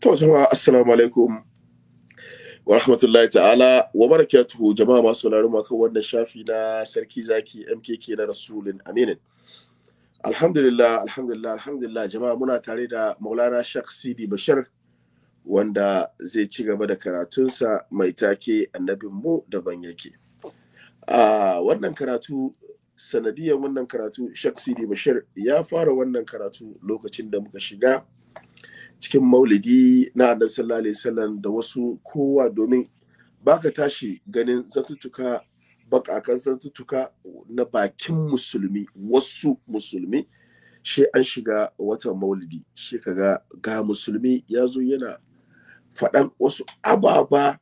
to jama'a assalamu alaikum wa rahmatullahi ta'ala wa barakatuhu jama'a masu sauraron mu kan wannan shafi na sarki zaki MKK na rasulin aminin alhamdulillah alhamdulillah alhamdulillah jama'a muna tare da maulana shak sidi bashir wanda zai ci gaba da karatunsa mai take annabinmu mu daban yake a ah, wannan karatu sanadiyar wannan karatu Sheikh Sidi Bashir ya fara wannan karatu lokacin da muka shiga cikin maulidi na Annabi sallallahu alaihi da wasu kowa domin baka tashi ganin zartuttuka, bakakan zartuttuka na bakin musulmi wasu musulmi shi an shiga watan maulidi shi kaga ga musulmi ya zo yana faɗan wasu ababa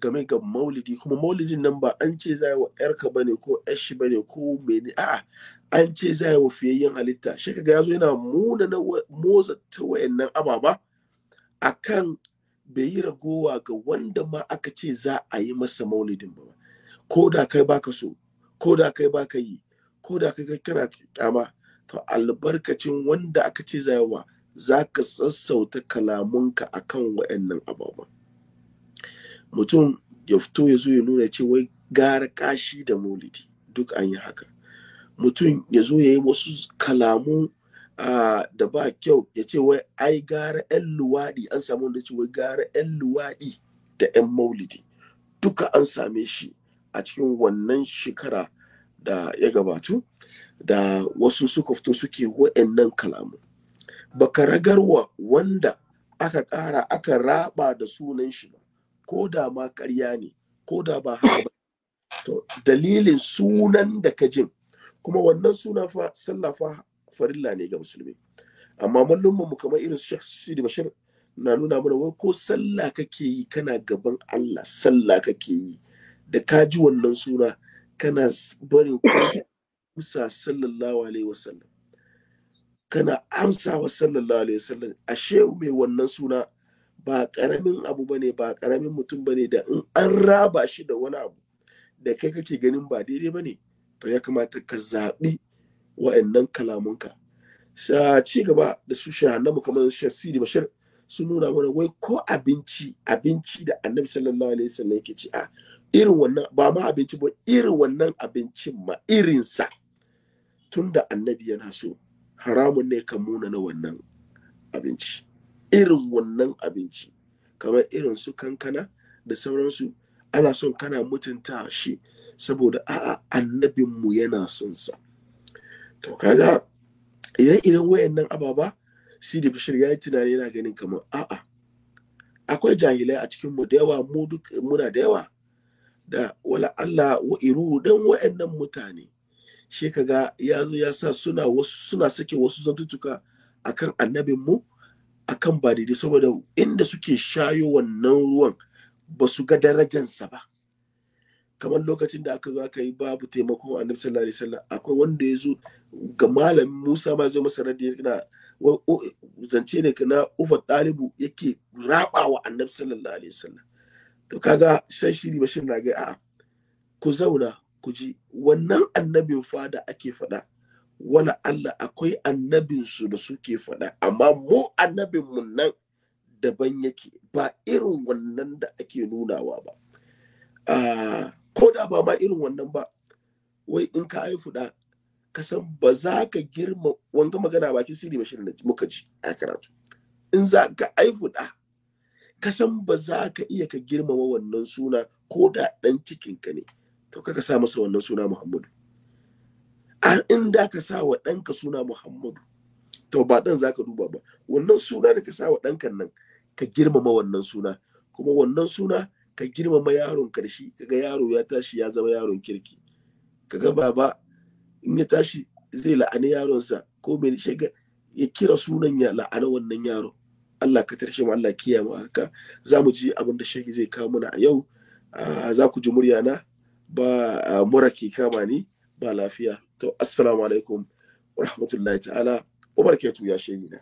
game ga maulidi kuma maulidin nan ba an ce za yi wa yarka ba ne ko yashi ba ne ko mene a'a an ce za yi wa fiyayyen halitta shi kaga yazo yana muna na motsa ta wayannan ababa akan bai yi ragowa ga wanda ma aka ce za a yi masa maulidin ba ko da kai baka so ko da kai baka yi ko da kai kana kyama to albarkacin wanda aka ce za yi wa za ka sassauta kalamunka akan wayannan ababa mutum ya fito ya zo ya nuna ce wai gara kashi da maulidi duk an yi haka mutum ya zo ya yi wasu kalamu da ba kyau ya ce wai ai gara 'yan luwaɗi an samu da ce wai gara 'yan luwaɗi da 'yan maulidi duka an same shi a cikin wannan shekara da ya gabatu da wasu suka fito suke wa'annan kalamu baka ragarwa wanda aka ƙara aka raba da sunan shi ba ko da ma ƙarya ne ko da ba haka ba to dalilin sunan da ka jin kuma wannan suna fa sallah fa farilla ne ga musulmi amma mallumman mu kamar irin Sheikh Sidi Bashir na nuna mana wai ko sallah kake yi kana gaban Allah sallah kake yi da ka ji wannan suna kana barin Musa sallallahu alaihi wasallam kana amsawa sallallahu alaihi wasallam ashe mai wannan suna ba karamin abu bane ba ƙaramin mutum bane da in an raba shi da wani abu da kai kake ganin ba daidai bane to ya kamata ka zaɓi wa'annan kalamunka sa ci gaba da su shahannamu kamar shasiri bashir sun nuna mana wai ko abinci abinci da annabi sallallahu alaihi wasallam yake ci a irin wannan ba ma abinci ba irin wannan abincin ma irinsa tunda annabi yana so haramun ne ka muna na wannan abinci irin wannan abinci kamar irin su kankana da sauransu ana son kana mutunta shi saboda a'a annabinmu yana son sa to kaga ire-iren wayannan ababa da bishir ya yi tunani yana ganin kamar a'a akwai jahilai a cikin mu da yawa mu duk muna da yawa da wala Allah wa iru dan wayannan mutane shi kaga ya zo ya sa suna wasu suna sake wasu zantutuka akan annabin mu akan ba daidai saboda inda suke shayo wannan ruwan ba su ga darajansa ba kamar lokacin da aka zo aka yi babu taimako a sallallahu alaihi akwai wanda ya zo ga malamin Musa ma zo masa radiya na zance ne na ufa ɗalibu yake raba wa annabi sallallahu alaihi wasallam to kaga shan shiri bashin na ga a ku zauna ku ji wannan annabin fada ake faɗa wala Allah akwai annabinsu da suke faɗa amma mu annabinmu nan daban yake ba irin wannan da ake nunawa ba ko da ba ma irin wannan ba wai in ka haifu da ka san ba za ka girma wanga magana bakin siri bashir da muka ji a karatu in za ka haifu da ka san ba za ka iya ka girmama wannan suna ko da ɗan cikinka ne to kaka sa masa wannan suna muhammadu har in da ka sa wa ɗanka suna muhammadu to ba ɗan za ka duba ba wannan suna da ka sa wa ɗanka nan ka girmama wannan suna kuma wannan suna ka girmama yaron karshe kaga yaro ya tashi ya zama yaron kirki kaga baba in ya tashi zai la'ani yaronsa ko mai shiga ya kira sunan ya la'ana wannan yaro Allah ka tarshe mu Allah mu haka za mu ji abin da shege zai kawo mana a yau ah, za ku ji murya na ba ah, mura ke kama ni ba lafiya To, assalamu alaikum wa rahmatullahi ta'ala, wa barakatu ya shehi na.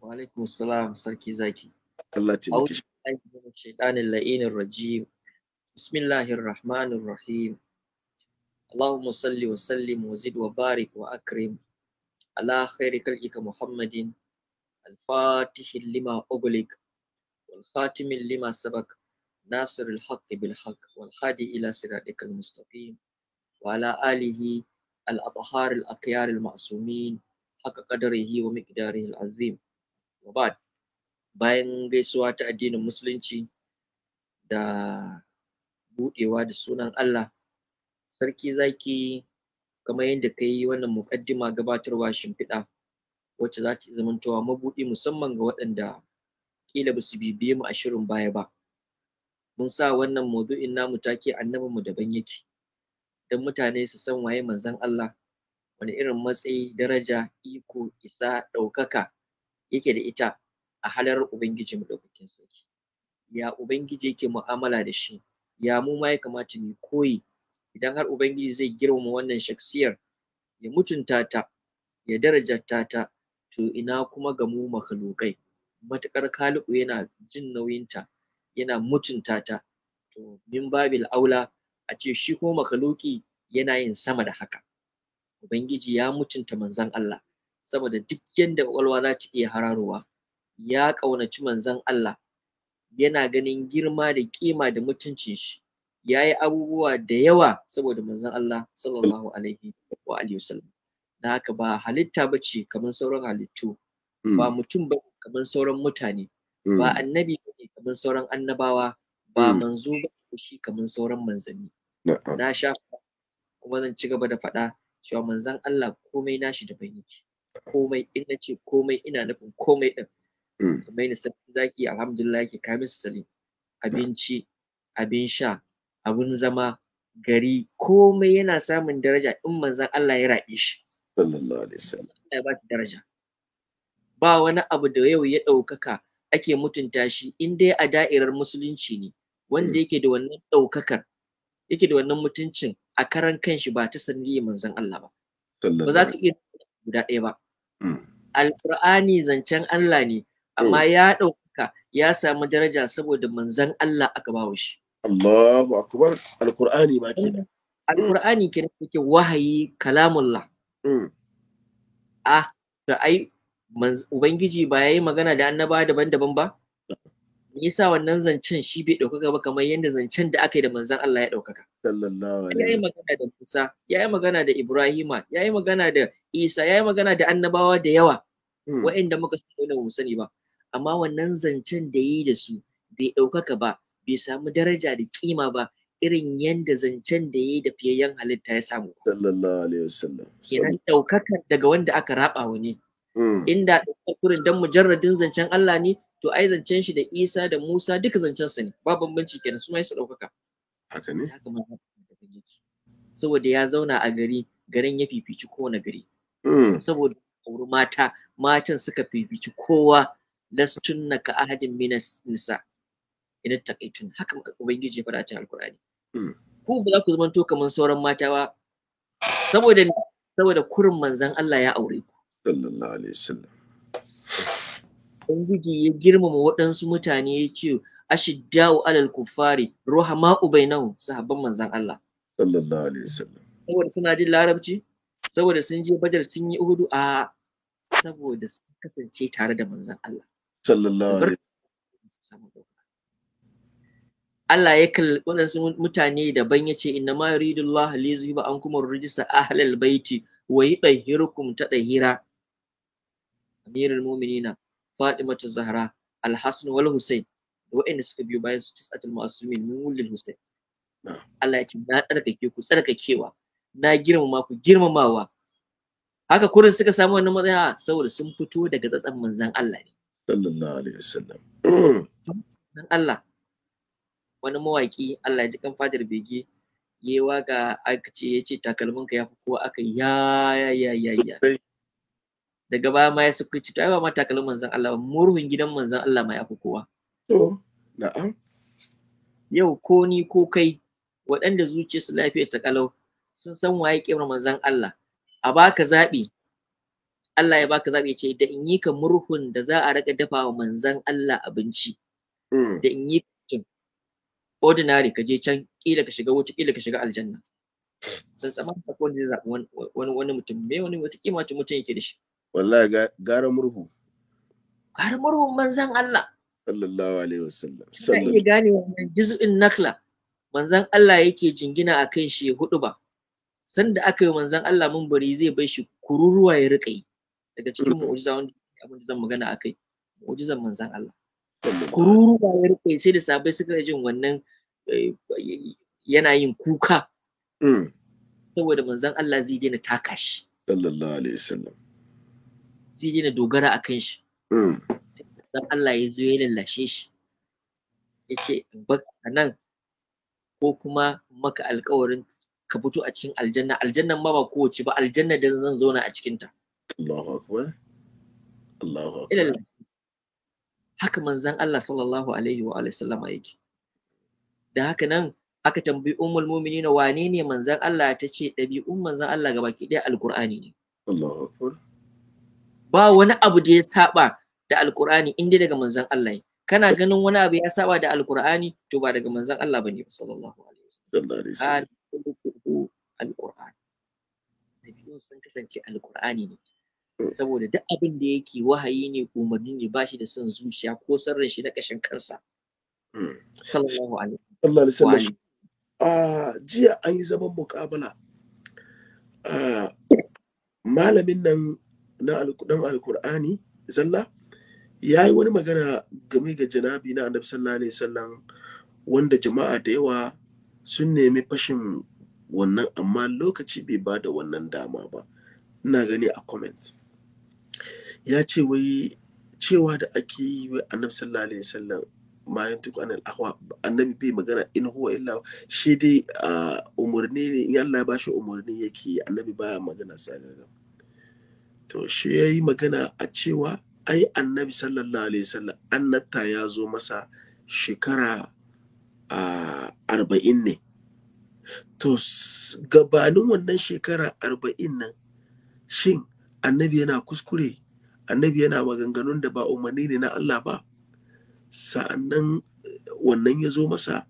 Wa alaikum salam, sarki zaki. Allah ta yi maki. Awu shaitanin la'inin rajim, bismillahir rahmanir rahim. Allahumma salli wa sallim wa zid wa barik wa akrim. ala khairi kalika Muhammadin, alfatihin lima ugulik, wal khatimin lima sabak, nasirul haqqi bil haqq, wal ila siratikal mustaqim. وعلى آله الأطهار الأخيار المعصومين حق قدره ومقداره العظيم وبعد bayan gaisuwa ta addinin musulunci da buɗewa da sunan Allah sarki zaki kamar yadda ka yi wannan muƙaddima gabatarwa shimfiɗa wacce za ta zamantowa mabuɗi musamman ga waɗanda ƙila basu su bibiye mu a shirin baya ba mun sa wannan maudu'in namu take mu daban yake don mutane su san waye manzon Allah wani irin matsayi daraja iko isa ɗaukaka yake da ita a halar ubangiji maɗaukakin sarki ya ubangiji yake mu'amala da shi ya mu ma ya kamata mu koyi idan har ubangiji zai girmama wannan shaksiyar ya mutunta ta ya daraja ta to ina kuma ga mu makhlukai matuƙar kaliku yana jin nauyinta yana mutunta ta to min babil aula a ce shi ko makhluki yana yin sama da haka ubangiji ya mutunta manzon Allah saboda duk yanda kwakwalwa za ta iya hararowa ya ƙaunaci manzon Allah yana ganin girma da ƙima da mutuncin shi ya yi abubuwa da yawa saboda manzon Allah sallallahu alaihi wa alihi wasallam da haka ba halitta ba ce kamar sauran halittu ba mm. mutum ba kamar sauran mutane ba mm. annabi ba kamar sauran annabawa ba mm. manzo ba shi kamar sauran manzanni na sha kuma zan ci gaba da faɗa cewa manzan Allah komai nashi da ban yi. komai in na ce komai ina nufin komai din mm. kamar ni sarki zaki alhamdulillah ki kai musu salim abinci abin sha abin zama gari komai yana samun daraja in manzan Allah ya raɗe shi sallallahu alaihi wasallam Allah ya ba daraja ba wani abu da yau ya ɗaukaka ake mutunta shi in dai a da'irar musulunci ne wanda mm. yake da wannan ɗaukakar yake da wannan mutuncin a karan kanshi ba ta sanadiyyar manzon Allah ba ba za ka iya guda ɗaya ba hmm. Alƙur'ani zancen Allah ne amma hmm. ya ɗauka ya samu daraja saboda manzon Allah aka bawa shi Allahu akbar Alƙur'ani ma Alƙur'ani hmm. alqur'ani kenan yake wahayi kalamullah ah da ai ubangiji ba ya yi magana da annaba daban-daban ba me yasa wannan zancen shi bai ɗaukaka ba kamar yadda zancen da aka yi da manzon Allah ya ɗaukaka sallallahu alaihi yayi magana da Musa yayi magana da Ibrahima yayi magana da Isa yayi magana da annabawa da yawa hmm. wa'inda muka sani wani mu sani ba amma wannan zancen da yi da su bai ɗaukaka ba bai samu daraja da kima ba irin yadda zancen da yayi da fiyayyen halitta ya samu sallallahu alaihi wasallam kenan ɗaukakar daga wanda aka raɓa wa ne Mm. inda kurin dan mujarradin zancen Allah ne to ai zancen shi da Isa da Musa duka zancen su ne ba bambanci kenan su ma su ɗaukaka haka ne saboda ya zauna a gari garin ya fifici kowane gari mm. saboda auri mata matan suka fifici kowa lastunna ka ahadin minas nisa idan takaitun haka ubangiji ya faɗa cikin alkur'ani mm. ku ba za ku zama to kamar sauran mata ba saboda saboda kurin manzon Allah ya aure ku sallallahu alaihi wasallam ubangiji ya girmama waɗansu mutane ya ce ashidda'u alal kufari ruhama'u bainahum sahabban manzon Allah sallallahu alaihi wasallam saboda suna jin larabci saboda sun je badar sun yi uhudu a saboda sun kasance tare da manzon Allah sallallahu alaihi Allah ya kalli waɗansu mutane daban ya ce inna ma Allah li yuzhiba ankum ar-rijsa ahlal baiti wa yudahhirukum tadhira amirul mu'minina fatimatu zahra al-hasan wal husayn waɗanda suka biyo bayan su tis'atul ma'asumin min wullil husayn Allah ya ce na tsarkake ku kewa, na girmama ku girmamawa haka kurin suka samu wannan matsaya saboda sun fito daga tsatsan manzan Allah ne sallallahu alaihi wasallam manzan Allah wani mawaki Allah ya ji kan fadar bege yayi waka aka ce yace takalmin ka yafi kowa aka ya ya ya ya daga baya ma ya suka ci ai ba ma takalin manzon Allah ba murhun gidan manzon Allah ma ya kowa to na'am yau ko ni ko kai waɗanda su lafiya ta kalau sun san waye kimar manzon Allah a baka zabi Allah ya baka zabi ce da in yi ka murhun da za a raka dafa wa manzon Allah abinci mm. da in yi kin ordinary ka je can kila ka shiga wuta kila ka shiga aljanna san tsammanin wanda zai zaɓi wani mutum me wani wata kima mutum yake da shi wallahi gara murhu gara murhu manzan Allah sallallahu alaihi wasallam sallallahu iya gane wannan juz'in nakla manzan Allah yake jingina a kan shi hudu ba sanda aka yi manzan Allah bari zai bai shi kururuwa ya riƙa yi daga cikin mu'ujiza wanda abin da zan magana akai mu'ujizan manzan Allah kururuwa ya riƙa yi sai da sabai suka jin wannan eh, yana yin kuka mm. saboda manzan Allah zai daina taka shi sallallahu alaihi wasallam zai daina dogara a kan shi Zan mm. Allah ya zo ya lallashe shi ya ce baka nan ko kuma maka alkawarin ka fito a cikin aljanna aljannan ma ba kowace ba aljanna da zan zauna a cikinta Allahu akbar Allahu akbar haka manzan Allah sallallahu alaihi wa sallama yake da haka nan aka tambayi ummul mu'minina wane ne manzan Allah ta ce ɗabi'un manzan Allah gabaki ɗaya alqur'ani ne Allahu akbar ba wani abu da ya saba da alkur'ani in dai daga manzon Allah ne kana ganin wani abu ya saba da alkur'ani to ba daga manzon Allah bane sallallahu alaihi wasallam alkur'ani sun kasance alkur'ani ne mm. saboda duk abin da yake wahayi ne umarni ne ba shi da son zuciya ko shi na kashin kansa mm. sallallahu alaihi wasallam jiya an yi zaman muƙabala malamin nan na dan alkur'ani zalla ya yi wani magana game ga janabi na annabi sallallahu alaihi wanda jama'a da yawa sun nemi fashin wannan amma lokaci bai ba da wannan dama ba ina gani a comment ya ce wai cewa da ake yi wa annabi sallallahu alaihi wasallam bayan tuku ahwa annabi bai magana in huwa illa shi dai ah, umurni ne in Allah ya shi umurni yake annabi baya magana sai to shi ya yi magana a cewa ai annabi sallallahu alaihi wasallam Annata ya zo masa shekara a arba'in ne to gabanin wannan shekara arba'in nan shin annabi yana kuskure annabi yana maganganun da ba umarni ne na Allah ba sa'annan wannan ya zo masa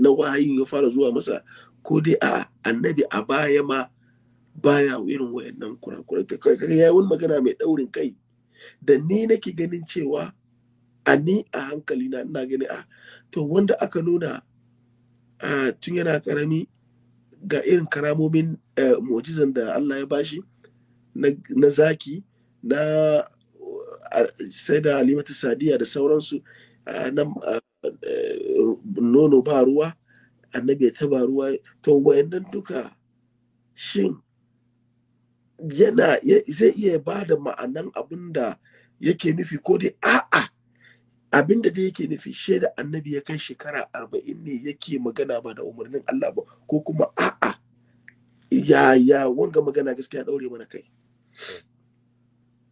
na wahayin ya fara zuwa masa ko dai a annabi a baya ma baya irin wayannan kurakurai ta kai kaga yayi magana mai daurin kai da ni nake ganin cewa a ni a hankali na ina gani a ah, to wanda aka nuna a tun yana karami ga irin karamomin eh, mu'jizan da Allah ya bashi na zaki na sai da mata sadiya da sauransu nan eh, nono ba ruwa annabi ta ba ruwa to wayannan duka shin yana zai iya ba da ma'anan abin da yake nufi ko dai a'a abin da dai yake nufi shaida annabi ya kai shekara arba'in ne yake magana ba da umarnin Allah ba ko kuma a'a ya ya wanga magana gaskiya daure mana kai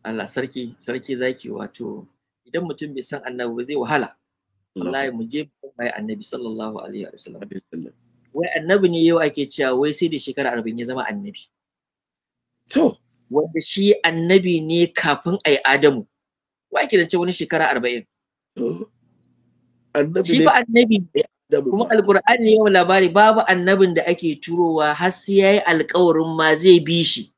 Allah sarki sarki zaki wato idan mutum bai san annabi ba zai wahala wallahi mu je bai annabi sallallahu alaihi wasallam wai annabi ne yau ake cewa wai sai da shekara arba'in ya zama annabi To. Wanda shi annabi ne kafin ai Adamu. Wa ke da wani shekara arba'in. Annabi Shi annabi kuma alkur'ani ne yawan labari babu annabin da ake turowa har sai yayi alƙawarin ma zai bi shi.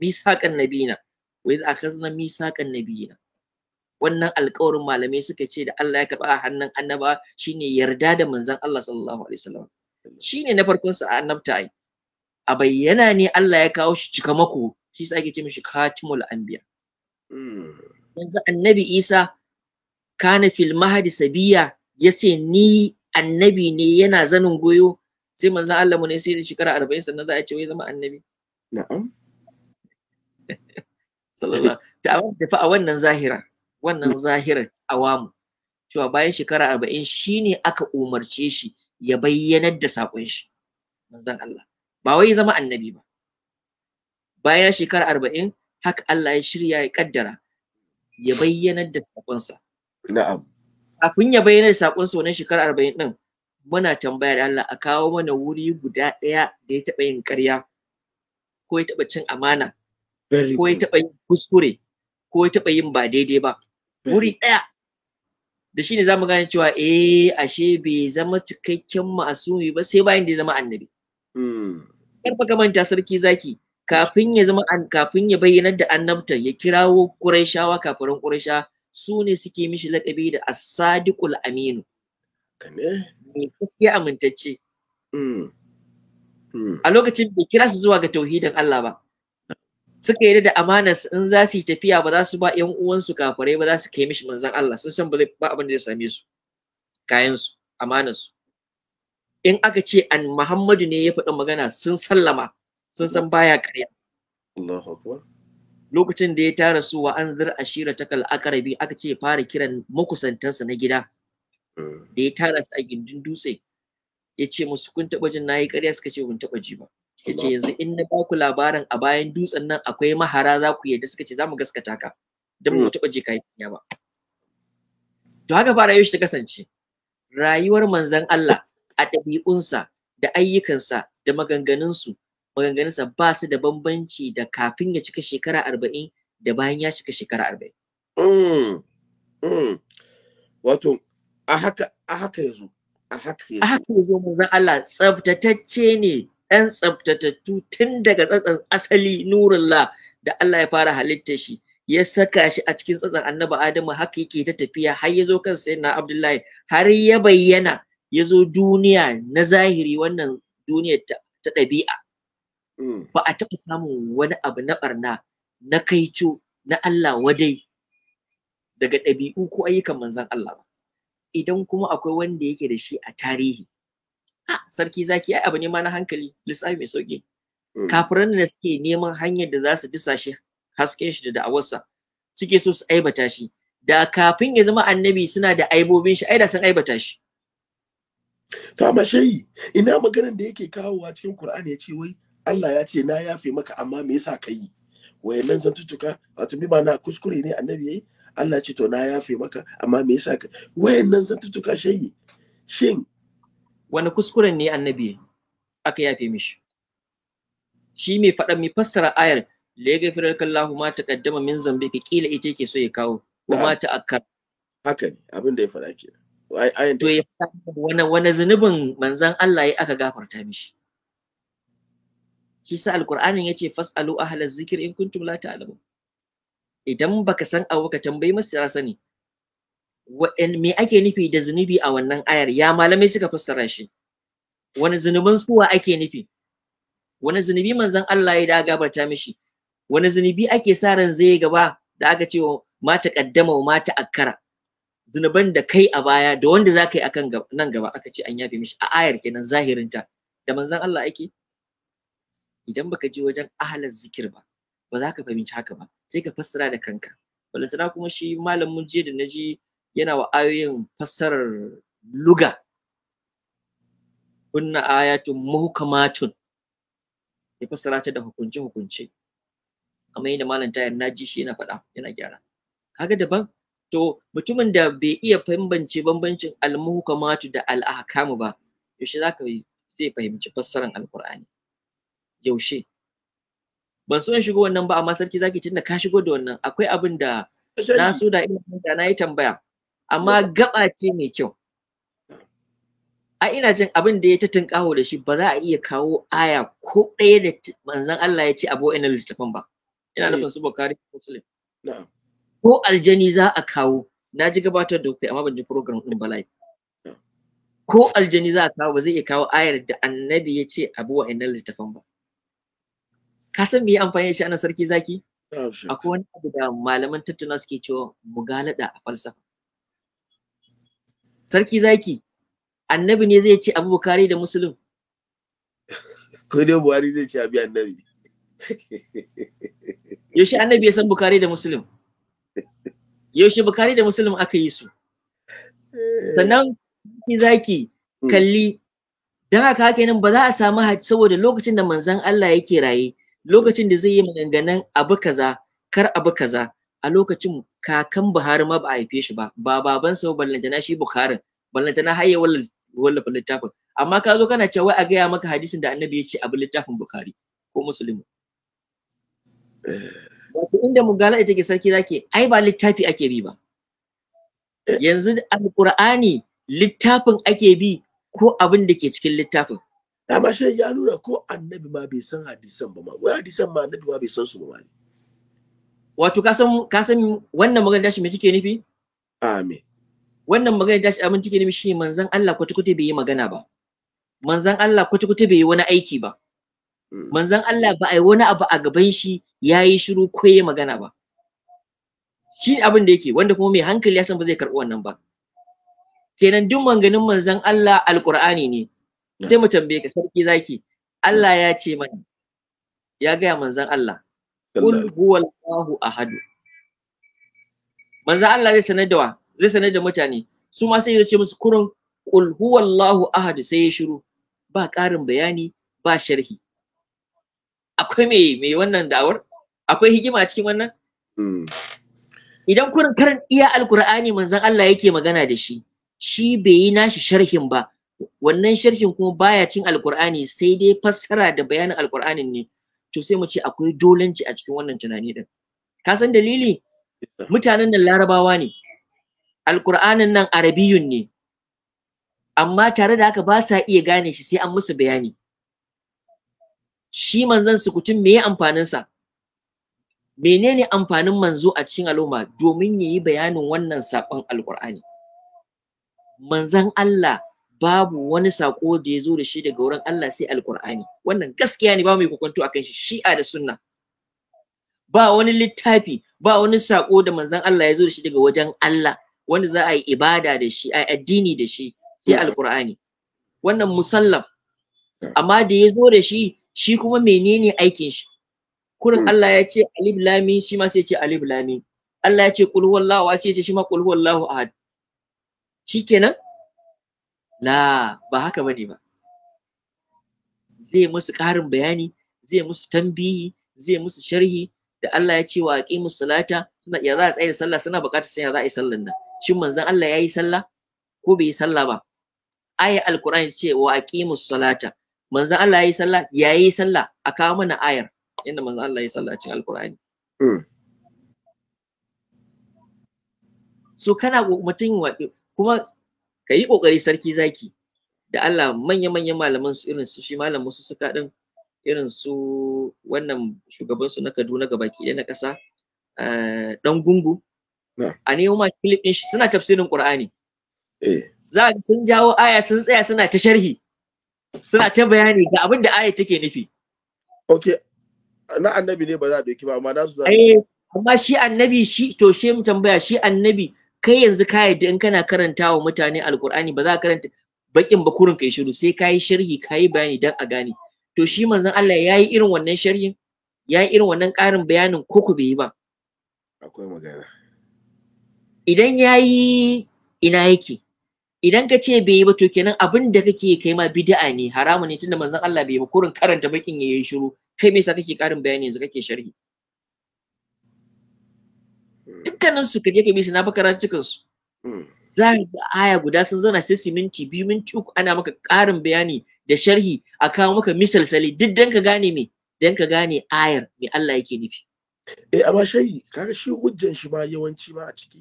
Misaqan nabiyina. Wa idza akhadna misaqan nabiyina. Wannan alƙawarin malamai suka ce da Allah ya karɓa a hannun annaba shine yarda da manzon Allah sallallahu alaihi wasallam. Shine na farkon sa a annabta ai. a bayyana ne Allah ya kawo shi cika mako shi sa ake ce mishi khatimul anbiya hmm. yanzu annabi Isa kana fil mahdi sabiya yace ni annabi ne yana zanin goyo sai manzo Allah mu ne sai da shekara 40 sannan za a ce wai zama annabi na'am sallallahu ta tafi a wannan zahira wannan hmm. zahirar awamu cewa bayan shekara arba'in shine aka umarce shi ya bayyanar da saƙon shi manzon Allah ba wai zama annabi ba bayan shekara arba'in haka Allah ya shirya ya kaddara ya bayyana da saƙonsa na'am kafin ya bayyana da saƙonsa wannan shekara arba'in din, muna tambaya da Allah a kawo mana wuri guda ɗaya da ya taɓa yin ƙarya ko ya taɓa cin amana ko ya taɓa yin kuskure ko ya taɓa yin ba daidai ba wuri ɗaya da shine zamu gane cewa eh ashe bai zama cikakken ma'asumi ba sai bayan da ya zama annabi hmm. karfa baka manta sarki zaki kafin ya zama kafin ya bayyanar da annabta ya kirawo Qurayshawa kafirin Quraysha su ne suke mishi laƙabi da As-Sadiqul Aminu ni gaskiya amintacce mm. Mm. a lokacin bai kira su zuwa ga tauhidin Allah ba suka yi da amana in za su yi tafiya ba za su ba ƴan uwansu kafirai ba za su kai mishi manzon Allah sun san ba ba abin da zai same su kayan su amanar su in aka ce an Muhammadu ne ya faɗa magana sun sallama sun san baya ƙarya Allahu akbar lokacin da ya tara su wa an zir ashira ta akarabi aka ce fara kiran makusantansa na gida eh. da ya tara su a gindin dutse ya ce musu kun taɓa jin nayi ƙarya suka ce kun taɓa ji ba ya ce yanzu in na baku labarin a bayan dutsen nan akwai mahara za ku yadda suka ce za mu gaskata ka don mu hmm. taɓa ji ka yi ba to haka fara yau shi ta kasance rayuwar manzon Allah a ɗabi'unsa da ayyukansa da maganganunsu maganganunsa ba su da bambanci da kafin ya cika shekara arba'in da bayan ya cika shekara arba'in. Mm, mm. Wato, a haka yanzu. A haka yanzu manzon Allah tsabtatacce ne ɗan tsabtatattu tun daga tsatsan asali la da Allah ya fara halitta shi. ya saka shi a cikin tsatsan annabi Adamu haka yake ta tafiya har ya zo kan sayyidina Abdullahi har ya bayyana ya zo duniya na zahiri wannan duniyar ta ɗabi'a mm. ba a taɓa samun wani abu na ɓarna na kaico na Allah wadai daga ɗabi'u ko ayyukan manzon Allah ba idan kuma akwai wanda yake da shi a tarihi ha sarki zaki ai abu ne ma na hankali lissafi mai sauki mm. kafiran da suke neman hanyar da za su disa shi hasken shi da da'awarsa suke so su aibata shi da kafin ya zama annabi suna da aibobin shi ai da sun aibata shi to amma shayi ina maganar da yake kawowa cikin Qur'ani ya ce wai Allah ya ce na yafe maka amma me yasa ka yi wayannan zantuttuka wato bi na kuskure ne annabi yayi Allah ce to na yafe maka amma me yasa ka wayannan tutuka shayi shin wani kuskuren ne annabi aka yafe mishi shi mai faɗa mai fassara ayar la firar kallahu ma taqaddama min zambika kila ita yake so ya kawo kuma ta akkar haka ne abin da ya faɗa kenan to ya wani zunubin manzan Allah ya aka gafarta mishi shi sa ya ce fasalu ahla zikir in kuntum la ta'lamun idan baka san abu ka tambayi masu ya sani me ake nufi da zunubi a wannan ayar ya malamai suka fassara shi wani zunubin suwa ake nufi wani zunubi manzan Allah ya da gabarta mishi wani zunubi ake sa ran zai gaba da aka ce mata kaddama wa mata akkara zunuban da kai a baya da wanda za ka yi akan nan gaba aka ce an yafe mishi a ayar kenan zahirinta da manzon Allah ake idan baka je wajen ahalar zikir ba ba za ka fahimci haka ba sai ka fassara da kanka balantana kuma shi malamin jiya da na naji yana wa ayoyin fassarar luga kunna ayatun muhkamatun ya fassara ta da hukunce hukunce kamar yadda malam tayar ji shi yana faɗa yana gyara kaga daban to mutumin da bai iya bambance bambancin almuhukamatu da al'ahkamu ba yaushe za ka zai fahimci fassaran Alƙur'ani? yaushe ban so in shigo wannan ba amma sarki zaki tunda ka shigo da wannan akwai abin da na so da ina da na yi tambaya amma gaba ce mai kyau a ina jin abin da ya ta tunƙaho da shi ba za a iya kawo aya ko ɗaya da manzon Allah ya ce abu ina littafin ba ina eh. nufin su Bukhari Muslim na'am ko aljani za a kawo na ji gabatar da kai amma ban ji program din ba live ko aljani za a kawo ba zai iya kawo ayar da annabi ya ce abu wa inna littafan ba ka san me amfani shi ana sarki zaki akwai wani abu da malaman tattauna suke cewa mugalada a falsafa sarki zaki annabi ne zai ce abu bukari da musulun ko dai buhari zai ce abi annabi yaushe annabi ya san bukari da musulun yaushe bukari da musulun aka yi su sannan zaki hmm. kalli don haka haka nan ba za a samu saboda lokacin da manzan Allah yake raye lokacin da zai yi maganganun abu kaza kar abu kaza a lokacin kakan Buhari ma ba a haife shi ba ba babansa ba ballantana shi Bukhari ballantana har wallafa littafin amma ka zo kana cewa a gaya maka hadisin da annabi ya ce abu littafin bukari ko musulmi eh, wato inda mugala ita ke sarki zake ai ba littafi ake bi ba yanzu alqur'ani littafin ake bi ko abin da ke cikin littafin amma shi ya nuna ko annabi ma bai san hadisan ba ma wai hadisan ma annabi ma bai san su ba wato ka san ka san wannan magana dashi me kike nufi amin wannan magana dashi abin kike nufi shi manzon Allah kwata kwata bai yi magana ba manzon Allah kwata kwata bai yi wani aiki ba Mm. manzon Allah ba a yi wani abu a gaban shi ya yi shiru ko ya magana ba shi abin da yake wanda kuma mai hankali ya san ba zai karɓi wannan ba kenan duk manganin manzon Allah alƙur'ani ne sai mu tambaye ka sarki zaki Allah ya ce mana ya gaya manzon Allah kul huwallahu ahadu manzon Allah zai sanar da wa zai sanar da mutane su ma sai ya ce musu kurun kul huwallahu ahad sai ya shiru ba ƙarin bayani ba sharhi akwai mai mai wannan da'awar akwai hikima a cikin wannan mm. idan kurin karin iya alkur'ani manzon Allah yake magana da shi shi bai yi nashi sharhin ba wannan sharhin kuma baya cin alkur'ani sai dai fassara da bayanin alkur'anin ne to sai mu ce akwai dolanci a cikin wannan tunani din ka san dalili mutanen nan larabawa ne alkur'anin nan arabiyun ne amma tare da haka ba sa iya gane shi sai an musu bayani shi manzon sukutun me amfanin sa menene amfanin manzo a cikin al'umma domin yayi bayanin wannan sakon alqur'ani manzon Allah babu wani sako da ya zo da shi daga wurin Allah sai alqur'ani wannan gaskiya ne ba mu yi kokonto akan shi shi'a da sunna ba wani littafi ba wani sako da manzon Allah ya zo da shi daga wajen Allah wanda za a yi ibada da shi a addini da shi sai alkur'ani wannan musallam amma da ya zo da shi shi kuma menene aikin shi kurin hmm. Allah ya ce alif lamin shi ma sai ya ce alif lamin Allah ya ce qul huwallahu ahad sai ya ce shi ma qul huwallahu ahad shikenan la ba haka bane ba zai musu ƙarin bayani zai musu tambihi zai musu sharhi da Allah ya ce wa aqimu salata suna ya za a tsaya sallah suna buƙatar sai ya za a yi sallan nan shin manzon Allah ya yi sallah ko bai yi sallah ba ayat alqur'ani ce wa aqimu salata manzon Allah yayi sallah yayi sallah a kawo mana ayar inda manzon Allah yayi sallah a cikin alkur'ani hmm. so kana mutum kuma ka yi kokari sarki zaki da Allah manya-manyan malaman su irin su shi malam su suka din irin su wannan shugaban su na Kaduna gaba ɗaya na ƙasa dan eh, gungu a ne ma clip din shi suna tafsirin Qur'ani eh. za sun jawo aya sun tsaya suna ta sharhi suna ta bayani ga abin da ayat take nufi okay na annabi ne ba za a doki ba amma na su za eh, amma shi annabi shi to she mu tambaya shi annabi kai yanzu ka yadda in kana karanta wa mutane alkur'ani ba za ka karanta bakin bakurin kai shiru sai kayi sharhi kayi bayani dan a gane to shi manzon Allah yayi irin wannan sharhi yayi irin wannan ƙarin bayanin ko ku bai yi ba akwai magana idan yayi ina yake idan ka ce bai yi ba to kenan abin da kake kai ma bid'a ne haramun ne tunda manzon Allah bai yi ba kurin karanta bakin yayin shiru kai me yasa kake karin bayani yanzu kake sharhi hmm. dukkanin su kaje kai bisu na baka cikin su za ga aya guda sun zauna sai su minti biyu minti uku ana maka karin bayani da sharhi a kawo maka misalsali duk dan ka gane me dan ka gane ayar me Allah yake nufi eh amma shayi kaga shi hujjan shi ba yawanci ba a ciki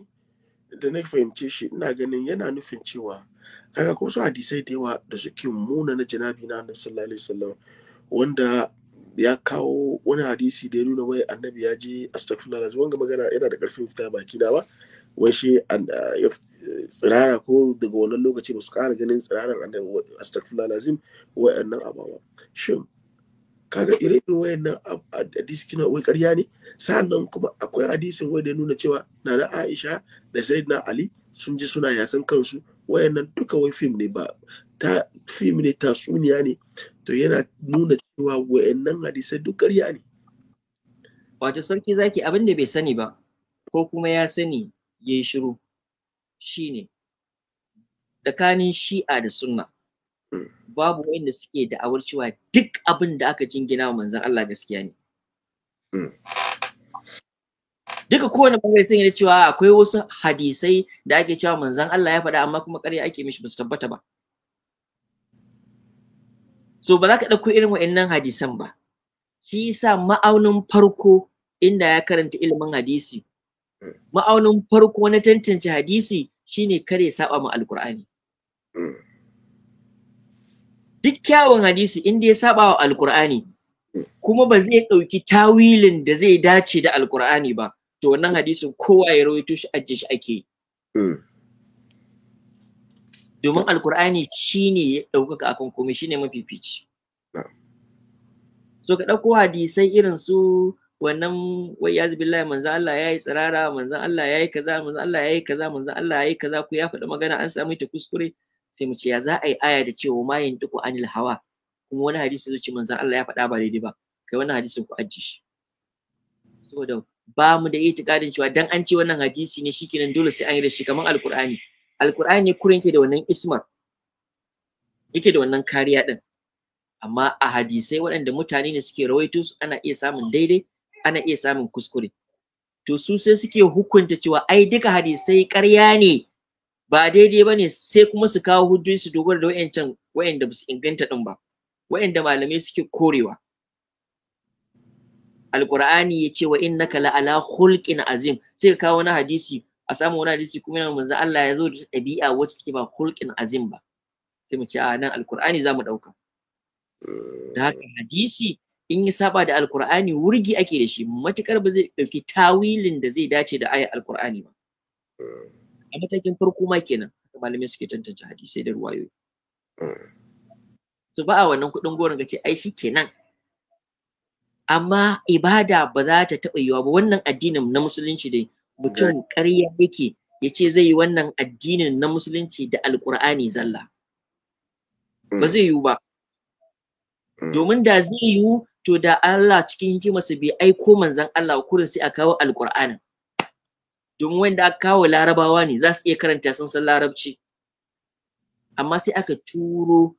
da na fahimce shi ina ganin yana nufin cewa kaga ko su hadisai da yawa da suke muna na janabi na annabi sallallahu alaihi wasallam wanda ya kawo wani hadisi da ya nuna wai annabi ya je astaghfirullah wanga magana yana da karfin fita baki na ba wai shi ya tsirara ko daga wannan lokaci ba su kara ganin tsirarar annabi astaghfirullah lazim annan ababa shin kaga ire-iren wayannan hadisi kina wai ƙarya ne sannan kuma akwai hadisin wai da nuna cewa Nana Aisha da Sayyidina Ali sun ji suna yakan kansu wayannan duka wai fim ne ba ta fim ne tatsuniya ne to yana nuna cewa wayannan hadisai duk ƙarya ne wato sarki zaki abin da bai sani ba ko kuma ya sani yayi shiru shine tsakanin shi'a da sunna babu wanda suke da'awar cewa duk abin da aka jingina wa manzon Allah gaskiya ne duka kowane bangare sun yi cewa akwai wasu hadisai da ake cewa manzon Allah ya faɗa amma kuma ƙarya ake mishi ba su tabbata ba so ba za ka ɗauko irin wa'annan hadisan ba shi yasa ma'aunin farko inda ya karanta ilimin hadisi ma'aunin farko na tantance hadisi shine ya saba ma alkur'ani duk kyawun hadisi inda ya saba wa alkur'ani kuma ba zai ɗauki tawilin da zai dace da alkur'ani ba to wannan hadisin kowa ya rawaito shi ajiye shi ake hmm. domin alkur'ani shine ya ɗaukaka akan komai shine mafifici so ka ɗauko hadisai irin su wannan wai ya billahi manzan Allah ya yi tsirara manzan Allah ya yi kaza manzan Allah ya yi kaza manzan Allah ya yi kaza ku ya faɗi magana an samu ta kuskure sai mu ce ya za a yi aya da cewa ma yin duku anil hawa kuma wani hadisi zuci manzon Allah ya faɗa ba daidai ba kai wannan hadisin ku ajiye shi saboda ba mu da itikadin cewa dan an ce wannan hadisi ne shikenan dole sai an yi da shi kamar alqur'ani alqur'ani kurin ke da wannan ismar yake da wannan kariya din amma a hadisai waɗanda mutane ne suke rawaito su ana iya samun daidai ana iya samun kuskure to su sai suke hukunta cewa ai duka hadisai ƙarya ne ba daidai ba ne sai kuma su kawo hujjoji su dogara da wa'ancan wa'anda ba su inganta ɗin ba wa'anda malamai suke korewa alƙur'ani ya ce wa kala la'ala hulƙin azim sai ka kawo na hadisi a samu wani hadisi kuma yana manzo Allah ya zo da ɗabi'a wacce take ba hulƙin azim ba sai mu ce a nan alƙur'ani za mu ɗauka da haka hadisi in ya saba da alƙur'ani wurgi ake da shi matuƙar ba zai ɗauki tawilin da zai dace da ayar alƙur'ani ba a matakin farko ma kenan malamai suke tantance hadisai da ruwayoyi su ba a wannan kuɗin goron ga ce ai shi kenan amma ibada ba za ta taɓa yiwa ba wannan addinin na musulunci dai mutum ƙarya yake ya ce zai yi wannan addinin na musulunci da alƙur'ani zalla ba mm. zai yiwu ba mm. domin da zai yiwu to da Allah cikin hikimarsa bai aiko manzon Allah kurin sai a kawo alƙur'anin domin wanda aka kawo larabawa ne za su iya karanta sun san larabci amma sai aka turo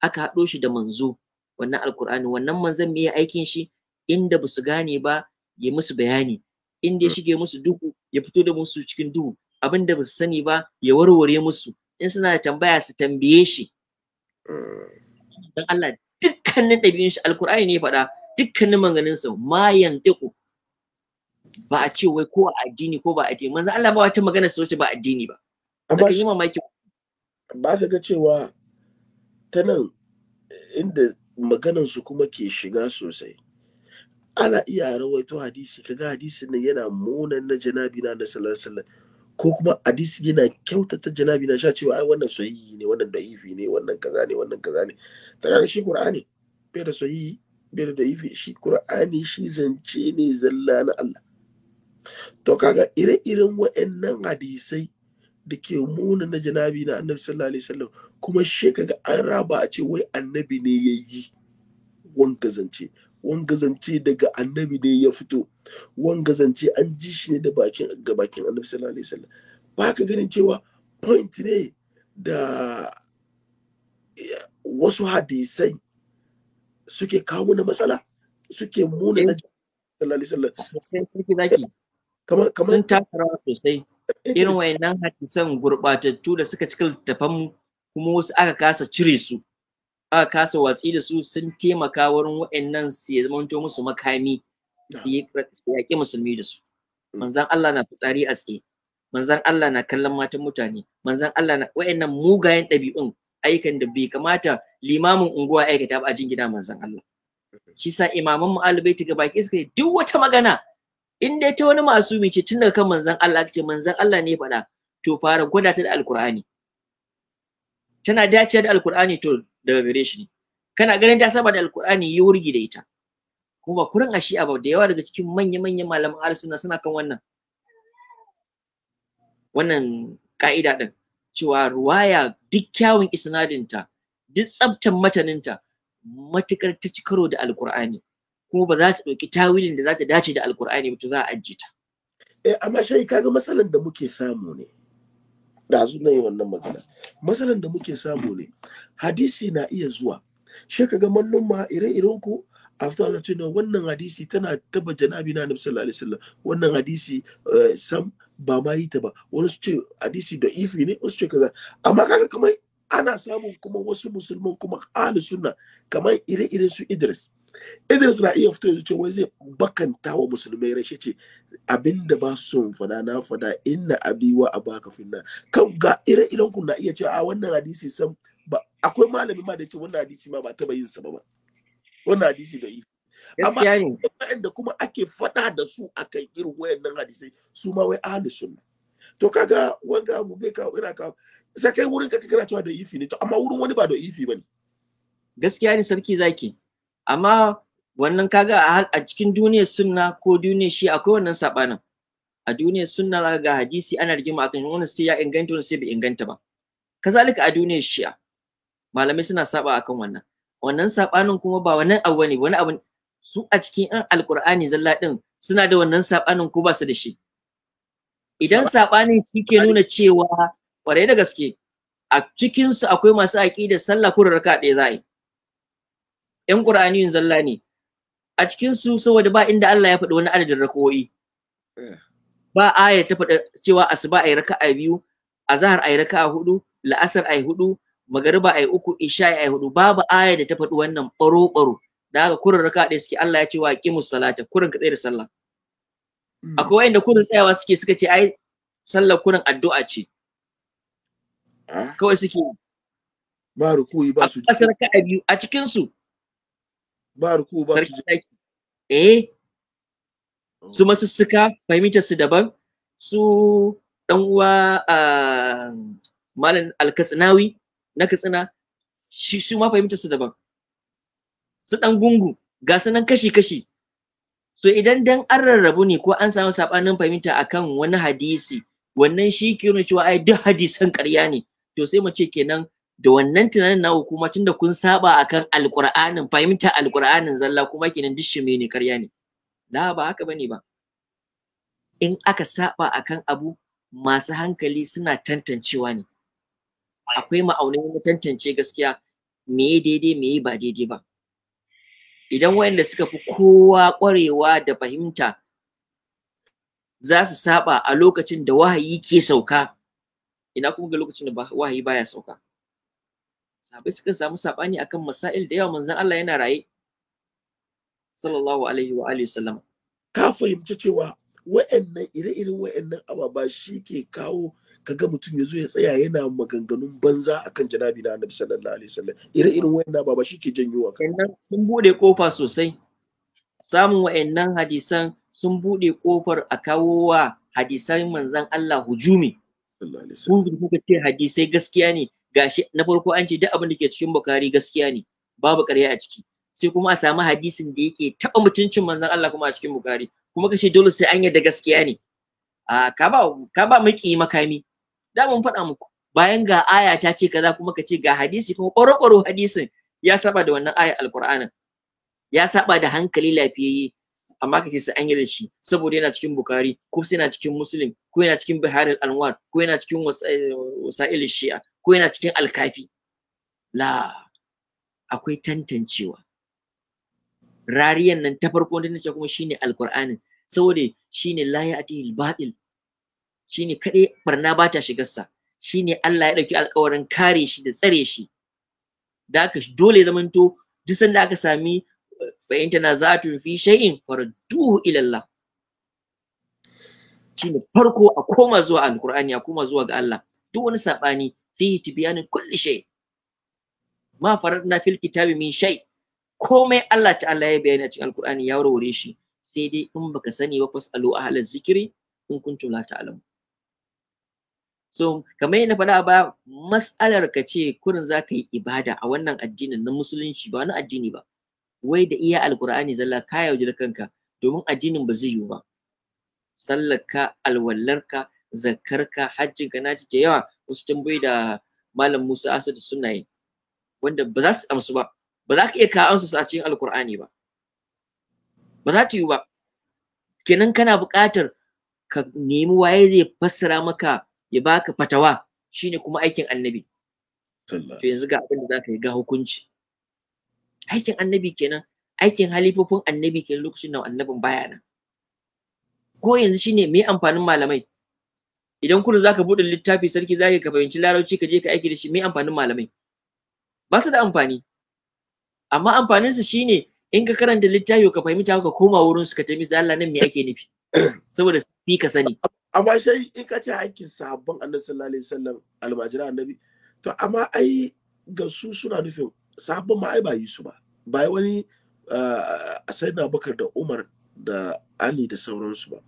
aka haɗo shi da manzo wannan alkur'ani wannan manzon me ya aikin shi inda ba su gane ba ya musu bayani inda ya hmm. shige musu duhu ya fito da musu cikin duhu abin da ba su sani ba ya warware musu in suna da tambaya su tambaye shi hmm. dan Allah dukkanin ɗabi'un shi alkur'ani ne faɗa dukkanin maganin sa ma yantiku ba a ce wai ko a addini ko ba addini manzo Allah ba wata magana su wuce ba addini ba ka yi mamaki ba ka ga cewa ta nan eh, inda maganan su kuma ke shiga sosai ana iya rawaito hadisi kaga hadisin nan yana munan na janabi na na sallallahu ko kuma hadisi yana kyautata janabi na sha cewa ai wannan sahihi ne wannan da'ifi ne wannan kaza ne wannan kaza ne tare shi qur'ani bai da sahihi bai da da'ifi shi qur'ani shi zance ne zalla na Allah to kaga ire-iren wa'annan hadisai da ke muna na janabi na annabi sallallahu alaihi wasallam kuma shi kaga an raba a ce wai annabi ne ya yi wanga zance wanga zance daga annabi ne ya fito wanga zance an ji shi ne da bakin ga bakin annabi sallallahu alaihi wasallam ba ka ganin cewa point ne da wasu hadisai suke kawo na matsala suke muna na eh. sallallahu alaihi wasallam kamar sun taka rawa sosai eh, irin eh. wayannan hadisan gurbatattu da suka cika littafan kuma wasu aka kasa cire su aka kasa watsi da su sun taimaka wurin wayannan su ya zamanto musu makami su yaƙi musulmi da su mm. manzon Allah na fitsari a tsaye manzon Allah na kallon matan mutane manzon Allah na wayannan mugayen ɗabi'un aikan da bai kamata limamin unguwa aikata ba a jin gida manzon Allah mm. shi sa imaman mu alibai ta gabaki suka yi duk wata magana in dai ta wani masumi ce tun daga kan manzon Allah ce manzon Allah ne faɗa to fara gwada ta da alkur'ani tana dace da alkur'ani to daga gare shi ne kana ganin ta saba da alkur'ani yi wurgi da ita kuma ba kurin ashi ba da yawa daga cikin manya-manyan malaman arsuna suna kan wannan wannan ka'ida din cewa ruwaya duk kyawun isnadinta duk tsabtan mataninta matukar ta ci karo da alkur'ani kuma ba za ta ɗauki tawilin da za ta dace da alkur'ani ba to za a ajiye ta eh amma shai kaga masalan da muke samu ne da na yi wannan magana masalan da muke samu ne hadisi na iya zuwa shi kaga mallon ma ire-iren ku after that you know wannan hadisi tana taba janabi na nabi sallallahu alaihi wasallam wannan hadisi eh, sam ba ma yi ta ba wani su ce hadisi da ifi ne wasu ce kaza amma kaga kamar ana samun kuma wasu musulman kuma ahli sunna kamar ire-iren su Idris Idris na iya fito yanzu ce wai zai bakanta wa musulmai rashi ce abinda ba su fada na fada inna abi wa abaka finna kan ga ire iren ku na iya cewa a wannan hadisi sam ba akwai malami ma da ce wannan hadisi ma ba taba yin sa ba wannan hadisi da yi amma da kuma ake fada da su akan irin wayannan hadisai su ma wai ahli sunna to kaga wanga mu bai ka ina ka sai kai wurin ka kana cewa da ifi ne to amma wurin wani ba da ifi bane gaskiya ne sarki zaki amma wannan kaga a cikin duniyar sunna ko duniyar shi akwai wannan sabanin a duniyar sunna za ga hadisi ana rigima akan wannan sai ya inganta wannan sai bai inganta ba kazalika a duniyar shi'a malamai suna saba akan wannan wannan sabanin kuma ba wannan abu ne wani abu su a cikin an Alƙur'ani, zalla din suna da wannan sabanin ko ba su da shi idan sabanin shi ke nuna cewa kwarai da gaske a cikin su akwai masu aqida sallah ko raka ɗaya za a yi yan yin zalla ne a cikin su saboda ba inda Allah ya faɗi wani adadin rako'i ba aya ta faɗa cewa asuba ayi raka'a biyu azhar ayi raka'a hudu la'asar ayi hudu magariba ayi uku isha ayi hudu babu aya da ta faɗi wannan baro baro da haka kurin raka'a ɗaya suke Allah ya ce wa aqimus salata kurin ka da sallah hmm. akwai wanda kurin tsayawa suke suka ce ai sallar kurin addu'a ce ah. kawai suke ba rukuyi ba su a cikin su ba ruku ba su eh su oh. masussuka fahimtar su daban su dan uwa malam alkatsinawi na katsina shi su ma fahimtar su daban su dan gungu ga sanan kashi kashi so idan dan an rarrabu ne ko an samu sabanin fahimta akan wani hadisi wannan shi ke nuna cewa ai duk hadisan ƙarya ne to sai mu ce kenan da wannan tunanin na kuma tunda kun saba akan alqur'anin fahimta alqur'anin zalla kuma kenan dishime ne karya ne la ba haka bane ba in aka saba akan abu masu hankali suna tantancewa ne akwai ma'aunin na tantance gaskiya me daidai me ba daidai ba idan waɗanda suka fi kowa ƙwarewa da fahimta za su saba a lokacin da wahayi ke sauka ina kuma ga lokacin da wahayi baya sauka sahabai suka samu sabani akan masail da yawa manzon Allah yana raye sallallahu alaihi wa alihi sallam ka fahimci cewa wa'annan ire-iren wa'annan ababa shi ke kawo kaga mutum ya zo ya tsaya yana maganganun banza akan janabi na annabi sallallahu alaihi wasallam ire-iren wa'annan ababa shi ke janyo a sannan sun bude kofa sosai samun wa'annan hadisan sun bude kofar a kawo wa hadisan manzon Allah hujumi ku kuka ce hadisai gaskiya ne gashi na farko an ce duk abin da ke cikin Bukhari gaskiya ne babu ƙarya a ciki sai kuma a samu hadisin da yake taɓa mutuncin manzon Allah kuma a cikin Bukhari kuma kace dole sai an yarda gaskiya ne a ka ba ka ba miki makami da mun faɗa muku bayan ga aya ta ce kaza kuma ka ce ga hadisi kuma ƙwaro-ƙwaro hadisin ya saba da wannan ayar alƙur'anin ya saba da hankali lafiyayye amma kace sai an yarda shi saboda yana cikin bukari ko sai yana cikin muslim ko yana cikin al anwar ko yana cikin wasa'il shi'a ko yana cikin alkafi la akwai tantancewa rariyan nan ta farko da nace kuma shine alqur'ani saboda shine la ya'tihil batil shine kade barna ba ta shigar sa shine Allah ya dauki alƙawarin kare shi da tsare shi da haka dole zamanto duk sanda aka sami eh, fa na zatu fi shay'in farduhu ila Allah shine farko a koma zuwa alqur'ani a koma zuwa ga Allah duk wani sabani fihi tibyanu kulli shay ma faradna fil kitabi min shay komai Allah ta'ala ya bayyana cikin alqur'ani ya warware shi sai dai in baka sani ba fasalu ahlaz zikri in kuntum la ta'lamu so kamar yadda faɗa ba mas'alar ka ce kurin za ka yi ibada a wannan addinin na musulunci ba na addini ba wai da iya alkur'ani zalla ka yauje da kanka domin addinin ba zai yiwu ba sallarka alwallarka zakarka, hajjinka na cike yawa wasu tambayi da malam Musa Asad suna wanda ba za su amsu ba ba za ka iya kawo su a cikin alkur'ani ba ba za ta yi ba kenan kana buƙatar ka nemi waye zai fassara maka ya baka fatawa shine kuma aikin annabi to yanzu ga abin da za ka yi ga hukunci aikin annabi kenan aikin halifofin annabi kenan lokacin da annabin baya nan ko yanzu shine me amfanin malamai idan za ka buɗe littafi sarki za ka fahimci larabci ka je ka aiki da shi me amfanin malamai ba su da amfani amma amfanin su shine in ka karanta littafi ka fahimta ka koma wurin su ka taimi da Allah nan me ake nufi saboda fi ka sani amma shi in ka ce aikin sahabban annabi sallallahu alaihi wasallam almajira annabi to amma ai ga su suna nufin sabon ma ai ba yi su ba ba wani a ah, sayyidina bakar da umar da ali da sauransu ba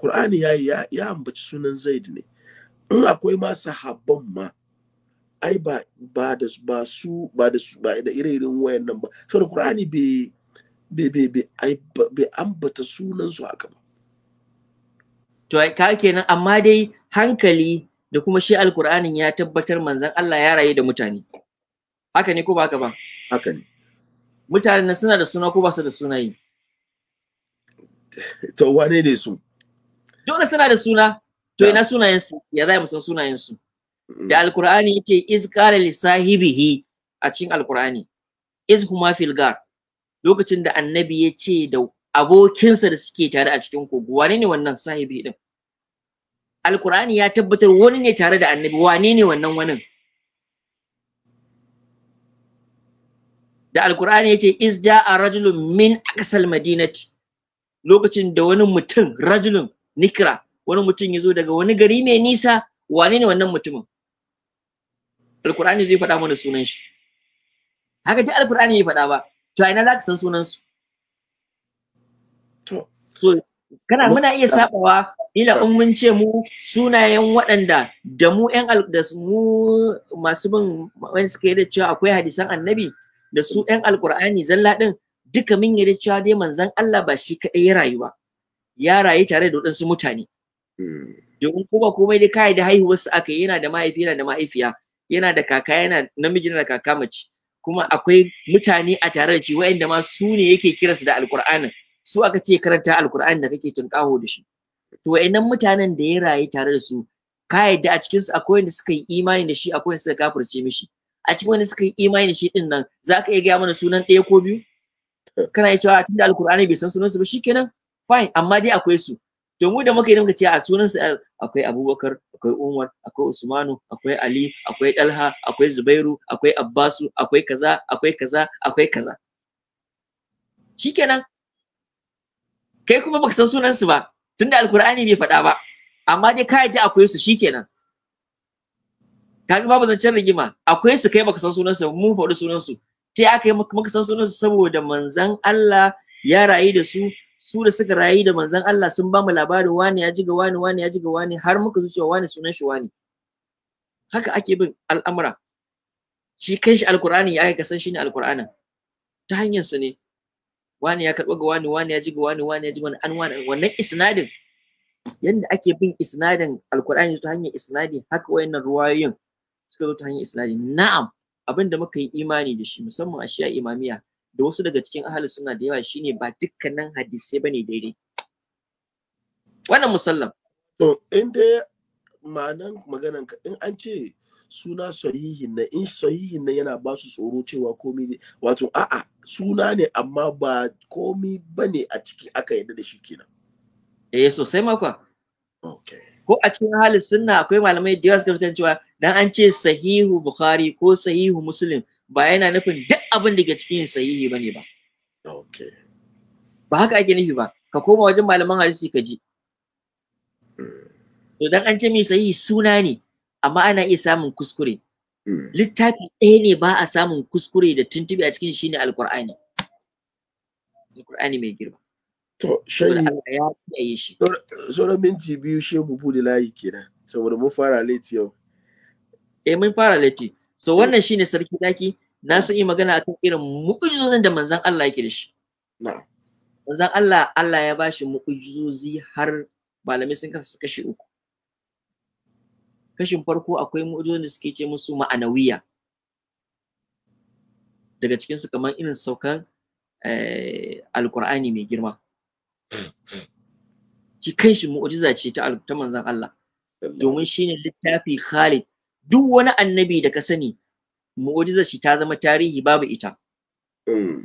Kur'ani ya ya, ya ambaci sunan Zaid ne in akwai ma sahabban ma ai ba ba da ba su ba da su ba da ire-iren wayannan ba saboda be bai be ambata sunansu haka ba. To, ka kenan amma dai hankali da kuma shi alkur'anin ya tabbatar manzon Allah ya rayu da mutane. Haka ne ko ba haka ba? Haka ne. Mutanen suna da suna ko ba su da sunayi? To, wane ne su? dole suna da suna to ina sunayen su ya za mu san sunayen su mm. da alqur'ani yake iz qala li sahibihi a cikin alqur'ani iz huma fil gar lokacin da annabi ya ce da abokinsa da suke tare a cikin kogo wane ne wannan sahibi din alqur'ani ya tabbatar wani ne tare da annabi wane ne wannan wani? da alqur'ani ya ce iz ja'a rajulun min aqsal madinati lokacin da wani mutum rajulun nikra wani mutum ya zo daga wani gari mai nisa wane ne wannan mutumin alkur'ani zai faɗa mana sunan shi haka ji alkur'ani ya faɗa ba to ina za ka san sunan su so kana muna iya sabawa ila in mun ce mu sunayen waɗanda da mu ƴan da mu masu bin wani suka yi da cewa akwai hadisan annabi da su ƴan alkur'ani zalla ɗin duka mun yi da cewa dai manzon Allah ba shi kaɗai ya rayu ba ya rayu tare da waɗansu mutane domin kuma komai dai kai da haihuwar su aka yana da mahaifi yana da mahaifiya yana da kaka yana namiji yana da kaka mace kuma akwai mutane a tare da shi wa'inda ma su ne yake kiransu da alƙur'anin su aka ce karanta alƙur'anin da kake tunƙaho da shi to wa'innan mutanen da ya rayu tare da su kai da a cikin su akwai wanda suka yi imani da shi akwai wanda suka kafirce mishi a cikin wanda suka yi imani da shi din nan za ka iya gaya mana sunan ɗaya ko biyu kana iya cewa tunda alkur'ani bai san sunansu ba shikenan fine amma dai akwai su to mu da muka yi muka ce a sunan su eh, akwai Abubakar akwai Umar akwai Usmanu akwai Ali akwai Dalha akwai Zubairu akwai Abbasu akwai kaza akwai kaza akwai kaza shikenan kai kuma baka san sunan su ba tunda alkur'ani bai faɗa ba amma dai ka ji akwai su shikenan kaga babu zancen rigima akwai su kai baka san sunan su mu faɗi sunan su sai aka yi maka san sunan su saboda manzan Allah ya rayu da su su da suka rayu da manzon Allah sun ba mu labarin wani ya ji ga wani wani ya ji ga wani har muka zuciya wani sunan shi wani haka ake bin al'amura shi kan shi alkur'ani ya ka san shi ne alkur'anin ta hanyar su ne wani ya karɓa ga wani wani ya ji ga wani wani ya ji wani an wani wannan isnadin yanda ake bin isnadin alkur'ani ta hanyar isnadi haka wayannan ruwayoyin suka zo ta hanyar isnadi na'am abinda muka yi imani da shi musamman a shiya imamiya da wasu daga cikin ahali suna da yawa shine ba dukkanin hadisai bane daidai wannan musallam to in dai ma'anan maganan ka in an ce suna sahihin na in sahihin na yana ba su tsoro cewa komi ne wato a'a suna ne amma ba komi bane a ciki aka yadda da shi kenan eh sosai makwa okay ko a cikin halin sunna akwai malamai da yawa suka fitan cewa dan an ce sahihu bukhari ko sahihu muslim ba yana nufin duk abin da ke cikin sahihi bane ba okay ba haka ake nufi ba ka koma wajen malaman hadisi ka ji hmm. to dan an ce mai sahihi suna ne amma ana iya samun kuskure hmm. littafi ɗaya ne ba a samun kuskure da tuntubi a cikin shi ne alqur'ani alqur'ani mai girma to shayi ya shi sauran minti biyu shehu bude layi kenan saboda mun fara late yau eh mun fara late so wannan shine sarki zaki na so yi magana akan irin mu'ujizozin da manzon Allah yake da shi manzon Allah Allah ya bashi mu'ujizozi har malamai sun kasa kashi uku kashin farko akwai mu'ujizozin da suke ce musu ma'anawiya daga cikinsu kamar irin saukan eh, alkur'ani mai girma ci kan shi mu'ujiza ce ta ta manzon Allah domin shine littafi Khalid duk wani annabi da ka sani mu'ujizar shi ta zama tarihi babu ita mm.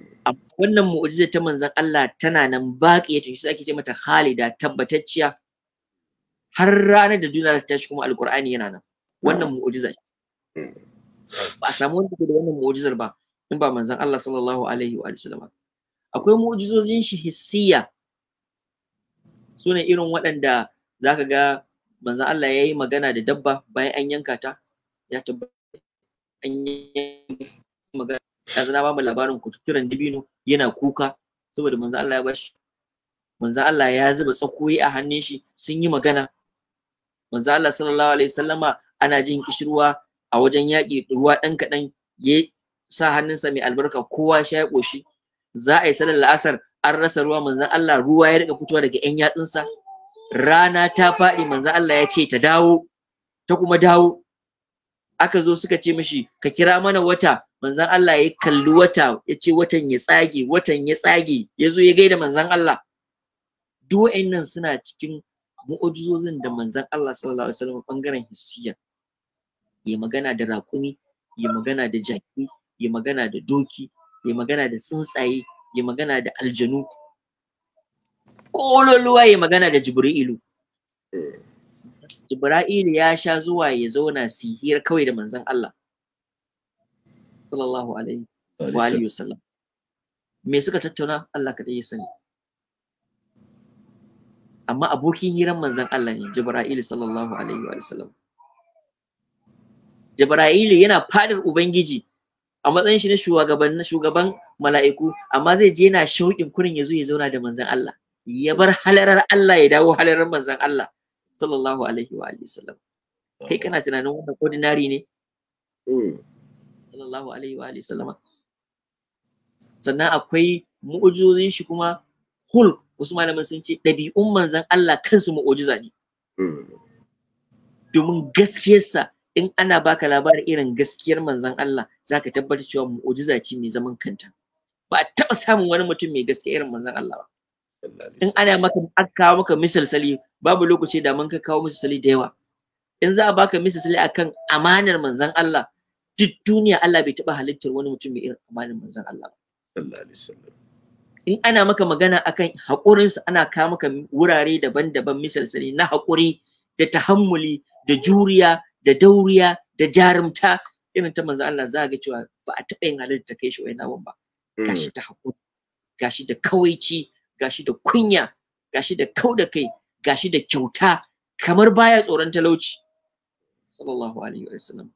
wannan mu'ujizar ta manzon Allah tana nan baƙi ya tunshi ake ce mata Khalida tabbatacciya har ranar da duniya ta shi kuma alqur'ani yana nan wannan mu'ujiza mm. ba samu wanda ke da wannan mu'ujizar ba in ba manzon Allah sallallahu alaihi wa sallam akwai mu'ujizojin shi hissiya sune irin waɗanda zaka ga manzon Allah yayi magana da dabba bayan an yanka ta ya tabbata an yi magana Ya na bamu labarin kututturen dibino yana kuka saboda manzo Allah ya bashi manzo Allah ya zuba tsakoyi a hannun shi sun yi magana manzo Allah sallallahu alaihi sallama ana jin kishirwa a wajen yaƙi ruwa dan kaɗan ya sa hannunsa mai albarka kowa sha ya ƙoshi za a yi salar la'asar an rasa ruwa manzan Allah ruwa ya rika fitowa daga 'yan yatsunsa rana ta faɗi manzan Allah ya ce ta dawo ta kuma dawo aka zo suka ce mishi ka kira mana wata manzon Allah ya kalli wata ya ce watan ya tsage watan ya tsage ya zo ya gaida manzon Allah duk wa'annan suna cikin mu'ujizozin da manzon Allah sallallahu alaihi wasallam bangaren hissiya ya magana da raƙumi ya magana da jaki ya magana da doki ya magana da tsuntsaye ya magana da aljanu kololuwa ya magana da jibrilu eh. Jibra'il ya sha zuwa ya zauna su hira kawai da manzon Allah sallallahu alaihi wa alihi me suka tattauna Allah kaɗai ya sani amma abokin hiran manzon Allah ne Jibra'il sallallahu alaihi wa sallam Jibra'il yana fadar ubangiji a matsayin shi na shugaban shugaban mala'iku amma zai je yana shauƙin kurin ya zo ya zauna da manzon Allah ya bar halarar Allah ya dawo halarar manzon Allah sallallahu alaihi wa alihi sallam kai kana tunanin wannan ordinary ne hmm. sallallahu alaihi wa alihi sallama sannan akwai mu'ujizin shi kuma hulk wasu malaman sun ce ɗabi'un manzan Allah kansu mu'ujiza ne hmm. domin gaskiyarsa in ana baka labarin irin gaskiyar manzan Allah zaka tabbatar cewa mu'ujiza ce mai zaman kanta ba a taɓa samun wani mutum mai gaskiya irin manzan Allah ba in ana maka aka kawo maka misalsali babu lokaci da mun ka kawo misalsali da yawa in za a baka misalsali akan amanar manzon Allah duk duniya Allah bai taba halittar wani mutum mai irin amanar manzon Allah ba in ana maka magana akan haƙurinsa ana kawo maka wurare daban-daban misalsali na haƙuri da tahammuli da juriya da dauriya da jarumta irin ta manzon Allah za ga cewa ba a taɓa yin halitta kai shi wani ba mm. gashi ta haƙuri gashi da kawaici gashi da kunya gashi da kau da kai gashi da kyauta kamar baya tsoron talauci sallallahu alaihi wa sallam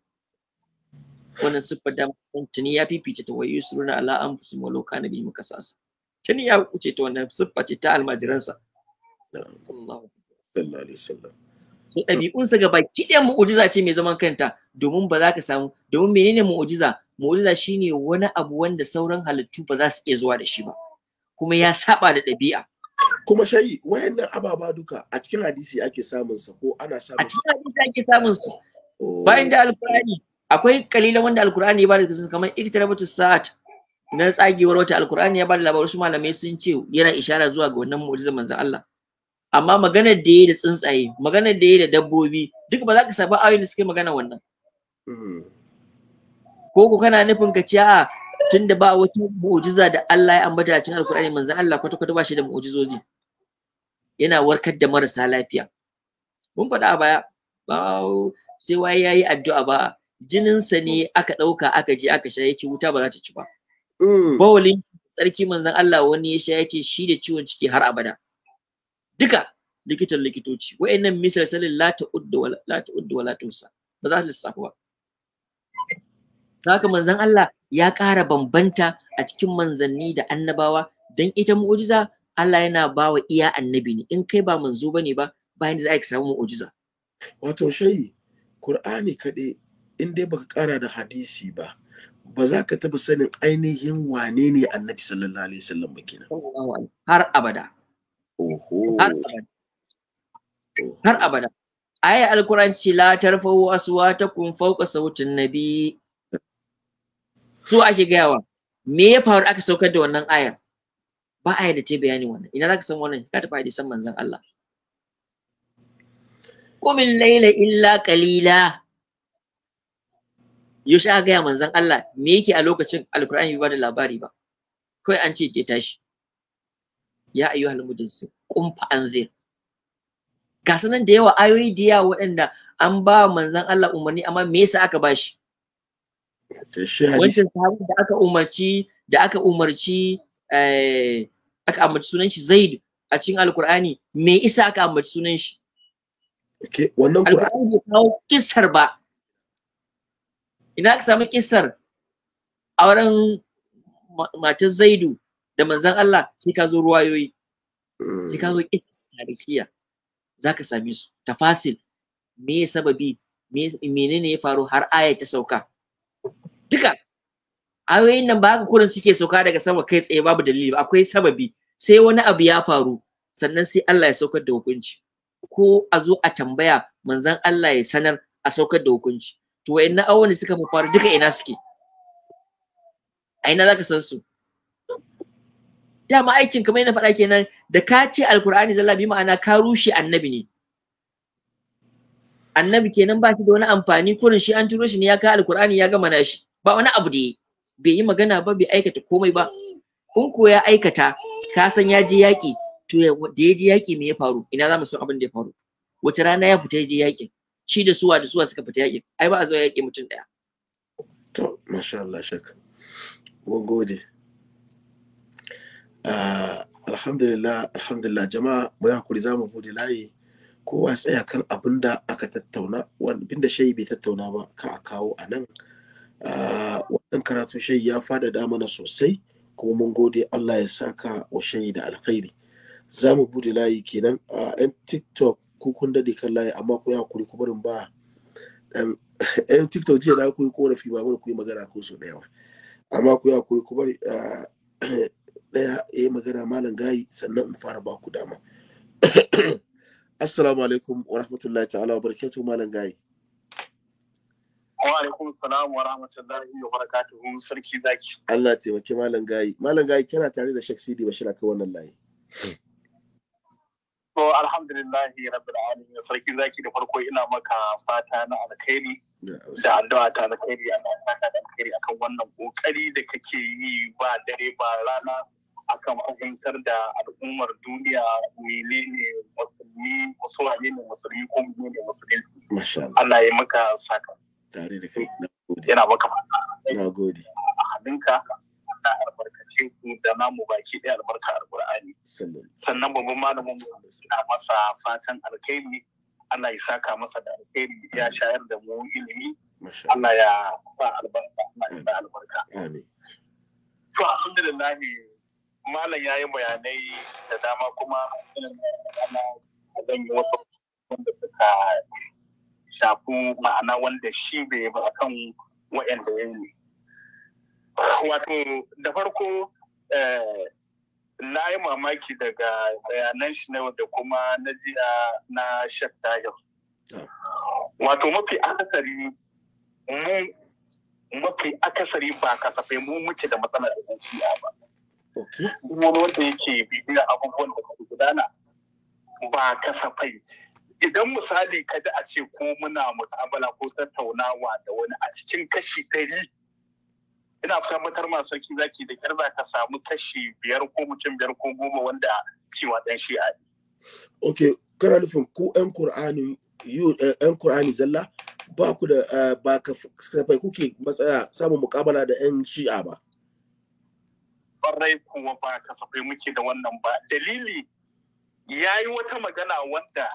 wannan siffar da tuni ya fifice ta wayu suruna ala anfusihim walau kana bi makasasa tuni ya kuce ta wannan siffa ce ta almajiransa sallallahu alaihi wasallam so ɗabi'unsa ga baki ɗaya mu'ujiza ce mai zaman kanta domin ba za ka samu domin menene mu'ujiza mu'ujiza shine wani abu wanda sauran halittu ba za su iya zuwa da shi ba kuma ya saba da ɗabi'a kuma shayi wayannan ababa duka a cikin hadisi ake samun sa ko ana samun a cikin hadisi ake samun su oh. bayan da alkurani akwai kalilan wanda alkurani ya bada da kamar iktirabatu sa'at na tsagewar wata alkurani ya bada labarin su malamai sun ce yana ishara zuwa ga wannan mu'jizar manzon Allah amma maganar da yayi da tsuntsaye maganar da yayi da dabbobi duk ba za ka saba ayoyin da suke magana wannan mm-hmm. ko ku kana nufin ka ce a tunda ba wata mu'jiza da Allah ya ambata a cikin Alkur'ani manzon Allah kwata kwata ba shi da mu'jizoji yana warkar da marasa lafiya mun faɗa a baya ba sai waye yayi addu'a ba jininsa ne aka ɗauka aka je aka sha yace wuta ba za ta ci ba mm. bawalin tsarki manzon Allah wani ya sha yace shi da ciwon ciki har abada duka likitan likitoci wa'annan misal salin la ta'uddu wa wala tusa ba za su lissafa ba haka manzon Allah ya ƙara bambanta a cikin manzanni da annabawa don ita mu'ujiza Allah yana ba wa iya annabi ne in kai ba manzo ba ne ba bayan da za a samu mu'ujiza. Wato shayi, Kur'ani kaɗai in dai baka ƙara da hadisi ba, ba za ka taɓa sanin ainihin wane ne annabi sallallahu alaihi wasallam ba kenan. Har abada. Oho. Har abada. Har abada. ce la tarfa'u aswatakum fawqa sautin nabi su ake gayawa me ya faru aka saukar da wannan ayar ba aya da ta bayani wannan ina zaka san wannan ka tafi hadisan manzon Allah qumil laila illa qalila yaushe aka gaya manzon Allah me yake a lokacin alqur'ani ba da labari ba kawai an ce ya tashi ya ayyuhal mudassir qum fa anzir ga sanan da yawa ayoyi da yawa waɗanda an ba manzon Allah umarni amma me yasa aka bashi wancan sahabin da aka umarci da aka umarci eh, aka ambaci sunan shi zaid a cikin alkur'ani me isa aka ambaci sunan shi wannan alkur'ani bai kawo kissar ba ina aka samu kissar a wurin matar zaidu da manzon Allah sai ka zo ruwayoyi sai ka zo kissar tarihiya za ka same su tafasil me sababi menene ya faru har aya ta sauka duka ayoyin nan ba haka kurin suke sauka daga sama kai tsaye babu dalili ba akwai sababi sai wani abu ya faru sannan sai Allah ya saukar da hukunci ko a zo a tambaya manzon Allah ya sanar a saukar da hukunci to wayannan awon suka faru duka ina suke a ina zaka san su dama aikin kamar yana faɗa kenan da ka ce alkur'ani zalla bi ma'ana ka rushe annabi ne annabi kenan ba shi da wani amfani kurin shi an turo shi ne ya ka alkur'ani ya gama nashi ba wani abu da bai yi magana ba bai aikata komai ba kun ko ya aikata ka san ya je yaƙi to da ya je yaƙi me ya faru ina za mu san abin da ya faru wace rana ya fita ya je yaƙin shi da suwa da suwa suka fita yaƙin ai ba a zuwa yaƙi mutum ɗaya to masha Allah shak mu gode ah, alhamdulillah alhamdulillah jama'a mu hakuri za mu bude layi kowa tsaya kan abin da aka tattauna wanda shi bai tattauna ba ka a kawo a nan Ah, wannan karatu shai ya fadada mana sosai kuma mun gode Allah ya saka wa shai da alkhairi za mu bude layi kenan a ah, yan tiktok ku kun dade kan layi amma ku ya kuri kubarin ba yan tiktok jiya na ku yi korafi ba mana ku yi magana ko so da amma ku ya kuri kubarin daya ah, ya yi magana malam gayi sannan in fara ba ku dama assalamu alaikum wa rahmatullahi ta'ala wa barakatuhu malam gayi Wa alaikum salam wa rahmatullahi wa barakatuhu sarki zaki. Allah taimaki malam gayi. Malam gayi kana tare da Sheikh Sidi Bashir akan wannan layi. To alhamdulillah rabbil alamin sarki zaki da farko ina maka fata na alkhairi da addu'a ta alkhairi Allah ya da alkhairi akan wannan kokari da kake yi ba dare ba rana akan fahimtar da al'ummar duniya menene musulmi musulmi ne musulmi ko ne musulmi Allah ya maka saka tare da kai na gode yana maka na gode hannunka na albarkace ku da namu baki ɗaya albarka alƙur'ani. sannan babban malamin mu na masa fatan alkhairi Allah ya saka masa da alheri ya shayar da mu ilimi Allah ya ba albarka Allah ya ba albarka to alhamdulillah malam yayi bayanai da dama kuma zan yi wasu wanda suka shafi ma'ana wanda shi bai ba kan wa'anda ya yi wato da farko eh, na yi mamaki daga bayanan shi na da kuma na jiya na shek tahir ah. wato mafi akasari mu mafi akasari ba kasafai mu muke da matsalar da ba wani wanda yake bibiyar abubuwan da gudana ba kasafai idan misali ka ji a ce ko muna mu'amala ko tattaunawa da wani a cikin kashi ɗari ina tabbatar ma sarki zaki da kyar za ka samu kashi biyar ko mutum biyar ko goma wanda cewa ɗan shi a ne. ok kana nufin ku yan kur'ani yan eh, kur'ani zalla ba ku da eh, ba ka kafai kuke matsaya samun mukabala da yan shi'a ba. Ƙwarai kuwa ba kasafai muke da wannan ba dalili ya yi wata magana wanda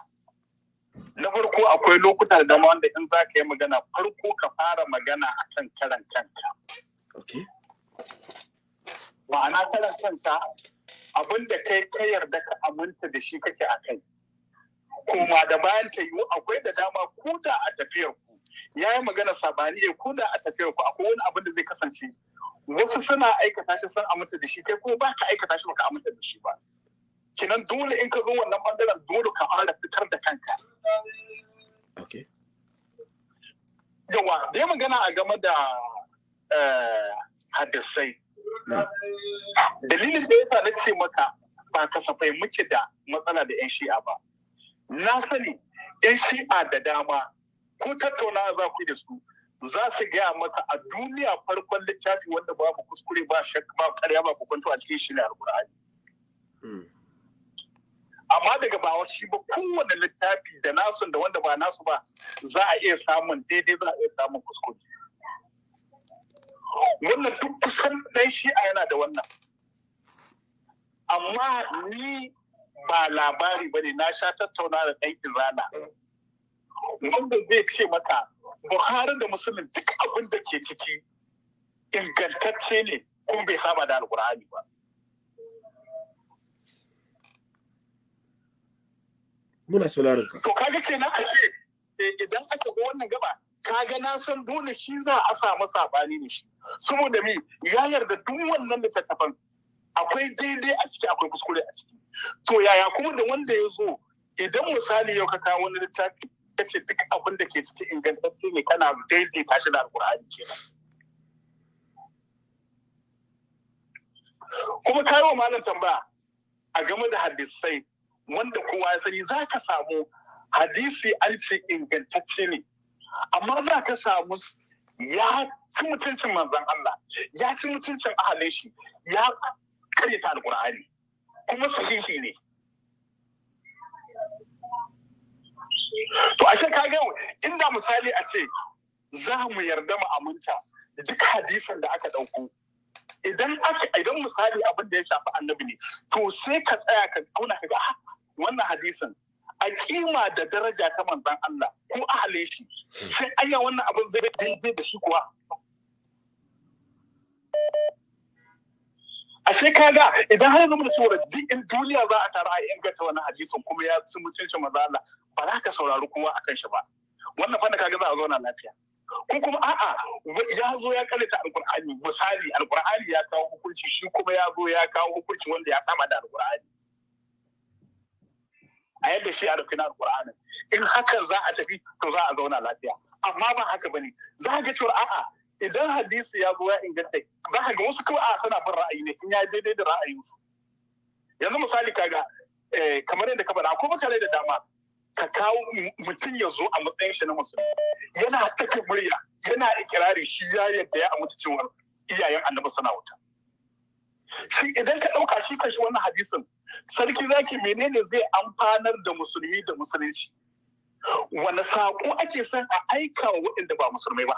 na farko akwai lokuta da dama wanda in za ka yi magana farko ka fara magana a kan karan kanka. Ma'ana karan kanka abin da kai ka yarda ka aminta da shi kake a kai. Koma da bayan ta yiwu akwai da dama ko da a tafiyar ku ya yi magana sabani ya ko da a tafiyar ku akwai wani abin da zai kasance. Wasu suna aikata shi sun aminta da shi kai ko ba ka aikata shi ba ka aminta da shi ba. Kinan dole in ka zo wannan ɓangaren dole ka fara fitar da kanka. Okay. Yawa, da magana a game da eh, hadisai. Hmm. Dalilin da ya sa na ce maka ba kasafai muke da matsala da 'yan shi'a ba. Na sani 'yan shi'a da dama ko tattauna za ku yi da su za su gaya maka a duniya farkon littafi wanda babu kuskure ba shakka ba karya ba kwanto a cikin shi na alkur'ani. Hmm. amma daga ba wasu ba kowane littafi da nasu da wanda ba nasu ba za a iya samun daidai za a iya samun kuskure wannan duk kusan ɗan shi'a yana da wannan amma ni ba labari ba ne na sha tattauna da ɗan izana wanda zai ce maka buhari da musulun duk abin da ke ciki ingantacce ne kuma bai saba da alkur'ani ba muna sauraron ka to kaga kenan a eh, idan aka ga wannan gaba kaga na san dole shi za a samu sabani ne shi saboda mi ya yarda duk wannan littattafan akwai daidai a ciki akwai kuskure a ciki to yaya kuma da wanda ya zo idan misali yau ka kawo wani littafi ka ce duk abin da ke ciki ingantacce ne kana daidai shi, da alkur'ani kenan kuma wa malam tambaya a game da hadisai wanda kowa ya sani za ka samu hadisi an ce ingantacce ne amma za ka samu ya ci mutuncin manzan Allah ya ci mutuncin ahalin shi ya karyata alkur'ani kuma su sahihi ne to ashe ka ga inda misali a ce za mu yarda mu aminta duk hadisin da aka ɗauko idan aka idan misali abin da ya shafi annabi ne to sai ka tsaya ka auna ka ga ah, wannan hadisin a kima da daraja ta manzan Allah ko ahalin shi sai anya wannan abin zai daidai da shi kuwa A ka ga idan har zama da cewa duk in duniya za a tara a inganta wannan hadisin kuma ya ci mutunci manzan Allah ba za ka saurari kowa akan shi ba wannan fa kaga za a zauna lafiya ko kuma a'a ya zo ya karanta alkur'ani misali alkur'ani ya kawo hukunci shi kuma ya zo ya kawo hukunci wanda ya sama da alkur'ani a yadda shi a rufin alkur'ani in haka za a tafi to za a zauna lafiya amma ba haka bane za ga cewa a'a idan hadisi ya zo ya inganta za ka ga wasu kawai a'a suna bin ra'ayi ne in ya daidai da ra'ayinsu yanzu misali kaga eh, kamar yadda ka faɗa akwai mutane da dama ka kawo mutum ya zo a matsayin shi na musulmi yana take murya yana ikirari shi ya yadda ya amince cewa iyayen annabi suna wuta shi idan ka ɗauka shi kashi wannan hadisin sarki zaki menene zai amfanar da musulmi da musulunci wani saƙo ake son a aika wa waɗanda ba musulmai ba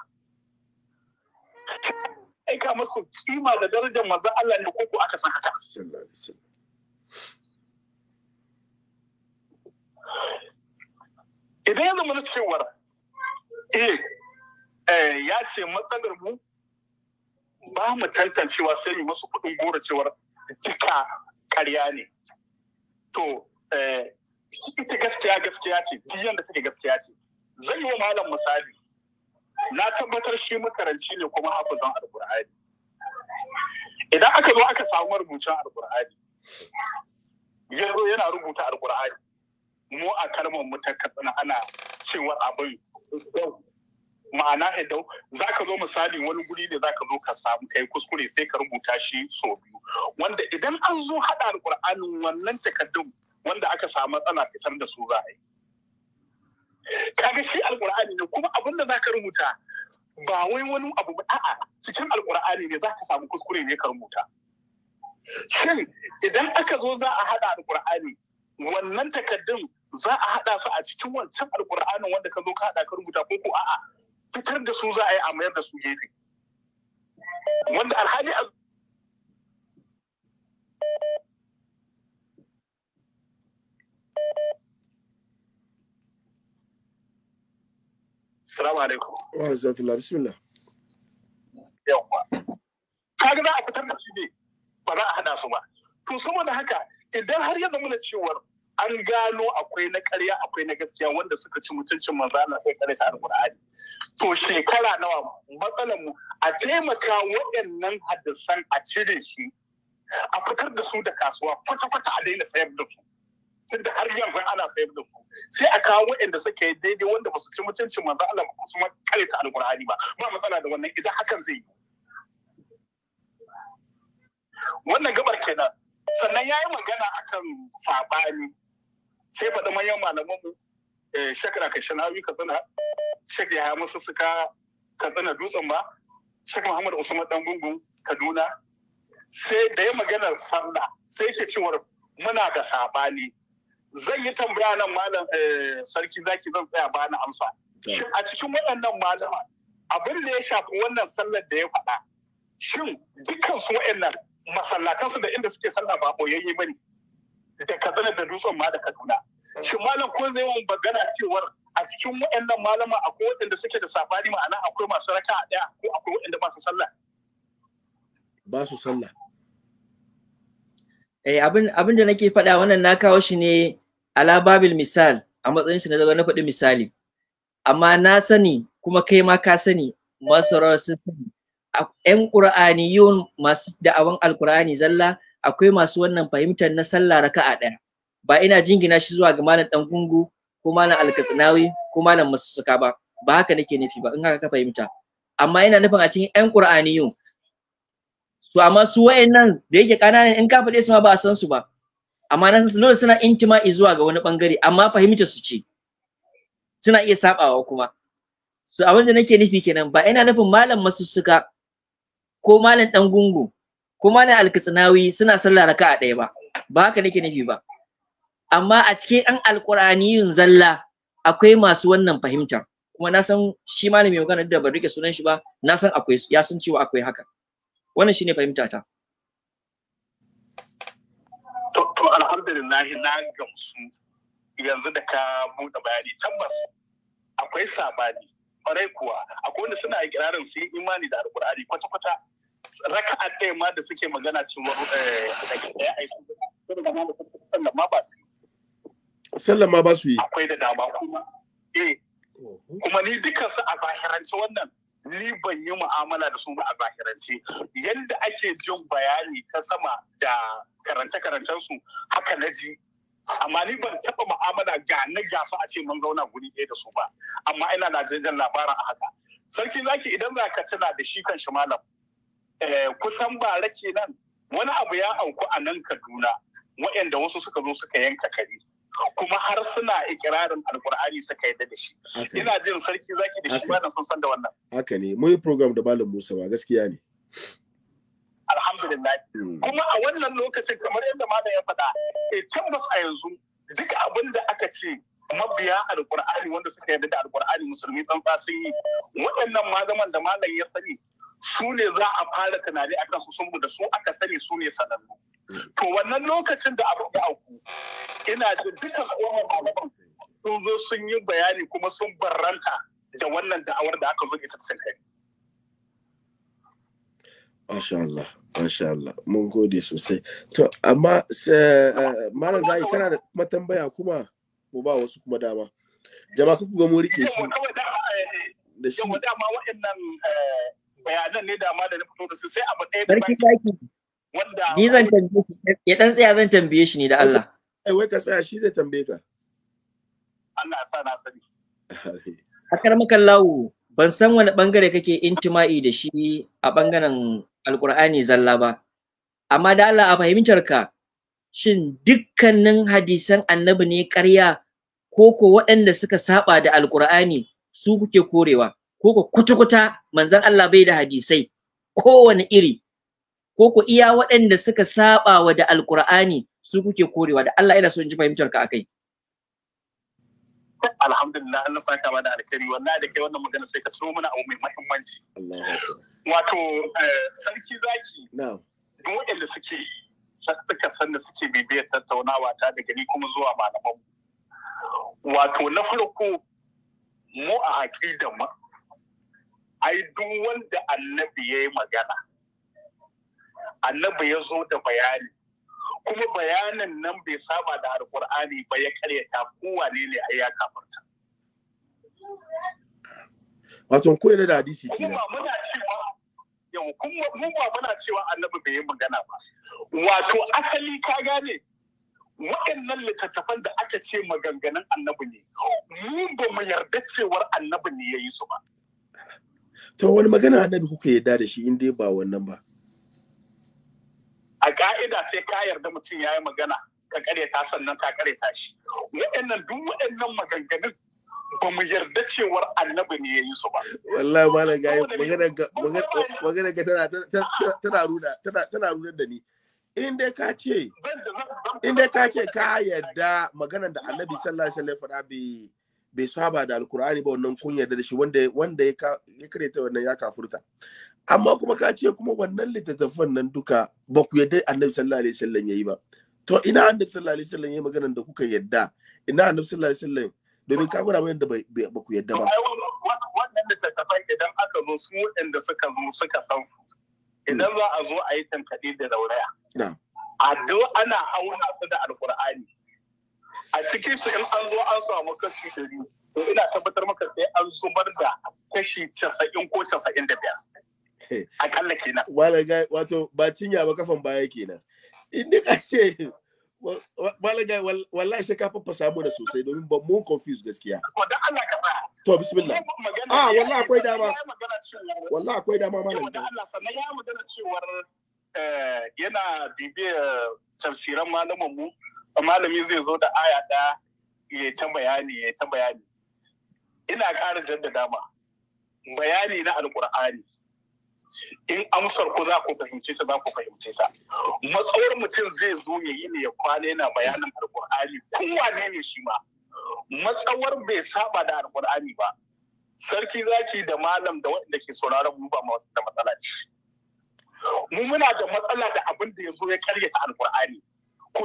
aika masu kima da darajar manzon Allah ne koko aka san haka idan ya zama cewar e ya ce matsalar mu ba mu tantancewa sai mu masu kuɗin gora cewar duka karya ne to eh, ita gaskiya gaskiya ce jiyan da take gaskiya ce zan yi malam misali na tabbatar shi makaranci ne kuma hafizan alburhari idan aka zo aka samu marubucin alburhari yanzu yana rubuta alburhari mu a karmar mu ta katsina ana cewa abin ma'ana idan eh za ka zo misali wani guri da za ka zo ka samu kai kuskure sai ka rubuta shi sau biyu wanda idan an zo haɗa alƙur'anin wannan takardun wanda aka samu matsala fitar da su za a yi kaga shi alƙur'ani ne kuma abin da za ka rubuta ba wai wani abu ba a'a cikin alƙur'ani ne za ka samu kuskure ne ka rubuta shin idan aka zo za a haɗa alƙur'ani wannan takardun za a haɗa su a cikin wancan alƙur'anin wanda ka zo ka haɗa ka rubuta ko ko a'a fitar da su za a yi a mayar da su gefe wanda alhali a Salamu alaikum. Wa wa bismillah. Yawwa. ga za a fitar da su ne ba za a haɗa su ba. To saboda haka idan har ya zama na cewar an gano akwai na karya akwai na gaskiya wanda suka ci mutuncin manzo Allah sai kare ta alqur'ani to shekara nawa matsalar mu a taimaka waɗannan hadisan a cire shi a fitar da su da kasuwa kwata-kwata a daina sayar da su tunda har yanzu ana sayar da su sai a kawo waɗanda suka yi daidai wanda ba su ci mutuncin manzo Allah ba su ma kare ta alqur'ani ba ba matsala da wannan idan hakan zai yi wannan gabar kenan sannan ya yi magana akan sabani sai faɗi manyan malaman mu eh, ka rakashin hawi katsina shek ya musu suka ka katsina dutsen ba shek muhammad usman dan gungun kaduna sai da ya maganar sarda sai ke cewa muna da sabani zan yi tambaya nan malam eh, sarki zaki zan tsaya ba na amsa a cikin waɗannan malama abin da ya shafi wannan sallar da ya faɗa shin dukkan su waɗannan masallatansu da inda suke sallah ba boyayye bane da katsina da dutsen ma da kaduna shin malam ko zai mun bagana cewar a cikin waɗannan malama akwai waɗanda suke da sabani ma'ana akwai masu raka a ɗaya ko akwai waɗanda ba su sallah ba su sallah eh abin da nake faɗa wannan na kawo shi ne ala babil misal a matsayin shi na zaga na faɗi misali amma na sani kuma kai ma ka sani masu sun sani 'yan ƙura'aniyun masu da'awan alƙura'ani zalla akwai masu wannan fahimtar na sallah raka'a ɗaya ba ina jingina shi zuwa ga malam dan gungu ko malam alkatsinawi ko malam masussuka ba ba haka nake nufi ba in haka ka fahimta amma ina nufin a cikin yan qur'aniyu to amma su wayannan da yake kananan in ka faɗe su ma ba a san su ba amma nan dole suna intima zuwa ga wani bangare amma fahimtar su ce suna iya sabawa kuma so abin da nake nufi kenan ba ina nufin malam masussuka ko malam dan gungu kuma na alkitsinawi suna sallah raka'a ɗaya ba ba haka nake nufi ba amma a cikin an yin zalla akwai masu wannan fahimtar kuma na san shi ma ne mai magana da ban rike sunan shi ba na san akwai ya san cewa akwai haka wannan shine fahimta ta to to alhamdulillah na gamsu yanzu da ka buɗe bayani tabbas akwai sabani kwarai kuwa akwai wanda suna ikirarin su yi imani da alkur'ani kwata-kwata raka'a ɗaya ma da suke magana cewa eh, ɗaya a yi sallah ma ba su yi. ba su yi. Akwai da dama kuma. Eh. Kuma ni dukansu a zahirance wannan ni ban yi mu'amala da su ba a zahirance yadda ake jin bayani ta sama da karance karancensu haka na ji amma ni ban taɓa mu'amala ga na gasu a ce mun zauna guri ɗaya da su ba amma ina na jirgin labarin a haka sarki zaki idan za ka tuna da shi kan shi malam Eh, kusan rake nan, wani abu ya auku a nan Kaduna waɗanda wasu suka zo suka yanka kare kuma har suna ikirarin alkur'ani suka yadda da shi ina jin sarki zaki da shi ba sun san da wannan haka ne mun yi program da malam Musa ba gaskiya ne alhamdulillah hmm. kuma a wannan lokacin kamar yadda malam ya faɗa eh tabbas a yanzu duk abin da aka ce mabiya alkur'ani wanda suka yadda da alkur'ani musulmi tsantsa sun yi waɗannan malaman da malam ya sani su ne za a fara tunani a kansu sun da su aka sani su ne sanannu. To wannan lokacin da abu da auku ina da duka tsohon malaman sun zo sun yi bayani kuma sun barranta da wannan da'awar da aka zo ita sun kai. Masha Allah, Masha Allah, mun gode sosai. To, amma eh, eh, malam zai kana da matambaya kuma mu ba wasu kuma dama. Jama'a kuka ga mun rike shi. Eh, da shi. Yawa dama waɗannan bayanan ne da ma da na fito da su sai abu ɗaya sarki zaki wanda ni zan tambaye shi ya dan tsaya zan tambaye shi ne da Allah ai wai ka tsaya shi zai tambaye ka Allah sa na sani akar lawo ban san wani bangare kake intima'i da shi a bangaren alkur'ani zalla ba amma da Allah a fahimtar ka shin dukkanin hadisan annabi ne ƙarya ko ko waɗanda suka saba da alkur'ani su kuke korewa ko ko kuta-kuta Allah bai da hadisai kowane iri ko ko iya waɗanda suka saba wa da alkur'ani su kuke korewa da Allah yana so in ji fahimtar ka akai alhamdulillah Allah saka ba da alkhairi wallahi da kai wannan magana sai ka so mana abu mai muhimmanci wato eh, sarki zaki na'am waɗanda suke suka san da suke bibiyar tattaunawa ta daga ni kuma zuwa malaman wato na farko mu a mu ai duk wanda annabi ya yi magana annabi ya zo da bayani kuma bayanan nan bai saba da alkur'ani ba ya karyata kowane ne a ya kafarta wato ko yana da hadisi ke muna cewa yau kuma ba muna cewa annabi bai yi magana ba wato asali ka gane waɗannan littattafan da aka ce maganganun annabi ne mu ba mu yarda cewar annabi ne ya yi su ba to wani magana annabi kuka yarda da shi in dai ba wannan ba a ka'ida sai ka yarda mutum ya yi magana ka ta sannan ka ta shi waɗannan duk waɗannan maganganun ba mu yarda cewar annabi ne ya yi su ba wallahi ma na gaya magana ga tana ruda tana ruda da ni in dai ka ce ka ce ka yarda da annabi sallallahu alaihi wasallam faɗa bai bai saba da alkur'ani ba wannan kunya da shi wanda wanda ya ta wannan ya kafurta amma kuma ka ce kuma wannan littattafan nan duka ba ku yadda annabi sallallahu alaihi wasallam yayi ba to ina annabi sallallahu alaihi wasallam yayi maganar da kuka yadda. ina annabi sallallahu alaihi wasallam domin ka gura da ba ku yadda ba wannan littattafan idan aka zo su waɗanda suka zo suka san idan hmm. za a zo a yi tankaɗe da rauraya a do ana auna su da alkur'ani a cikin su in an zo an samu kashi dari, to ina tabbatar maka sai an zubar da kashi casa'in ko casa'in da biyar akalla kenan wato ba cinya ba kafan baya kenan in duka ce malaga wallahi shi ka fafa samu da sosai domin ba mun confuse gaskiya da Allah ka tsaya to bismillah ah wallahi akwai dama wallahi akwai dama malam da Allah sannan ya magana cewar eh, yana bibiyar tafsiran malaman mu malami zai zo da aya ɗaya ya ta bayani ya ta bayani ina ƙara jaddada dama bayani na alƙur'ani in amsar ku za ku fahimce ta za ku fahimce ta matsawar mutum zai zo ya yi ne ya kwana yana bayanin alƙur'ani kowane ne shi ma matsawar bai saba da alƙur'ani ba sarki zaki da malam da waɗanda ke sauraron mu ba da matsala ce mu muna da matsala da abin da ya zo ya karyata alƙur'ani ko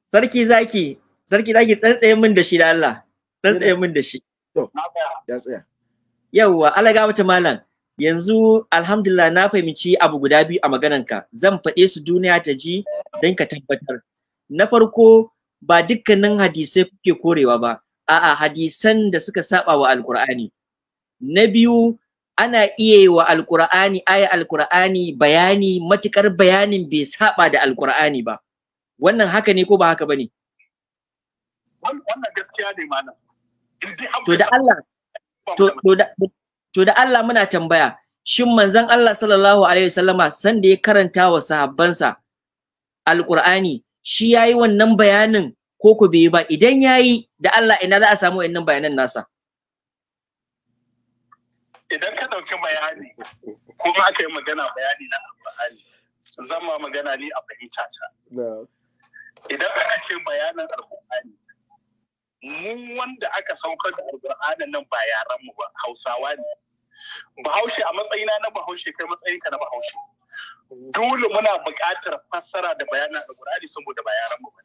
sarki zaki sarki zaki tsantsaye min da shi da Allah tsantsaye min da shi to ya tsaya yawa Allah ga wata malam yanzu alhamdulillah na fahimci abu guda biyu a maganarka zan faɗe su duniya ta ji don ka tabbatar na farko ba dukkanin hadisai kuke korewa ba a'a hadisan da suka saba wa alkur'ani na biyu ana iya yi wa alkur'ani aya alkur'ani bayani matukar bayanin bai saba da alkur'ani ba wannan haka ne ko ba haka bane wannan gaskiya ne malam to da Allah to da Allah muna tambaya shin manzon Allah sallallahu alaihi wasallama san da ya karanta wa sahabbansa alqur'ani shi yayi wannan bayanin ko ku bai ba idan yayi da Allah ina za a samu wannan bayanan nasa idan ka dauki bayani kuma aka yi magana bayani na alqur'ani zan ma magana ni a fahimta ta idan aka ce bayanan alkur'ani mu wanda aka saukar da alkur'anin nan ba yaran mu ba hausawa ne bahaushe a matsayina na bahaushe kai matsayinka na bahaushe dole muna buƙatar fassara da bayanan alkur'ani saboda ba yaran mu ba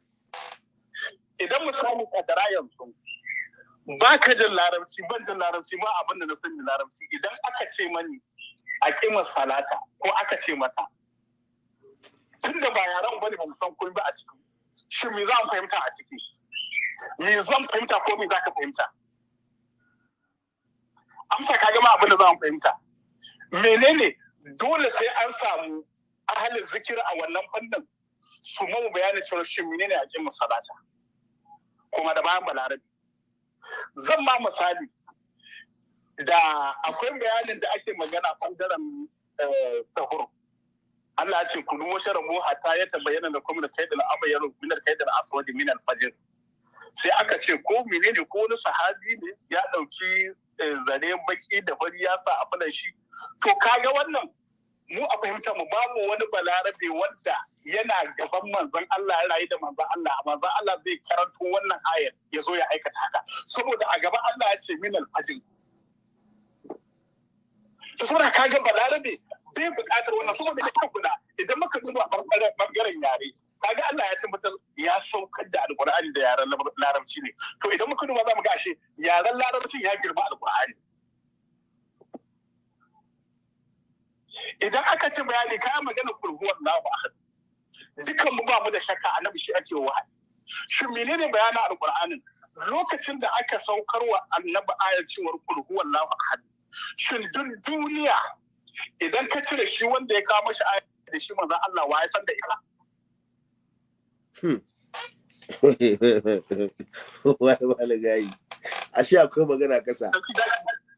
idan misali kadara yanzu ba ka jin larabci ban jin larabci ba abin da na sani larabci idan aka ce mani a kima salata ko aka ce mata tun da ba yaran bane ba mu san komai ba a cikin shin me za mu fahimta a ciki me zan fahimta ko mi za ka fahimta amsa ka gama abin da za mu fahimta menene dole sai an samu ahalin zikir a wannan fannin su mu bayanin cewa shi menene a kin salata kuma da bayan balarabi zan ba misali da akwai bayanin da ake magana bangaren tahur eh, Allah ya ce duk wata rabo hata ya tabayyana da kuma da kaidal abayar min al kaidal aswad min al fajr sai aka ce ko ne ko wani sahabi ne ya ɗauki eh, zare baki da bari ya sa a falan shi to kaga wannan mu a fahimta mu babu wani balarabe wanda yana gaban manzon Allah ya rayu da manzon Allah manzon Allah zai karanto wannan ayar ya zo ya aikata haka saboda a gaba Allah ya ce min al fajr saboda kaga balarabe Sai buƙatar wannan saboda ya kula idan muka duba ɓangaren yare kaga Allah ya tabbatar ya saukar da alƙur'ani da yaren larabci ne to idan muka duba za mu ga ashe yaren larabci ya girma alƙur'ani idan aka ce bayani kayan magana kurguwar lahu ahad dukkan mu ba mu da shakka annabi shi ake wa shin menene bayanin alƙur'anin lokacin da aka saukar wa annabi ayar cewar kurguwar lahu ahad shin duk duniya idan ka cire shi wanda ya kawo mashi aya da shi maza Allah wa ya san da ita hmm. wai wala gayi ashe akwai magana kasa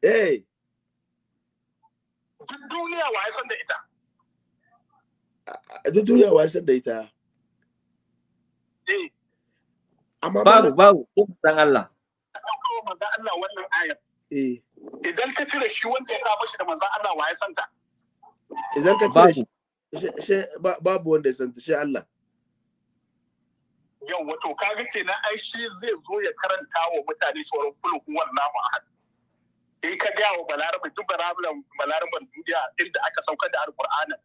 eh duk duniya wa ya san da ita duk duniya wa ya san da ita eh babu babu san Allah Allah wannan ayat eh idan ka cire shi wanda ya kawo shi da manzan Allah wa ya santa idan ka cire shi babu wanda ya santa shi Allah yau wato kaga kenan ai shi zai zo ya karanta wa mutane sauran kulhuwar namu a hannu in ka gaya wa balarabe duk balaraben balaraben duniya inda aka saukar da alƙur'anin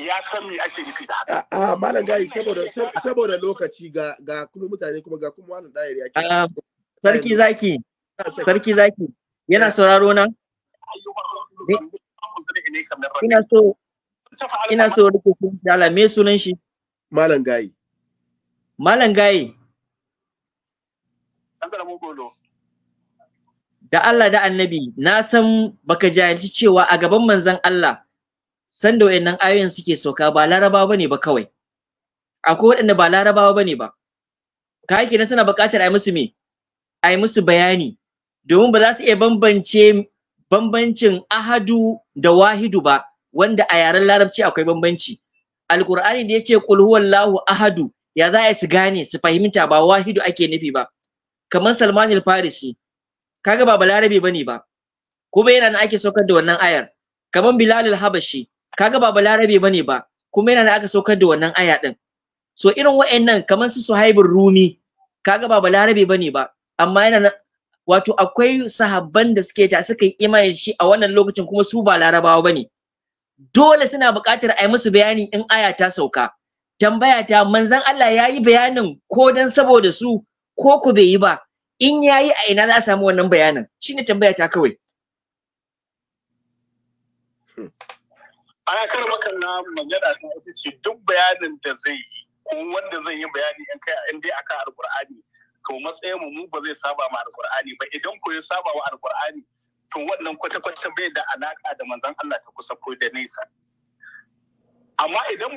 ya san me ake nufi da haka a malam gari saboda saboda lokaci ga ga kuma mutane kuma ga kuma malam dayar ya um, sarki zaki sarki zaki yana sauraro na eh. ina so ina so rike sun dala me sunan shi malam gayi malam gayi da Allah da annabi na san baka jahilci cewa a gaban manzon Allah sanda wayannan ayoyin suke sauka ba laraba bane ba kawai akwai waɗanda ba larabawa bane ba ka yake na suna buƙatar a yi musu me a yi musu bayani domin ba za su iya bambance bambancin ahadu da wahidu ba wanda a yaren larabci akwai bambanci alkur'ani da yace qul huwallahu ahadu ya za a su gane su fahimta ba wahidu ake nufi ba kamar Salman al-Farisi kaga ba balarabe bane ba kuma yana nan ake saukar da wannan ayar kamar Bilal al-Habashi kaga ba balarabe bane ba kuma yana nan saukar da wannan aya din so irin wa'annan kamar su Suhaibur Rumi kaga ba balarabe bane ba amma yana wato akwai sahabban da suke ta suka yi imanin shi a wannan lokacin kuma su ba larabawa bane dole suna buƙatar a yi musu bayani in aya ta sauka tambaya ta manzon Allah ya yi bayanin ko dan saboda su ko ku bai yi ba in ya yi a ina za a samu wannan bayanin shine tambaya ta kawai ana maka na magana ta ita ce duk bayanin da zai yi ko wanda zai yi bayani in kai in dai akan alqur'ani to matsayin mu ba zai saba ma alkur'ani ba idan ku ya saba wa alkur'ani to wannan kwata-kwata bai da alaka da manzon Allah ta kusa ko da nesa amma idan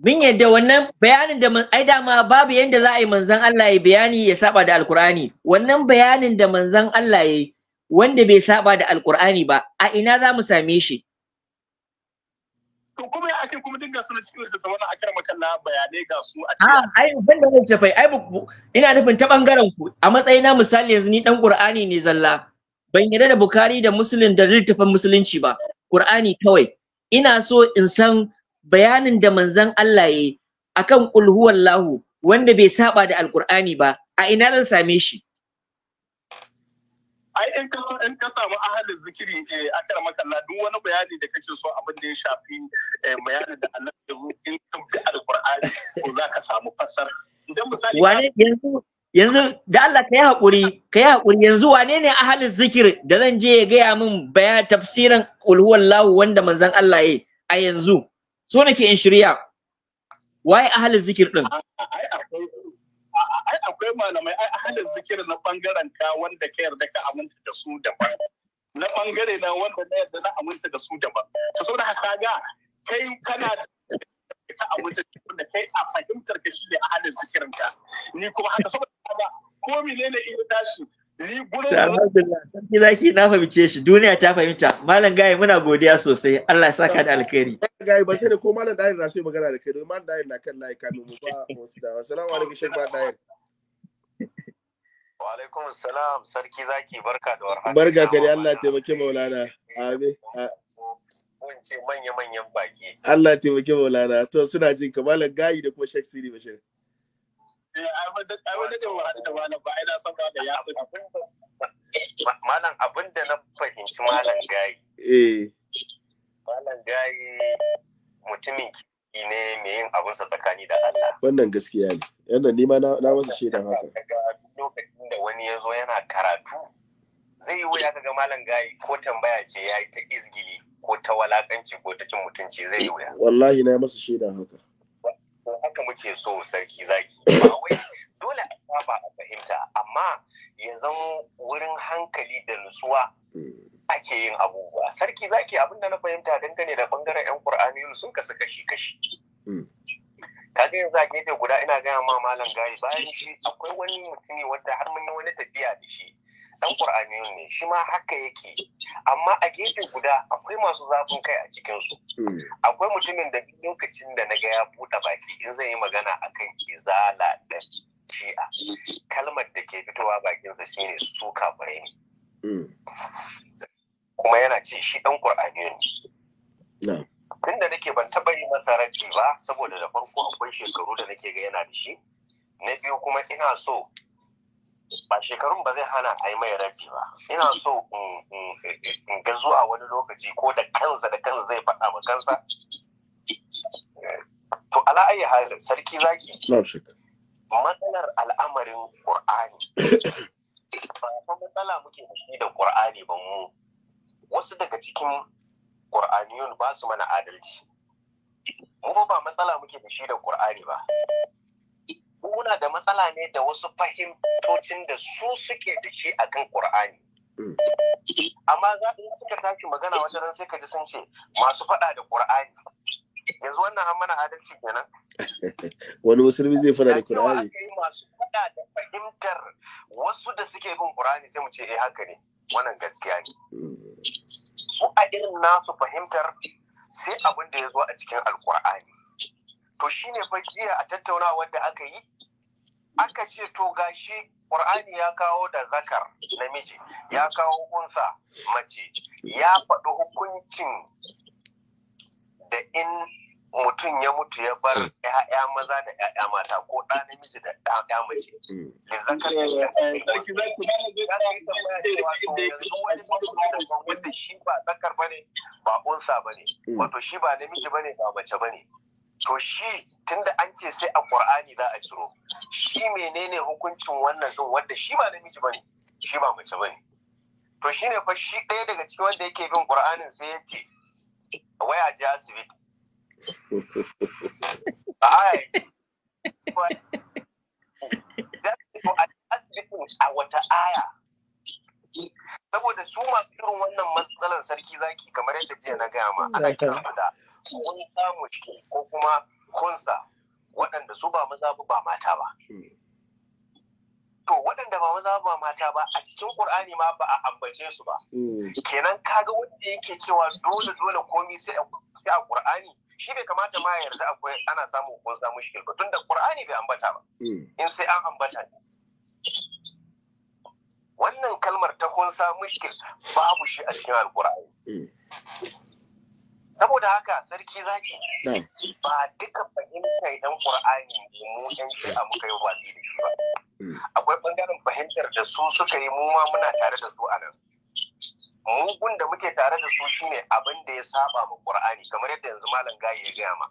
min yadda wannan bayanin da ai dama babu yadda za a yi manzon Allah ya bayani ya saba da alkur'ani wannan bayanin da manzon Allah ya yi wanda bai saba da alkur'ani ba a ina za mu same shi to kuma ya ake kuma dinga suna cikin da a akar makalla bayanai ga su a ah, cikin a ai ban da wacce fai ai ina nufin ta bangaren ku a matsayina misali yanzu ni dan qur'ani ne zalla ban yarda da bukari da muslim da littafin musulunci ba qur'ani kawai ina so in san bayanin da manzon Allah yayi akan qul huwallahu wanda bai saba da alqur'ani ba a ina zan same shi ai in ka in ka samu ahalin zikiri eh akar makalla duk wani bayani da kake so abin da ya shafi eh, bayanin da Allah ya mu in ka bi alqur'ani ko zaka samu fassara idan misali wani yanzu yanzu da Allah ka yi haƙuri ka yi haƙuri yanzu wane ne ahalin zikir da zan je ya gaya min bayan tafsirin ulhuwallahu wanda manzon Allah ya a yanzu so nake in shirya waye ahalin zikir din akwai malamai ai ahalin zikir na bangaren ka wanda ka yarda ka aminta da su daban na bangare na wanda na yarda na aminta da su daban to saboda haka ga kai kana ka aminta da su da kai a fahimtar ka shine ahalin zikirin ka ni kuma haka saboda haka ko menene ne tashi ni gurin da Alhamdulillah sarki zaki na fahimce shi duniya ta fahimta malam gaye muna godiya sosai Allah ya saka da alkhairi gaye ba sai da ko malam dair na so magana da kai don malam dair na kan layi kanu mu ba wasu da assalamu alaikum shek ba dair Wa alaikum salam sarki zaki barka da warhaka. Barka ka da Allah taimake Maulana. Amin. Mun ce manya-manyan baki. Allah taimake Maulana. To suna jin ka malam gayi da kuma Sheikh Siri Bashir. Eh, malam ba, ina son abin da na fahimci malam gayi. Eh. Malam gayi mutumin ki ne mai yin abinsa tsakani da Allah. Wannan gaskiya ne. Yana ma na masa shaidan haka. Lokacin da wani ya zo yana karatu zai yi wuya kaga malam gayi ko tambaya ce ya yi ta izgili ko ta walakanci ko ta cin mutunci zai yi wuya. Wallahi na masa shaidan haka. Ko Haka muke so sarki zaki. Dole a saba a fahimta amma ya zama wurin hankali da nutsuwa ake yin abubuwa sarki zaki abin da na fahimta dangane da bangaren yan qur'ani sun kasu kashi kashi hmm. ga yanzu a gefe guda ina gaya ma malam gari bayan shi akwai wani mutumi wanda har mun wani tafiya da shi dan qur'ani ne shi ma haka yake amma a gefe guda akwai masu zafin kai a cikin su hmm. akwai mutumin da lokacin da na ga ya buɗe baki in zai yi magana akan izala da shi'a kalmar da ke fitowa bakin sa shine su bare ni. Mm. kuma yana ce shi ɗan ƙur'ani ne tun da nake ban taɓa yi masa raki ba saboda da farko akwai shekaru da nake ga yana da shi na biyu kuma ina so ba shekarun ba zai hana a yi mai rabi ba ina so in ga zuwa wani lokaci ko da kansa da kansa zai faɗa ma kansa to ala ayi halin sarki zaki matsalar al'amarin ƙur'ani ba matsala muke da shi da qur'ani ba mu wasu daga cikin qur'aniyun ba su mana adalci mu ba matsala muke da shi da qur'ani ba muna da matsala ne da wasu fahimtocin da su suke da shi akan qur'ani amma za in suka tashi magana wajen ran sai ka ji sun ce masu faɗa da qur'ani yanzu wannan an mana adalci kenan wani musulmi zai faɗa da qur'ani yana da fahimtar wasu da suke bin Qur'ani sai mu ce eh haka ne wannan gaskiya ne su a irin nasu fahimtar sai abin da ya zo a cikin alkur'ani to shine fa jiya a tattaunawar da aka yi aka ce to gashi Qur'ani ya kawo da zakar namiji ya kawo unsa mace ya faɗi hukuncin da in mutum ya mutu ya bar ya'ya hmm. maza da ya'ya mata ko ɗa namiji da ya'ya mace. Hmm. da Wanda shi ba zakar ba ne ba unsa ba ne hmm. wato shi ba namiji ba ne ba mace ba ne. To shi tunda an ce sai a Ƙur'ani za a ciro shi menene hukuncin wannan ɗin wanda shi ba namiji ba ne shi ba mace ba ne. To shine fa shi ɗaya daga cikin wanda yake bin Ƙur'anin sai ya waya ji asibiti. Ai, a aya. Saboda su masu irin wannan matsalar sarki zaki kamar yadda jiya na gaya ma ana kira da kun samu shi ko kuma kunsa waɗanda su ba maza ba mata ba. Hmm. to waɗanda ba maza ba mata ba a cikin ƙur'ani ma ba a ambace su ba hmm. kenan kaga wanda yake cewa dole dole komi sai a ƙur'ani shi bai kamata ma yarda akwai ana samu ko samu mushkil ba tunda qur'ani bai ambata ba hmm. in sai an ambata ne wannan kalmar ta hunsa mushkil babu shi a cikin alqur'ani hmm. saboda haka sarki zaki ba duka fahimtar yan qur'ani ne mu yan shi a muka yi watsi da shi ba hmm. akwai bangaren fahimtar da su suka yi mu ma muna tare da su a nan mugun da muke tare da su shine abin da ya saba ma ƙur'ani kamar yadda yanzu malam gayi ya gaya ma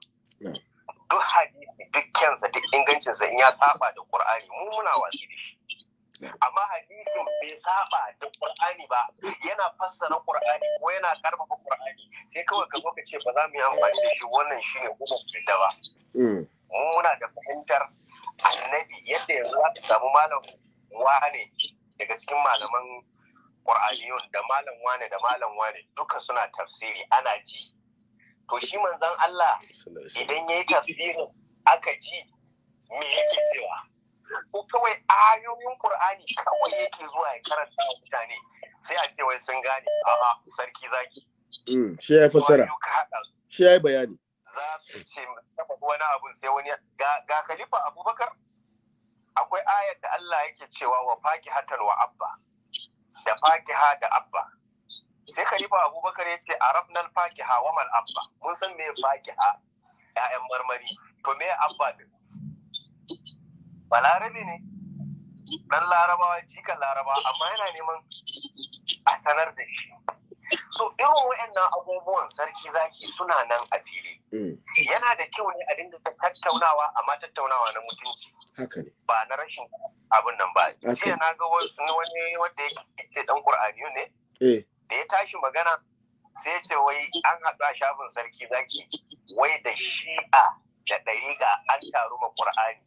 duk hadisi duk kyansa duk ingancinsa in ya saba da ƙur'ani mu muna watsi da shi amma hadisin bai saba da Qur'ani ba yana fassara ƙur'ani ko yana karfafa ƙur'ani, sai kawai ka ka ce ba za mu yi amfani da shi wannan shine hukuncin da ba mm. mu muna da fahimtar annabi yadda yanzu za ka samu malam wane daga cikin malaman ƙwa'aliyun da malam wane da malam wane duka suna tafsiri ana ji to shi manzan Allah idan ya yi tafsirin aka ji me yake cewa ko kawai ayoyin ƙur'ani kawai yake zuwa ya karanta mutane sai a ce wai sun gane a'a sarki zaki mm, shi ya yi fassara shi ya yi bayani za su ce wani abun sai wani ga khalifa abubakar akwai ayar da Allah yake cewa wa faki hatan wa abba da fakiha da abba sai khalifa abubakar ya ce arabnal fakiha wa mal abba mun san me fakiha ya'yan marmari to me abba din larabi ne dan larabawa jikan laraba amma yana neman a sanar da shi so irin wa'annan abubuwan sarki zaki suna nan a fili mm. yana da kyau ne a dinga tattaunawa amma tattaunawa na mutunci ba na rashin abin nan ba jiya na ga wani wanda ya ce dan qur'aniyu ne eh. da ya tashi magana sai ce wai an haɗu a shafin sarki zaki wai da shi'a da ga an taru ma ƙur'ani.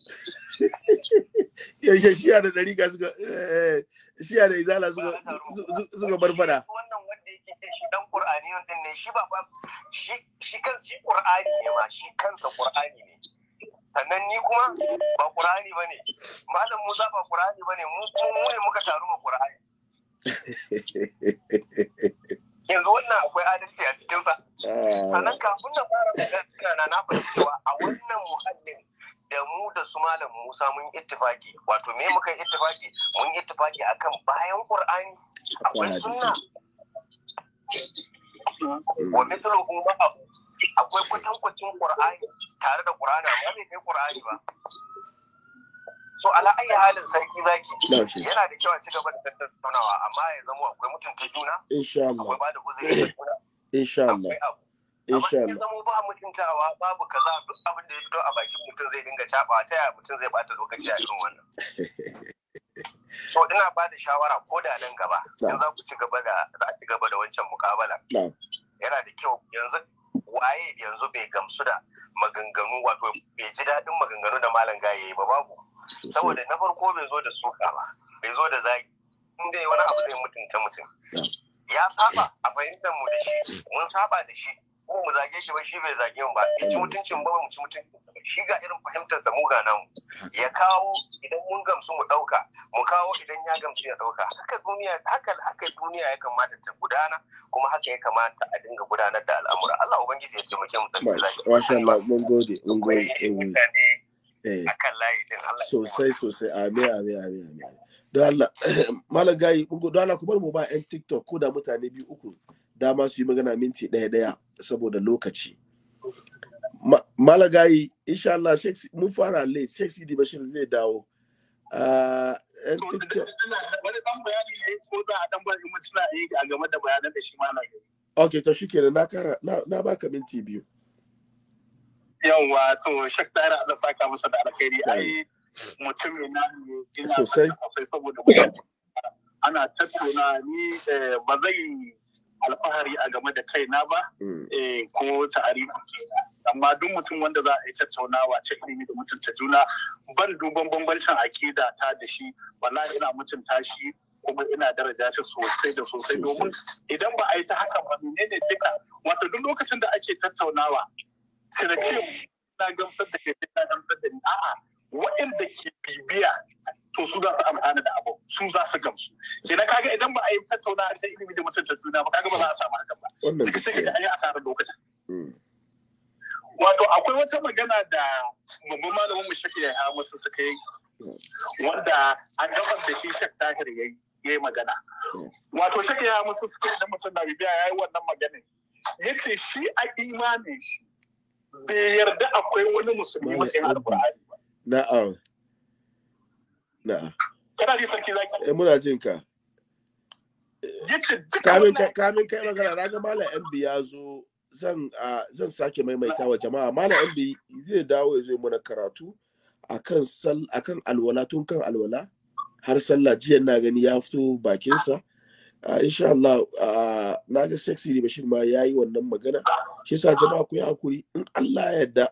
Yaushe shi'a da ɗariƙa suka eh, eh, shi'a da izala suka bar fada. Wannan wanda yake ce shi dan ƙur'ani din ne shi ba shi shi shi ƙur'ani ne ma shi kansa ƙur'ani ne. sannan ni kuma ba ƙur'ani ba ne malam musa ba ƙur'ani ba ne mu kuma mu ne muka taru ba ƙur'ani yanzu wannan akwai adalci a cikinsa ah. sannan kafin na fara magana na fahimci cewa a wannan muhallin da mu da su malam Musa mun ittifaki wato me muka ittifaki mun ittifaki akan bayan Qur'ani akwai sunna wa mithluhu ma'ahu akwai kwatankwacin qur'ani tare da qur'ani amma bai kai qur'ani ba so ala ayi halin sarki zaki yana da kyau a ci gaba da tattaunawa amma ya zama akwai mutunta juna insha Allah akwai bada juna. insha Allah insha Allah zama ba mutuntawa babu kaza duk abin da ya fito a bakin mutum zai dinga caba ta yaya mutum zai bata lokaci a irin wannan so ina ba da shawara ko da nan gaba za ku ci gaba da za ci gaba da wancan mukabala yana da kyau yanzu waye yanzu bai gamsu da maganganu wato bai ji daɗin maganganu da malam gaye ba babu saboda na farko bai zo da suka ba bai zo da zagi inda wani abu zai mutunta mutum ya saba a fahimtar mu da shi mun saba da shi mu mu zage shi ba shi bai zage mu ba ya ci mutuncin ba mu ci mutuncin ba shi ga irin fahimtar sa mu ga namu ya kawo idan mun gamsu mu dauka mu kawo idan ya gamsu ya dauka haka duniya haka haka duniya ya kamata ta gudana kuma haka ya kamata a dinga gudanar da al'amura Allah ubangiji ya taimake mu tsare lafiya masha Allah mun gode mun gode eh. akan layi din Allah sosai sosai amin amin amin amin don Allah malaga yi don Allah ku bar mu ba yan TikTok ko da mutane biyu uku dama su yi magana minti ɗaya ɗaya saboda lokaci malagayi insha Allah mun fara late Sheikh Sidi Bashir zai dawo yan ah, eh, tiktok wani ɗan bayani ne ko za a dan ba mutu na yi a game da bayanan da shi malagayi. Ok, to to ke na kara na baka minti biyu Yawwa, to Sheikh Tayar Allah saka masa da alkhairi ai mutum na ne ina sosai saboda ana tattauna ni eh, ba zai alfahari a game da kaina ba mm. eh, ko ta'arifin amma duk mutum wanda za a yi tattaunawa ta ilimi da mutunta juna ban duban bambancin akida ta da shi Wala ina mutunta shi kuma ina daraja shi sosai da sosai domin idan ba a yi ta haka ba ne ne duka wato duk lokacin da ake tattaunawa sai ce na gamsar da ke sai na gamsar da ni a'a waɗanda ke bibiya to su za su amfana da abu su za su gamsu kenan kaga idan ba a yi tattauna ta ilimi da mutunta juna ba kaga ba za a samu hakan ba suka sai ga an yi asarar lokaci hmm. wato akwai wata magana da babban malamin mu shafi ya su suka yi wanda an gabar da shi shak tahir ya yi magana hmm. wato shafi ya musu suka yi da mutum da bibiya ya yi wannan maganin ya ce shi a imanin shi bai yarda akwai wani musulmi wajen alkur'ani ba na'am Na'am. Kana ji sarki zaki. Eh muna jin ka. kamin kamin kai magana na ga Malam MB ya zo zan zan sake maimaita wa jama'a Malam MB zai dawo ya zo mana karatu akan sal akan alwala tun kan alwala har sallah jiya na gani ya fito bakinsa. Uh, insha Allah uh, na ga sexy Bashir ma ya yi wannan magana shi sa jama'a ku yi hakuri in Allah ya yarda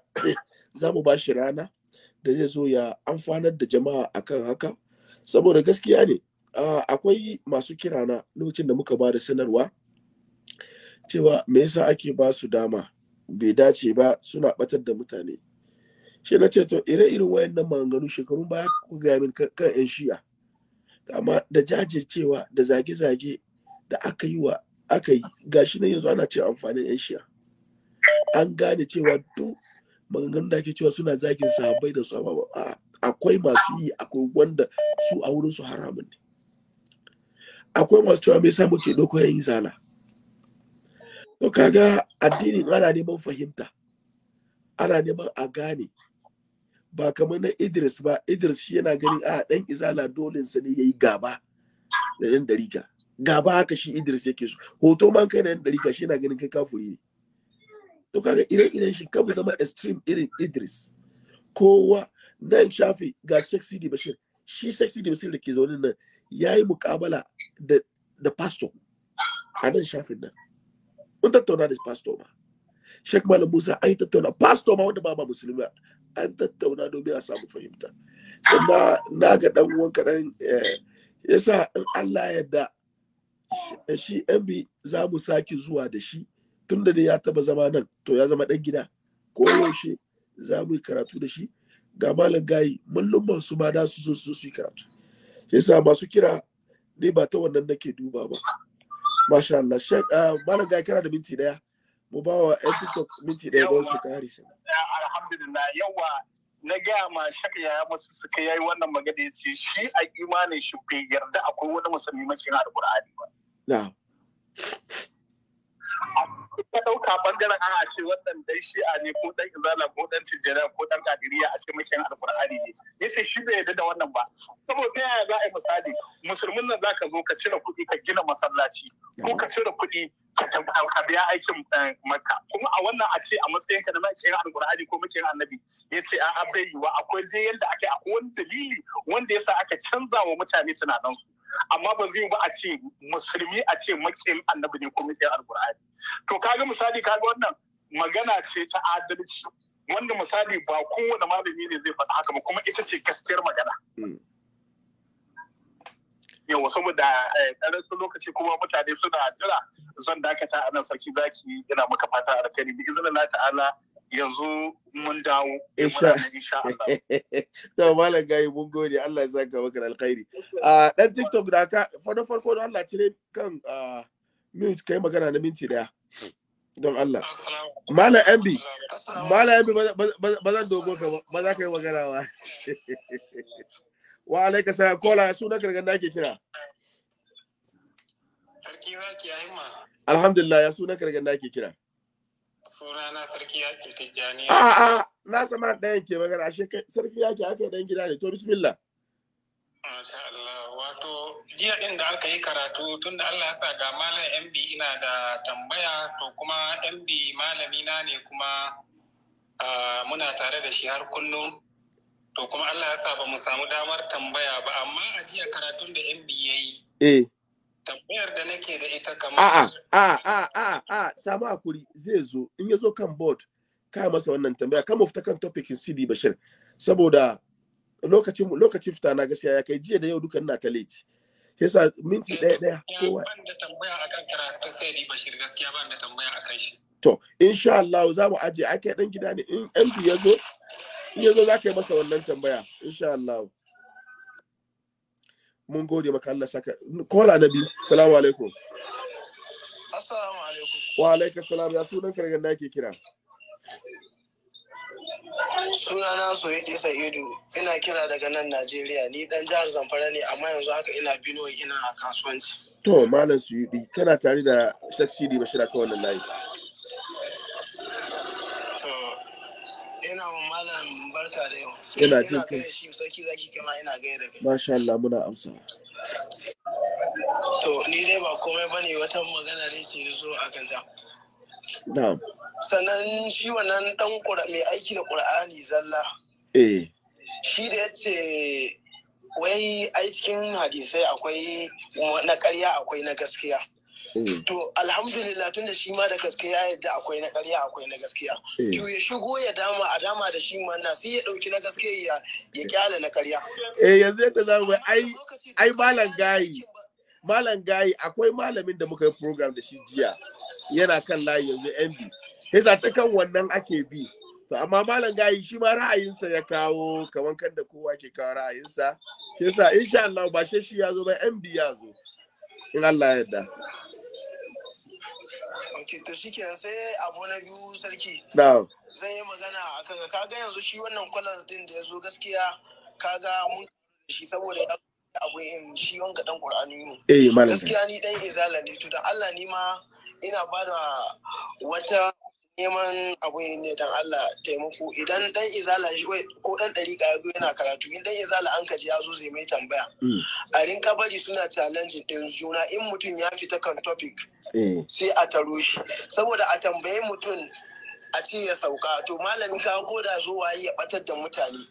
za mu ba shi rana da zai zo ya amfanar da jama'a akan haka saboda gaskiya ne akwai masu kirana lokacin da muka ba da sanarwa cewa me yasa ake ba su dama bai dace ba suna batar da mutane shi na ce to ire irin wayannan maganganu shekarun baya ku gaya min kan yan shi'a amma da jajircewa da zage-zage da aka yi wa aka yi gashi nan yanzu ana ce amfanin yan shi'a an gane cewa duk maganganun da ake cewa suna zagin sahabbai da su akwai masu yi akwai wanda su a wurin su haramun ne akwai masu cewa me yasa muke doko yayin zana to kaga addinin ana neman fahimta ana neman a gane ba kamar na Idris ba Idris shi yana ganin a dan izala dole sa ne yayi gaba da yan dariga gaba haka shi Idris yake so hoto man kai da yan dariga shi yana ganin kai kafuri ne to kaga ire-iren shi kabu zama extreme irin idris kowa nan shafi ga Sheikh Sidi Bashir shi Sheikh Sidi Bashir da ke zaune nan yayi mukabala da da pastor a nan shafin nan mun tattauna da pastor ma Sheikh Malam Musa an tattauna pastor ma wanda ba ba musulmi an tattauna domin a samu fahimta kuma na ga dan uwan kadan eh, yasa in Allah ya yarda shi MB za mu saki zuwa da shi tun da ya taba zama nan to ya zama dan gida ko yaushe za mu yi karatu da shi ga malam gayi mallumman su ma da su zo su yi karatu shi yasa masu kira ne ba ta wannan nake duba ba masha Allah shek ah, malam gayi kana da minti daya mu ba wa yan tiktok minti daya don su kare shi alhamdulillah yawa na gaya ma shak ya masu suka yayi wannan magana ya shi a imanin shi bai yarda akwai wani musulmi mashin alqur'ani ba na'am ka ɗauka bangaren a ce wannan dan shi'a ne ko dan izala ko dan tijjera ko dan kadiriya a cikin mashiyan alkur'ani ne ya ce shi bai yarda da wannan ba saboda yaya za a yi misali musulmin nan ka zo ka cire kuɗi ka gina masallaci ko ka cire kuɗi ka biya aikin eh, makka kuma a wannan a ce a matsayin ka da makiyin alkur'ani ko makiyar annabi ya ce a bai yiwa akwai je yadda ake akwai wani dalili wanda ya sa aka canza wa mutane tunanansu. amma ba zai ba a ce musulmi a ce makin annabi ne kuma sai alkur'ani to kaga misali kaga wannan magana ce ta adalci wanda misali ba kowane malami ne zai faɗa haka ba kuma ita ce gaskiyar magana hmm. yawa saboda eh, su lokaci kuma mutane suna jira zan dakata a nan sarki zaki yana maka fata alkhairi bi izinin Allah ta'ala yanzu mun dawo eh, insha Allah to malam gayi mun gode Allah ya saka maka alkhairi a ah, dan tiktok da ka fado farko don Allah cire kan ah, mute kai magana na minti daya don Allah malam MB malam MB ba zan dogo ka ba za ka yi magana ba wa alaika salam kola sunan gargan da ake kira sarki zaki ya himma alhamdulillah ya sunan gargan da ake kira sunana sarki tijjani a a na sama ɗayan ke magana ashe sarki yaƙi aka yi ɗan gida ne to bismillah Masha Allah wato jiya ɗin da aka yi karatu tunda Allah ya sa ga malam MB ina da tambaya to kuma MB malami na ne kuma muna tare da shi har kullum to kuma Allah ya sa ba mu samu damar tambaya ba amma a jiya karatun da MB ya yi eh. tambayar da nake da ita kamar a a a a a samu hakuri zai zo in ya zo kan board ka masa wannan tambaya kan mu fita kan topicin CD Bashir saboda lokacin lokacin fita na gaskiya ya kai jiya da yau dukan na ta late yasa minti eh, ɗaya ɗaya kowa ban da tambaya akan karatu CD Bashir gaskiya ban da tambaya akan shi to insha Allah za mu aje ake dan gida ne in MP ya zo in ya zo za ka yi masa wannan tambaya insha Allah mun gode maka Allah saka kola na biyu salamu alaikum assalamu alaikum wa alaikum salam ya sunan ka da ake kira sunana soyayya sa'idu ina kira daga nan najeriya ni dan jihar zamfara ne amma yanzu haka ina bino ina kasuwanci to malam yi kana tare da shek shidi bashira ka wannan layi ina barka da yau ina jin kai sarki zaki kama ina gaya da kai masha Allah muna amsa to ni dai ba komai bane wata magana ne ce zo a kanta na'am sannan shi wannan dan mai aiki da qur'ani zalla eh shi da yace wai a cikin hadisai akwai na ƙarya akwai na gaskiya Mm. to alhamdulillah tunda shi ma da gaske ya yadda akwai na ƙarya akwai na gaskiya mm. to ya shigo ya dama a dama da shi ma na sai ya dauki na gaske ya ya kyale na ƙarya eh yanzu yadda za mu ai ai malam gayi malam gayi akwai malamin da muka yi program da shi jiya yana kan layi yanzu MB sai ta kan wannan ake bi to amma malam gayi shi ma ra'ayinsa ya kawo kaman kan da kowa ke kawo ra'ayinsa Sai sa insha Allah ba shi ya zo ba MB ya zo in Allah ya yarda ok to shi sai abu na biyu sarki zai yi magana a kaga kaga yanzu shi wannan kwalas din da ya zo gaskiya kaga mun shi saboda ya abu in shi wanga dan qur'ani ne eh, gaskiya ni dan izala ne to dan Allah ni ma ina ba da wata neman abu ne dan Allah taimako idan dan izala ko dan dariƙa ya zo yana karatu in dan izala an kaji ya zo zai mai tambaya mm. a rinka bari suna challenge din juna in mutum ya fita kan topic eh. sai a taro shi saboda a tambaye mutum a ce ya sauka to malami ka ko da zuwa ya batar da mutane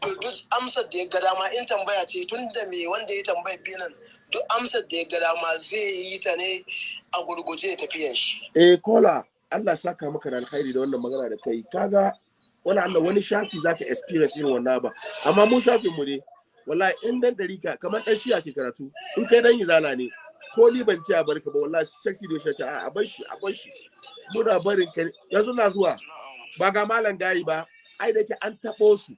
to duk amsar da ya ga dama in tambaya ce tun da me wanda ya tambaya nan, duk amsar da ya ga dama zai yi ta ne a gurguje tafiyar shi eh kola Allah saka maka da alkhairi da wannan magana da kai kaga wani Allah wani shafi zaka experience irin wannan ba amma mu shafin mu ne wallahi in dan ka kamar dan shiya ke karatu in kai dan izala ne ko ni ban ce a barka ba wallahi shakki da a bar shi a bar shi muna barin ka yanzu na zuwa ba ga malam Gari ba ai da ke an tabo su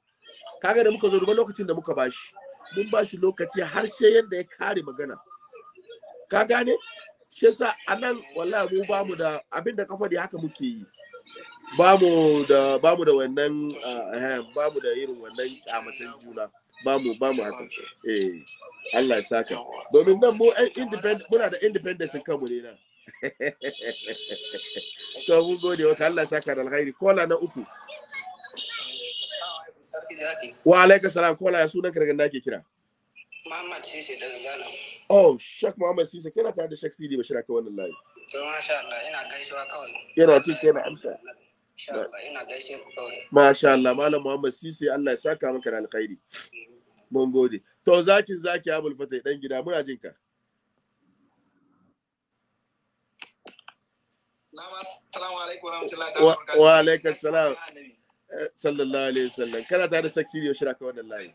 kaga da muka zo duba lokacin da muka bashi mun bashi lokaci har sai yadda ya kare magana ka gane shi yasa anan wallahi mu ba mu da abin da kafa da haka muke yi ba mu da ba mu da wannan eh, eh, ba mu da irin wannan kyamatan juna ba mu ba mu haka eh Allah ya saka domin nan mu ɗan independent muna da independence mu ne nan to mun gode wa Allah ya saka da alkhairi kola na uku wa alaikum salam kola ya sunan ka daga nake kira Muhammad Sisi daga Ghana Oh, Shek Muhammad Sisa, kana tare da Shek Sidi Bashir aka wannan layi. To masha Allah, ina gaisuwa kawai. Yana ji kana amsa. Masha Allah, ina gaishe ku kawai. Masha Allah, Malam Muhammad Sisi, Allah ya saka maka da alkhairi. Mun gode. To zakin zaki Abul Fatai dan gida, muna jin ka. Wa alaikas salam. Sallallahu alaihi wasallam. Kana tare da Shek Sidi Bashir aka wannan layi.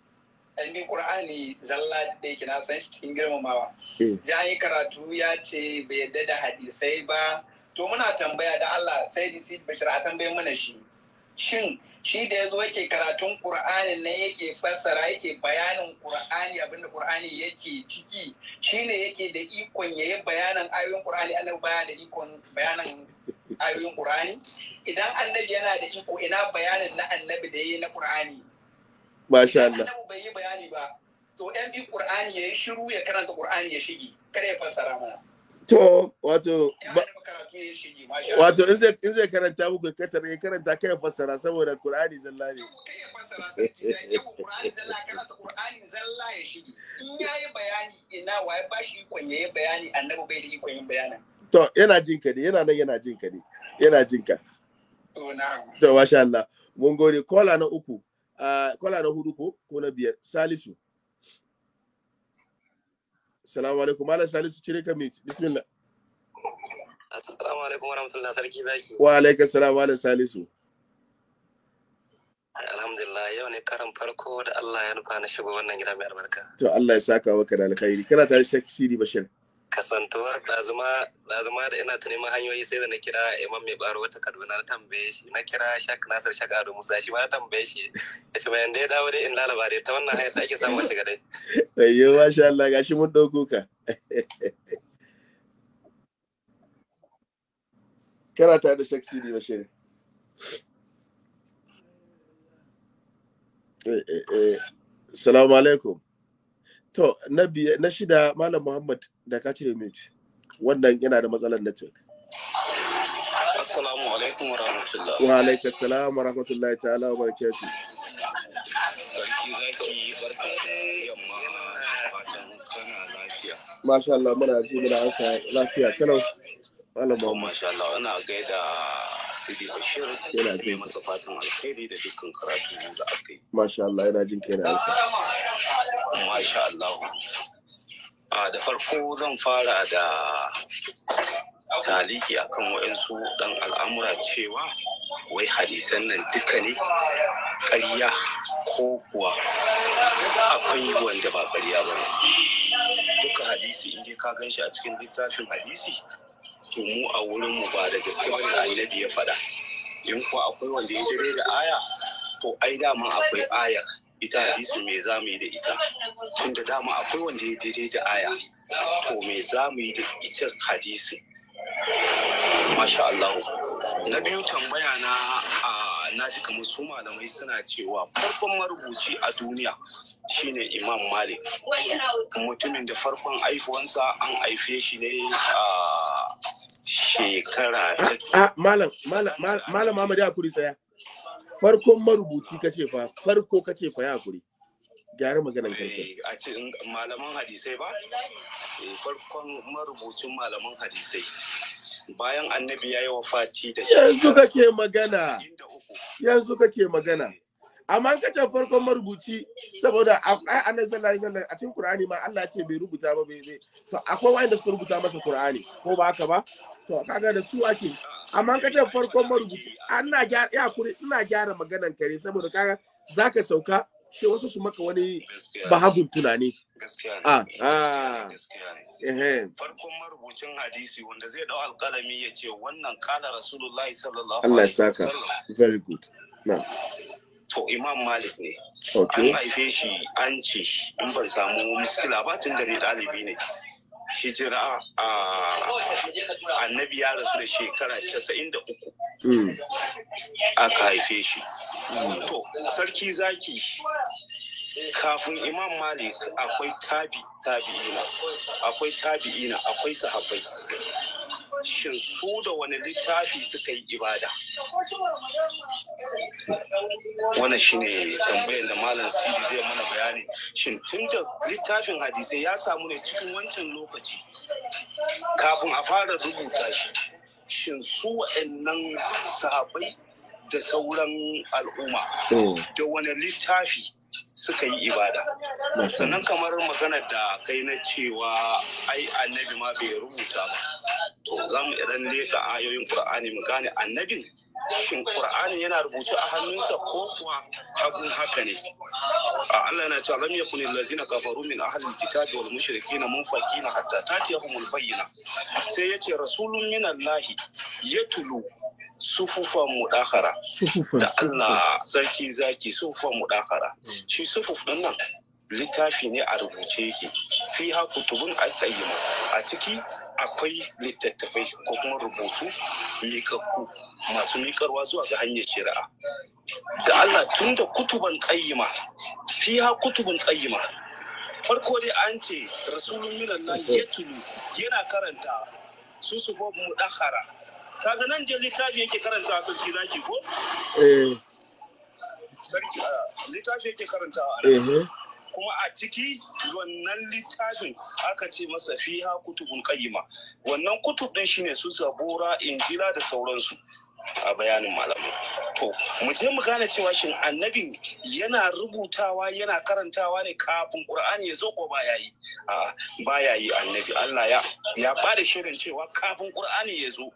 ainihin ƙur'ani zalla da yake na san shi cikin girmamawa eh. ya yi karatu ya ce bai yadda da hadisai ba to muna tambaya da Allah sai disi bashir a tambayin mana shi shin shi da ya zo yake karatun ƙur'ani na yake fassara yake bayanin ƙur'ani abinda ƙur'ani yake ciki shine yake da ikon ya yi bayanin ayoyin ƙur'ani annabi baya da ikon bayanin ayoyin ƙur'ani idan annabi yana da iko ina bayanin na annabi da ya yi na ƙur'ani Masha Allah. Annabi bai yi bayani ba. To yan bi shiru ya karanta Qur'ani ya Kada ya fassara mana. To wato wato in zai karanta muku ya fassara saboda Qur'ani zalla ne. ya In bayani ina To yana jin ka ne yana yana jin ka ne yana jin ka. To masha Allah mun gode kola na uku. kola na hudu ko ko na biyar salisu assalamu alaikum mala salisu cire ka mute bismillah assalamu alaikum rahmatullahi sarki zaki wa alaikum assalam ala salisu alhamdulillah yau ne karan farko da Allah ya nufa na shigo wannan gida mai albarka to Allah ya saka maka da alkhairi kana tare shakki sidi bashir kasantuwar ɗazuma da ina ta neman hanyoyi sai da na kira imam mai baro wata kaduna na tambaye shi na kira shak nasir shak ado musa shi ma na tambaye shi ya ce bayan dai dawo dai in lalaba dai ta wannan hanyar da ake samu shiga dai ayyo masha Allah gashi mun ɗauko ka kana tare da shak sidi bashir eh, eh, eh. Salamu alaikum To, na biya na shida Malam Muhammad da ka cire mai Wannan yana da matsalar network. Assalamu alaikum wa rahmatullahi. Wa alaikum assalam wa rahmatullahi ta'ala wa barakatuh. Sarki zaki barka da yamma fatan kana lafiya. Masha Allah muna ji muna ansa lafiya kalau. Malam Muhammad. Masha Allah ina gaida Sidi Bashir yana jin masa fatan alheri da dukkan karatu da aka yi. Masha Allah yana jin kai da Hausa. Masha Allah. A da farko zan fara da taliki akan waɗansu ɗan al'amura cewa wai hadisan nan duka ne ƙarya ko kuwa akwai wanda ba ƙarya ba ne. Duka hadisi in dai ka gan shi a cikin littafin hadisi to mu a wurin mu ba da gaske ba da annabi ya faɗa in ko akwai wanda ya jire da aya to ai dama akwai aya ita hadisi me za mu yi da ita tunda dama akwai wanda ya jire da aya to me za mu yi da ita hadisi masha Allah na biyu tambaya na na ji kamar su malamai suna cewa farkon marubuci a duniya shine imam malik mutumin da farkon aifuwansa an aife shi ne a shekara malam malam malam ya kuri saya farkon marubuci ka ce fa farko ka ce fa ya kuri gyara maganan karfe eh, a cikin malaman hadisai ba eh, farkon marubucin malaman hadisai bayan annabi ya yi wafati da yanzu kake magana yanzu kake magana amma an kace farkon marubuci saboda ai annabi sallallahu alaihi wasallam a cikin qur'ani ma Allah ce bai rubuta ba bai to akwai wanda suka rubuta masa qur'ani ko ba haka ba to kaga da su ake amma ka ce farkon marubuci ina gyara ya kuri ina gyara maganan kare saboda kaga zaka sauka shi wasu su maka wani bahagun tunani a ah, ah. farkon marubucin hadisi wanda zai dau alkalami ya ce wannan kala rasulullahi sallallahu alaihi wasallam Allah very good na to imam malik ne an haife shi an ce in ban samu miskila ba tun gare ɗalibi ne hijira a annabi ya rasu da shekara casa'in da uku hmm. aka haife shi to sarki zaki kafin imam malik akwai tabi'ina akwai tabi'ina akwai sahabbai shin su da wani littafi suka yi ibada wannan shine tambayar da malam sidi zai mana bayani shin tun da littafin hadisai ya samu ne cikin wancan lokaci kafin a fara rubuta shi shin su wa'annan sahabai da sauran al'umma da wani littafi suka yi ibada sannan kamar maganar da kai na cewa ai annabi ma bai rubuta ba to za mu idan leka ayoyin qur'ani mu gane annabin shin qur'ani yana rubutu a hannunsa ko kuwa abun haka ne A Allah yana cewa lam yakun allazina kafaru min ahli alkitabi wal mushrikina munfaqina hatta tatiyahumul bayyina sai yace rasulun min ya yatlu sufufan mudakara da Allah sarki zaki sufufan mudakara mm. shi sufuf din nan littafi ne a rubuce yake fi ha kutubun alƙayyima a ciki akwai littattafai ko kuma rubutu mikakku masu mikarwa zuwa ga hanyar shari'a da Allah tunda kutuban qayyima fi ha kutubun qayyima farko dai an ce rasulun minan yana karanta su su kaga nan je littafi yake karanta sarki zaki ko eh sarki ah, littafi yake karanta eh kuma a ciki wannan littafin aka ce masa fiha kutubun qayyima wannan kutub din shine su zabura injila da sauransu a bayanin malamu to mu je mu gane cewa shin annabin yana rubutawa yana karantawa ne kafin qur'ani ya zo ko ba yayi a ba yayi annabi Allah ya ya bada shirin cewa kafin qur'ani ya zo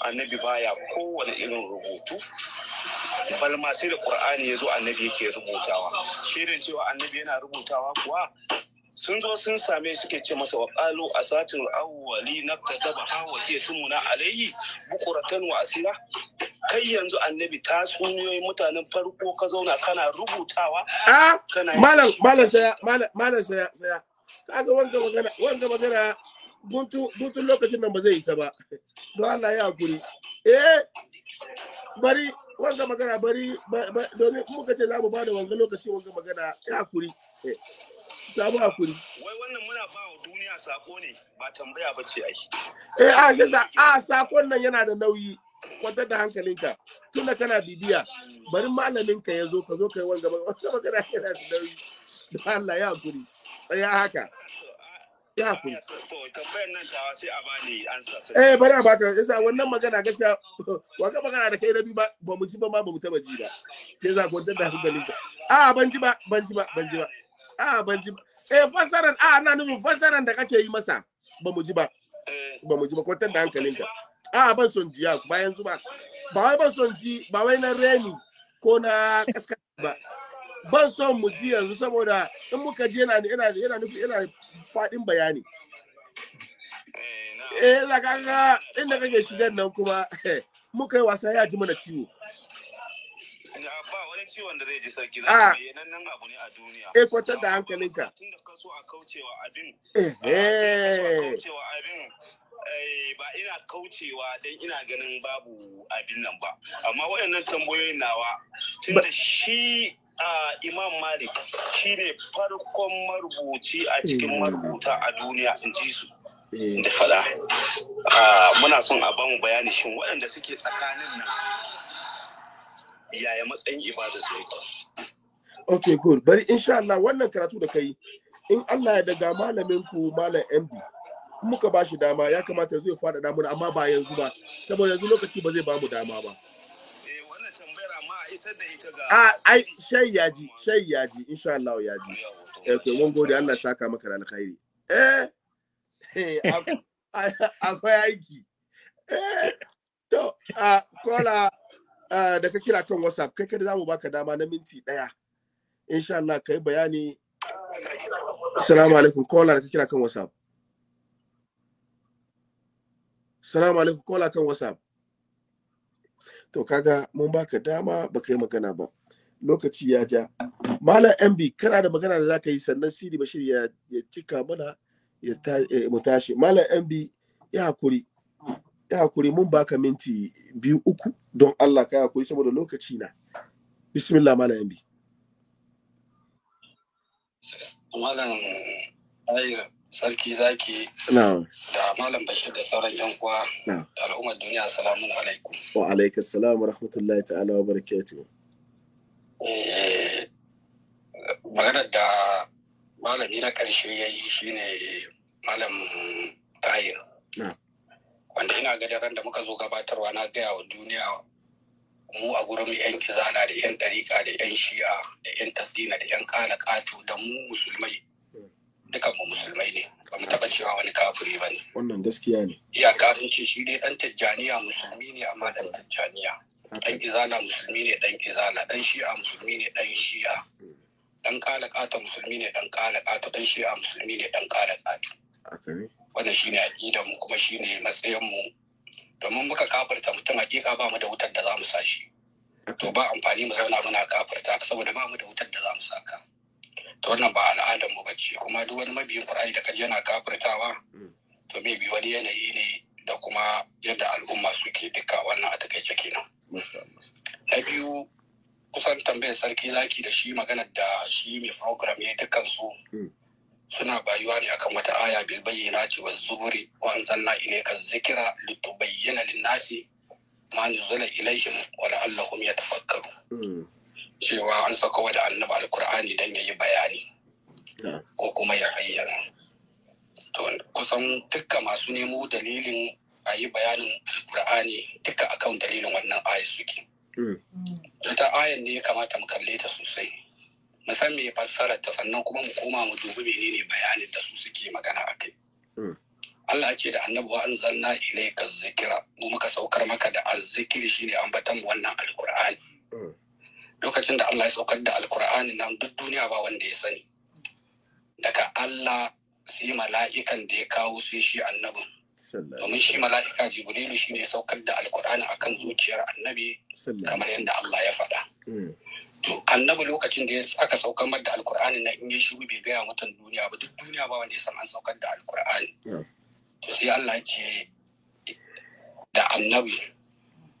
annabi baya kowane irin rubutu balma sai da Ƙur'ani ya zo annabi yake rubutawa shirin cewa annabi yana rubutawa kuwa sun zo sun same suke ce masa waƙalo a satin awwali na kataba hawa iya tumuna alayhi bukuratan wa asira kai yanzu annabi ta sunyoyi mutanen farko ka zauna kana rubutawa ah, malam malam saya malam saya saya kaga wanda magana wanda magana guntun lokacin nan ba zai isa ba don Allah ya hakuri eh bari wanga magana bari domin muka ce za mu ba da wanga lokaci wanga magana ya hakuri eh, Sabu hakuri wai wannan muna ba wa duniya sako ne ba tambaya ba ce ai eh a shi sa a sakon nan yana da nauyi kwantar da hankalinka tunda kana bibiya bari malaminka ya zo ka zo ka yi wanga magana yana da nauyi don Allah ya hakuri tsaya haka ya hakuri eh bari a baka yasa wannan magana gaskiya waka magana da kai rabi ba ba mu ji ba ba mu taba ji ba ke za ku da hankalin ka a ban ji ba ban ji ba ban ji ba a ban ji ba eh fasaran a ana nufin fasaran da kake yi masa ba mu ji ba ba mu ji ba kwantar da hankalin ka a ban son ji ya bayan zuba ba wai ban son ji ba wai na reni ko na kaskan ba ban son mu ji yanzu saboda in muka ji yana yana yana nufi yana fadin bayani eh, eh za ka ga inda kake shigar nan kuma eh, muka yi wasa ya ji mana ciwo ba wani ciwon da zai ji sarki za ah. abu ne a duniya eh kwatar da hankalinka tun so a kaucewa abin eh, ah, abin ba ina kaucewa don ina ganin babu abin nan ba amma waɗannan tambayoyin nawa tun da shi Imam Malik shi ne farkon marubuci a cikin eh. marubuta a duniya in ji su. Eh. Da fada. Muna son a bamu bayani shin waɗanda suke tsakanin nan yaya matsayin ibada su yake. Ok, good. Bari insha Allah wannan karatu da kai in Allah ya daga malamin ku malam MD muka ba shi dama ya kamata zai faɗaɗa mana amma ba yanzu ba saboda yanzu lokaci ba zai ba mu dama ba. Ah, ai shai yaji shai yaji insha Allah yaji eh to mun gode Allah saka maka da alkhairi eh akwai aiki eh, to a kola da ka kira kan WhatsApp kai kada zamu baka dama na minti daya insha Allah kai bayani Assalamu alaikum kola da ka kira kan WhatsApp Assalamu alaikum kola kan WhatsApp to kaga mun baka dama baka yi magana ba lokaci ya ja malam mb kana da magana da za ka yi sannan sidi bashir ya cika mana eh, mu tashi malam mb ya hakuri ya hakuri mun baka minti biyu uku don allah ka hakuri saboda lokaci na bismillah malam mb malam ayira sarki zaki da malam bashir da sauran yan uwa da al'ummar duniya assalamu alaikum wa alaikum assalam wa rahmatullahi ta'ala wa barakatuh eh, maganar da malami na karshe ya yi shine malam tahir wanda ina ga ran da muka zo gabatarwa na gaya wa duniya mu a gurin yan kizana da yan ɗariƙa da yan shi'a da yan tasdina da yan kala da mu musulmai dukan mu musulmai ne ba mu taɓa cewa wani kafiri ba ne wannan gaskiya ne iya sun shi ne dan tajjaniya musulmi ne amma dan tajjaniya dan izala musulmi ne dan izala dan shi'a musulmi ne dan shi'a dan kala kata musulmi ne dan kala kata dan shi'a musulmi ne dan kala kata wannan shine aqidar mu kuma shine matsayin mu domin muka kafirta mutum hakika ba mu da wutar da za mu sa shi to ba amfani mu zauna muna kafirta saboda ba mu da wutar da za mu saka to wannan ba al'adar mu bace kuma duk wani mabiyin Qur'ani da kaji yana kafirtawa mm. to me bi wani yanayi ne da kuma yadda al'umma suke duka wannan a takaice kenan na biyu kusan tambayar sarki zaki da shi magana da shi mai program ya dukkan su mm. suna bayuwa ne akan wata aya bil bayyana ce wa zuburi wa anzalna ilayka zikra litubayyana lin-nasi ma nuzila ilaihim wa la'allahum tafakkaru. Mm. cewa an wa da annabi alkur'ani don ya yi bayani ko kuma ya hayyana. to kusan dukka masu nemo dalilin a yi bayanin alkur'ani duka akan dalilin wannan aya suke hmm. ta ayan ne ya kamata mu kalle ta sosai mu san me fassara ta sannan kuma mu koma mu dubi menene bayanin da su suke magana a kai hmm. Allah ce da annabi wa anzalna ilayka zikira mu muka saukar maka da azzikiri shine mu wannan alkur'ani hmm. lokacin da Allah ya saukar da alkur'ani nan duk duniya ba wanda ya sani daga Allah sai mala'ikan da ya kawo su shi annabin domin shi mala'ika jibrilu shi ne saukar da alkur'ani akan zuciyar annabi kamar yadda Allah ya faɗa hmm. to annabi lokacin da aka saukar da alkur'ani na in ya shigo bai gaya mutan duniya ba duk duniya ba wanda ya san an saukar da alkur'ani hmm. to sai Allah ya ce da annabi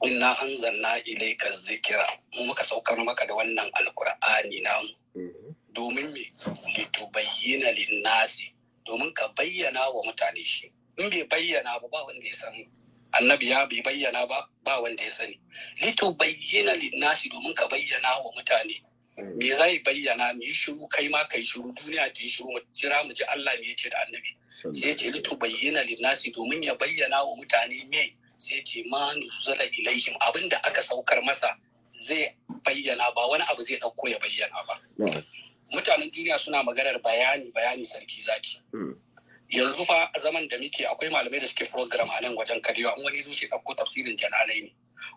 inna anzalna ilayka zikira mu muka saukar maka da wannan alkur'ani namu mhm. domin me litubayyana linnasi domin ka bayyana wa mutane shi in bai bayyana ba ba wanda ya sani annabi ya bai bayyana ba ba wanda ya sani litubayyana linnasi domin ka bayyana wa mutane mm. me zai bayyana mu yi shiru kai ma kai shiru duniya ta yi shiru jira mu ji Allah me yace da annabi sai yace litu bayyana linnasi domin ya bayyana wa mutane me sai ce ma nuzula ilaihim abin da aka saukar masa zai bayyana ba wani abu zai ɗauko ya bayyana ba mutanen duniya suna maganar bayani bayani sarki zaki hmm. yanzu fa a zaman da muke akwai malamai da suke program a nan wajen karewa an wani zo sai ɗauko tafsirin jalalai ne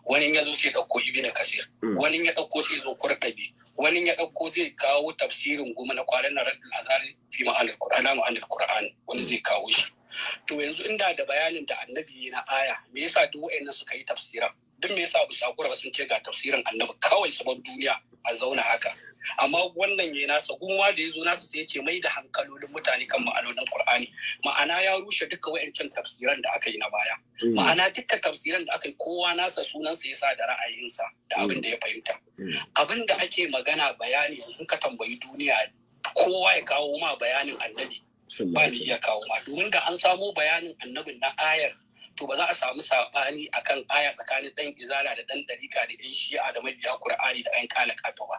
wani ya zo sai ɗauko ibina kasir hmm. wani ya ɗauko sai zo kurɗabi wani ya ɗauko zai kawo tafsirin goma na kwanan na raɗin azari fi ma'anar qur'ani wani zai kawo shi to yanzu inda da bayanin da annabi na aya me yasa duk wayannan suka yi tafsiran duk me yasa ba sakura ba sun ce ga tafsirin annabi kawai bar duniya a zauna haka amma wannan ya nasa gumwa da ya zo nasa sai ya ce mai da hankalolin mutane kan ma'anonin qur'ani ma'ana ya rushe duka wayancan tafsiran da aka yi na baya hmm. ma'ana duka tafsiran da aka yi kowa nasa sunansa yasa da ra'ayinsa da abin da ya fahimta hmm. Hmm. abin da ake magana bayani yanzu ka tambayi duniya kowa ya kawo ma bayanin annabi ba ya iya kawo ma domin da an samo bayanin annabin na ayar to ba za a samu saɓani akan aya tsakanin ɗan izala da ɗan ɗarika da ɗan shi'a da mabiya Kur'ani da ɗan kala kato ba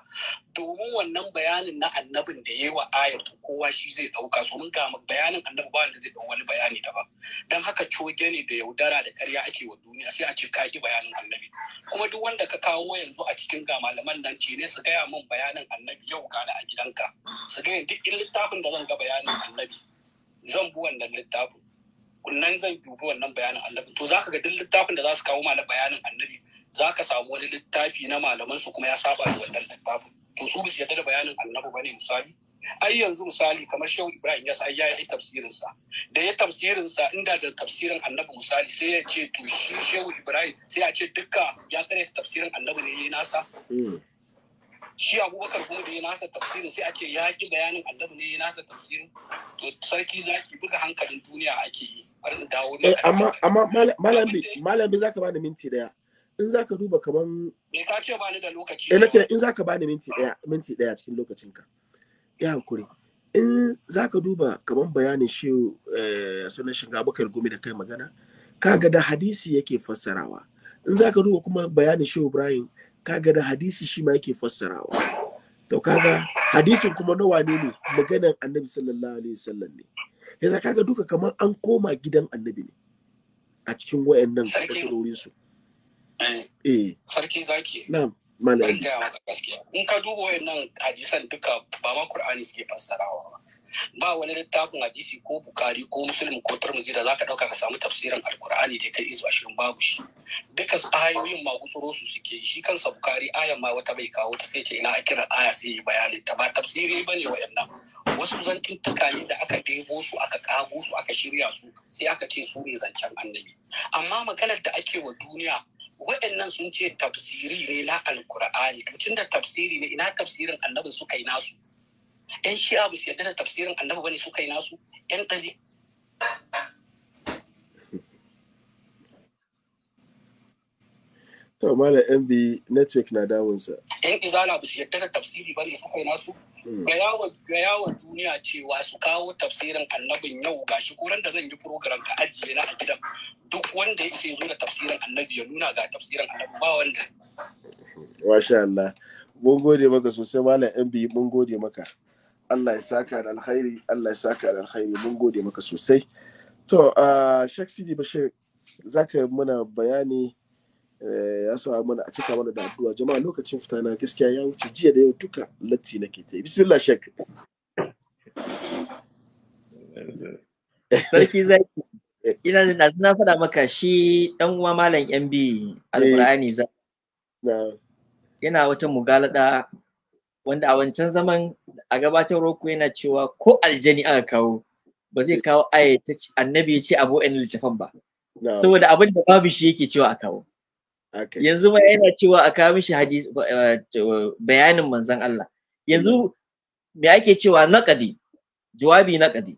domin wannan bayanin na annabin da ya yi wa ayar to kowa shi zai ɗauka su mun ga bayanin annabi ba wanda zai ɗau wani bayani da ba. don haka coge ne da yaudara da ƙarya ake wa duniya sai a ce ka ƙi bayanin annabi kuma duk wanda ka kawo yanzu a cikin ga malaman nan ce ne su gaya min bayanin annabi yau gane a gidanka su gaya duk littafin da zan ga bayanin annabi zan bi wannan littafin nan zan dubi wannan bayanin annabi to zaka ga duk littafin da za su kawo mana bayanin annabi zaka samu wani littafi na malaman su kuma ya saba da wannan littafin to su bisa yadda da bayanin annabi bane misali ai yanzu misali kamar shehu ibrahim ya sa, ya yi tafsirin sa da ya tafsirin sa inda da tafsirin annabi misali sai ya ce to shi shehu ibrahim sai a ce dukka ya kare tafsirin annabi ne yayi nasa hmm. shi abubakar kuma da ya nasa tafsirin sai a ce ya ki bayanin annabi ne ya nasa tafsirin to sarki zaki buga hankalin duniya ake yi bari dawo ne eh, amma amma zaka bani minti daya in zaka duba kaman me ka ce bani da lokaci eh nake in zaka bani minti daya minti daya cikin lokacin ka ya hankuri in zaka duba kaman bayanin shi eh sunan shiga bakar gumi da kai magana kaga da hadisi yake fassarawa in zaka duba kuma bayanin shi Ibrahim kaga da hadisi shi ma yake fassarawa to kaga hadisin kuma nawa ne ne maganar annabi sallallahu alaihi wasallam ne yasa kaga duka kamar an koma gidan annabi ne a cikin wayannan kasarorin su eh, eh sarki zaki na'am malami in ka duba wayannan hadisan duka ba ma qur'ani suke fassarawa ba ba wani littafin hadisi ko bukari ko musulmi ko turmuzi da zaka dauka ka samu tafsirin alkur'ani da kai izu ashirin babu shi duka ayoyin ma gusuro su suke shi kansa bukari ayan ma wata bai kawo ta sai ce ina akira aya sai ya bayani ta ba tafsiri bane wayannan wasu zantuntuka ne da aka debo su aka kago su aka shirya su sai aka ce su ne zancen annabi amma maganar da ake wa duniya waɗannan sun ce tafsiri ne na alkur'ani tun da tafsiri ne ina tafsirin annabin suka yi nasu yan shi'a ba su yarda da tafsirin annabi bane su kai nasu yan ɗari to mala mb network na damunsa yan izala ba su yarda da tafsiri ba su kai nasu hmm. ga yawon duniya cewa su kawo tafsirin annabin yau ga shi koran da zan yi program ka ajiye na a gidan duk wanda yake zo da tafsirin annabi ya nuna ga tafsirin annabi ba wanda masha Allah mun gode maka sosai malam MB mun gode maka Allah ya saka da alkhairi Allah ya saka da alkhairi mun gode maka sosai to a Sheikh Sidi Bashir zaka muna bayani eh, ya sa mana a cika mana da addu'a jama'a lokacin fita na gaskiya ya wuce jiya da yau duka latti nake ta bismillah Sheikh sarki zaki eh. ina da na na faɗa maka shi dan uwa malam MB eh. alqur'ani za yana wata mugalada wanda a wancan zaman a gabatar roku yana cewa ko aljani aka kawo ba zai kawo aya ta annabi ya ce abu yana littafan ba saboda abin da babu shi yake cewa a kawo yanzu ma yana cewa a kawo mishi hadis eh, bayanin manzon Allah yanzu me ake cewa naqadi jawabi naqadi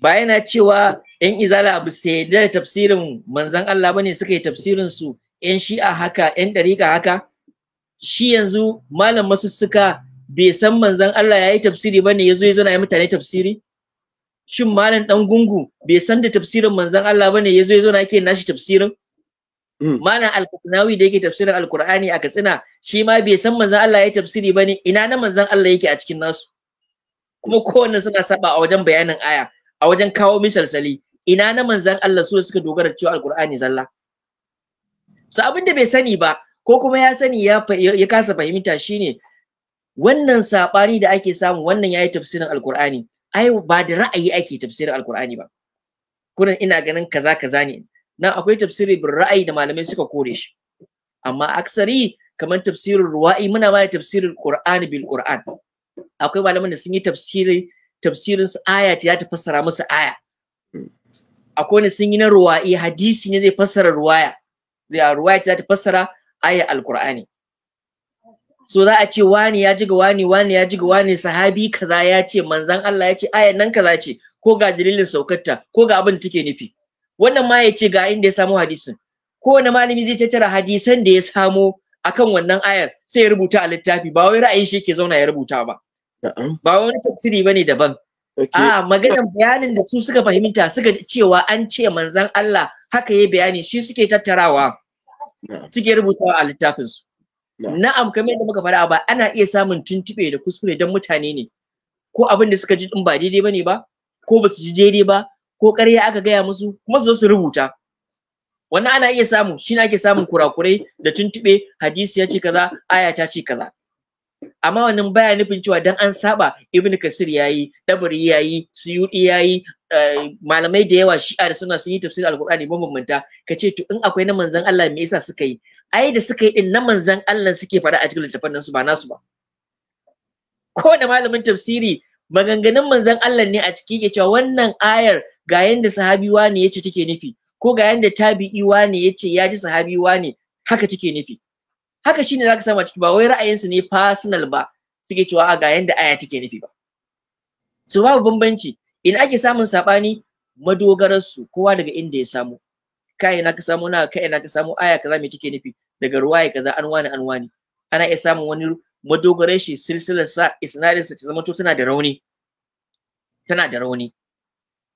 ba yana cewa yan izala abu sai da tafsirin manzon Allah bane suka yi tafsirin su yan shi'a haka yan dariƙa haka shi yanzu malam masussuka bai san manzon Allah ya yi tafsiri ba ne ya zo ya zana ya mutane tafsiri? Shin malam ɗan gungu bai san da tafsirin manzon Allah ba ne ya zo ya zana yake nashi tafsirin? Hmm. Malam Alkatsinawi da yake tafsirin Alkur'ani a Katsina shi ma bai san manzon Allah ya yi tafsiri ba ne ina na manzon Allah yake a cikin nasu. Kuma kowanne suna saba a wajen bayanin aya a wajen kawo misalsali ina na manzon Allah su suka dogara cewa Alkur'ani zalla. Su abin da bai sani ba ko kuma ya sani ya ya kasa fahimta shine wannan sabani da ake samu wannan yayi tafsirin alqur'ani ai ba da ra'ayi ake tafsirin alqur'ani ba kurin ina ganin kaza kaza ne nan akwai tafsiri bin ra'ayi da malamai suka kore shi amma aksari kamar tafsirin ruwa'i muna ma tafsirin qur'ani bil qur'an akwai malaman da sun yi tafsiri tafsirin su aya ce ya ta fassara musu aya akwai ne sun yi na ruwa'i hadisi ne zai fassara ruwaya zai ruwaya ta fassara aya alkur'ani so za a ce wani ya ji ga wani wani ya ji ga wani sahabi kaza ya ce manzan Allah ya ce ayar nan kaza ce ko ga dalilin saukarta ko ga abin take nufi wannan ma ya ce ga inda ya samu hadisin kowane malami zai tattara hadisan da ya samo akan wannan ayar sai ya rubuta a littafi ba wai ra'ayin shi yake zauna ya rubuta ba ba wani tafsiri bane daban a maganar bayanin da su suka fahimta suka cewa an ce manzan Allah haka ya bayani shi suke tattarawa suke rubutawa a littafin su na'am kamar yadda muka faɗa ba ana iya samun tuntube da kuskure don mutane ne ko abin da suka ji din ba daidai bane ba ko basu ji daidai ba ko ƙarya aka gaya musu kuma su zo su rubuta wannan ana iya samu shi ne ake samun kurakurai da tuntube hadisi ya ce kaza aya ta ce kaza amma wannan baya nufin cewa dan an saba ibnu kasir yayi dabari yayi suyudi yayi Eh, malamai da yawa shi'a da suna sun yi tafsirin alkur'ani mabambanta ka ce to in akwai na manzon Allah me yasa suka yi ai da suka yi din na manzan Allah suke fara a cikin nan su ba nasu ba ko da malamin tafsiri maganganun manzan Allah ne a ciki yake cewa wannan ayar ga yanda sahabi wani yace take nufi ko ga yanda tabi'i wani yace ya ji sahabi ne haka take nufi haka shine zaka samu a ciki ba wai ra'ayinsu ne personal ba suke cewa ga yanda aya take nufi ba su babu bambanci ina ake samun sabani madogarar kowa daga inda ya samu kai na ka samu na kai na ka samu aya kaza mai take nufi daga ruwaya kaza an wani an wani ana iya samun wani madogarar shi silsilar sa isnadin sa ta zama to tana da rauni tana da rauni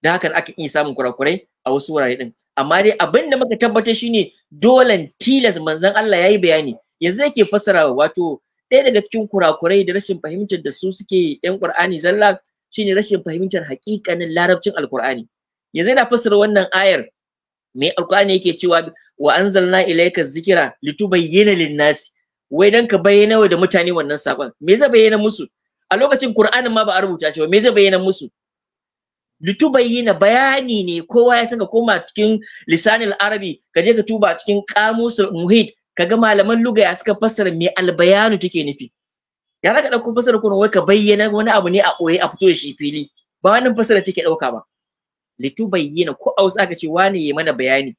dan haka aka iya samun kurakurai a wasu wurare din amma dai abin da muka tabbata shine dolan tilas manzon Allah yayi bayani yanzu yake fassara, wato ɗaya daga cikin kurakurai da rashin fahimtar da su suke yan Qur'ani zalla shine rashin fahimtar haƙiƙanin larabcin alkur'ani yanzu yana fassara wannan ayar me alkur'ani yake cewa wa anzalna ilayka zikira litubayyana linnasi wai dan ka bayyana wa da mutane wannan sakon me zai bayyana musu a lokacin qur'anin ma ba a rubuta shi ba me zai bayyana musu litubayyana bayani ne kowa ya san ka koma cikin lisanil arabi ka je ka tuba cikin Muhid, muhit ga malaman lugaya suka fassara me albayanu take nufi ya za ka ɗauko fasara kuma wai ka bayyana wani abu ne a ɓoye a fito da shi fili ba wannan fasara take ɗauka ba litu bayyana ko a wasu aka ce wani ya mana bayani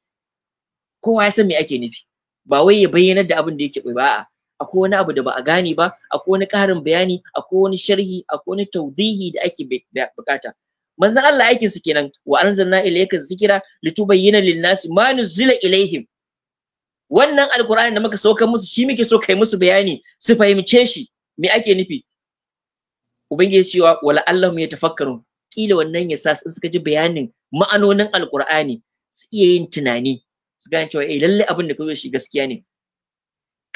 kowa ya san me ake nufi ba wai ya bayyana da abin da yake ɓoye ba a akwai wani abu da ba a gane ba akwai wani ƙarin bayani akwai wani sharhi akwai wani taudihi da ake bukata manzon Allah aikinsa kenan wa anzalna ilayka zikira litubayyana lin-nasi ma nuzila ilaihim wannan alkur'ani da muka saukar musu shi muke so kai musu bayani su fahimce shi me ake nufi ubangiji cewa wala Allah ya tafakkaru kila wannan ya sa suka ji bayanin ma'anonin alqur'ani su iya yin tunani su gane cewa eh lalle abin da ka zo shi gaskiya ne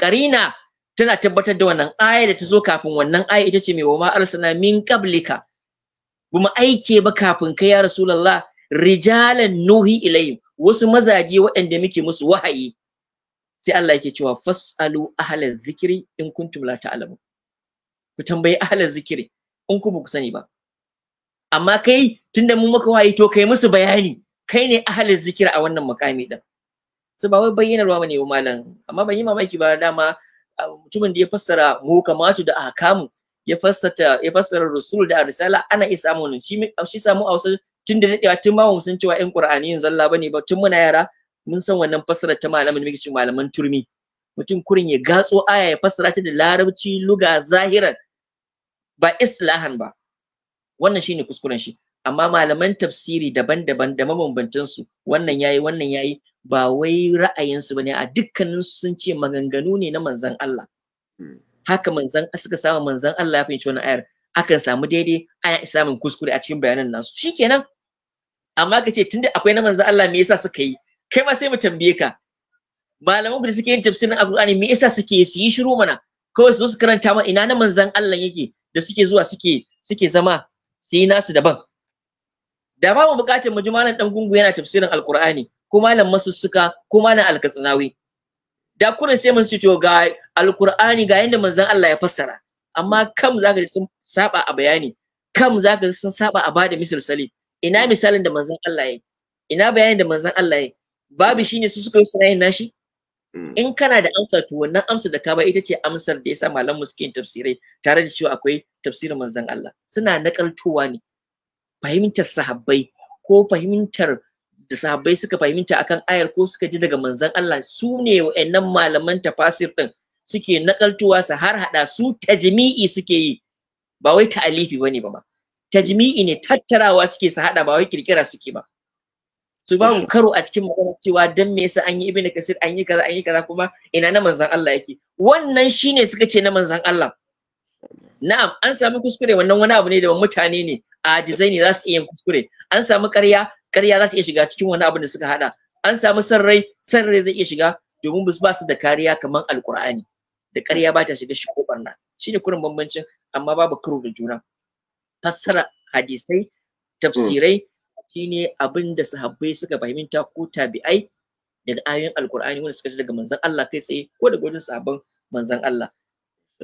karina tana tabbatar da wannan aya da ta zo kafin wannan aya ita ce mai wa ma arsana min qablika kuma aike ba kafin kai ya rasulullah rijalan nuhi ilayhim wasu mazaje waɗanda muke musu wahayi sai Allah yake cewa fasalu ahla zikri in kuntum la ta'lamun ku tambayi ahlal zikiri in ku ku sani ba amma kai tunda mu maka wayi to kai musu bayani kai ne ahlal zikiri a wannan makami din su ba wai bayyanarwa bane yau malam amma ban yi mamaki ba dama mutumin da ya fassara mu kamatu da ahkamu ya fassara ya fassara rusul da risala ana iya samun shi shi samu a wasu tun da dadewa tun ba mu sun cewa in qur'ani yin zalla bane ba tun muna yara mun san wannan fassarar ta malamin da muke cewa malaman turmi mutum kurin ya gatso aya ya fassara ta da larabci luga zahiran ba istilahan ba wannan shi ne kuskuren shi amma malaman tafsiri daban-daban da mabambantan su wannan yayi wannan yayi ba wai ra'ayin su bane a dukkanin su sun ce maganganu ne na manzon Allah hmm. haka manzon suka samu manzon Allah ya fahimci wannan ayar akan samu daidai ana samun kuskure a cikin bayanan nasu shikenan amma kace tunda akwai na manzon Allah me yasa suka yi kai ma sai mu tambaye ka malaman ku da suke yin tafsirin alqur'ani me yasa suke su yi shiru mana kawai su su karanta ma ina na manzan Allah yake da suke zuwa suke suke zama su yi nasu daban da ba mu bukatar mu ji malam dan gungu yana tafsirin alqur'ani ko malam masussuka ko malam alkatsinawi da kurin sai mun sito ga alqur'ani ga yanda manzan Allah ya fassara amma kam zaka ji sun saba a bayani kam zaka ji sun saba a bada misalsali ina misalin da manzan Allah ya ina bayanin da manzan Allah ya babu shine su suka yi sunayin nashi Mm. in kana da amsar to wannan amsar da ka ba ita ce amsar da yasa malam muskin tafsirai tare da cewa akwai tafsirin manzon Allah suna nakaltowa ne fahimtar sahabbai ko fahimtar da sahabbai suka fahimta akan ayar ko suka ji daga manzon Allah su ne wa'annan malaman tafasir din suke nakaltowa su har hada su tajmi'i suke yi ba wai ta'alifi bane ba tajmi'i ne tattarawa suke su hada ba wai kirkira suke ba su ba mu karo a cikin magana cewa dan me yasa an yi ibnu kasir an yi kaza an yi kaza kuma ina na manzon Allah yake wannan shine suka ce na manzon Allah na'am an samu kuskure wannan wani abu ne da mutane ne ajizai ne za su iya kuskure an samu ƙarya ƙarya za ta iya shiga cikin wani abu da suka hada an samu sarrai, sarrai zai iya shiga domin ba su da kariya kamar alkur'ani da ƙarya ba ta shiga shi ko barna shine kurin bambancin amma babu karo da juna fassara hadisai tafsirai ne abin da sahabbai suka fahimta ko tabi'ai daga ayoyin alkur'ani wanda suka ji daga manzon Allah kai tsaye ko daga wajen sabon manzon Allah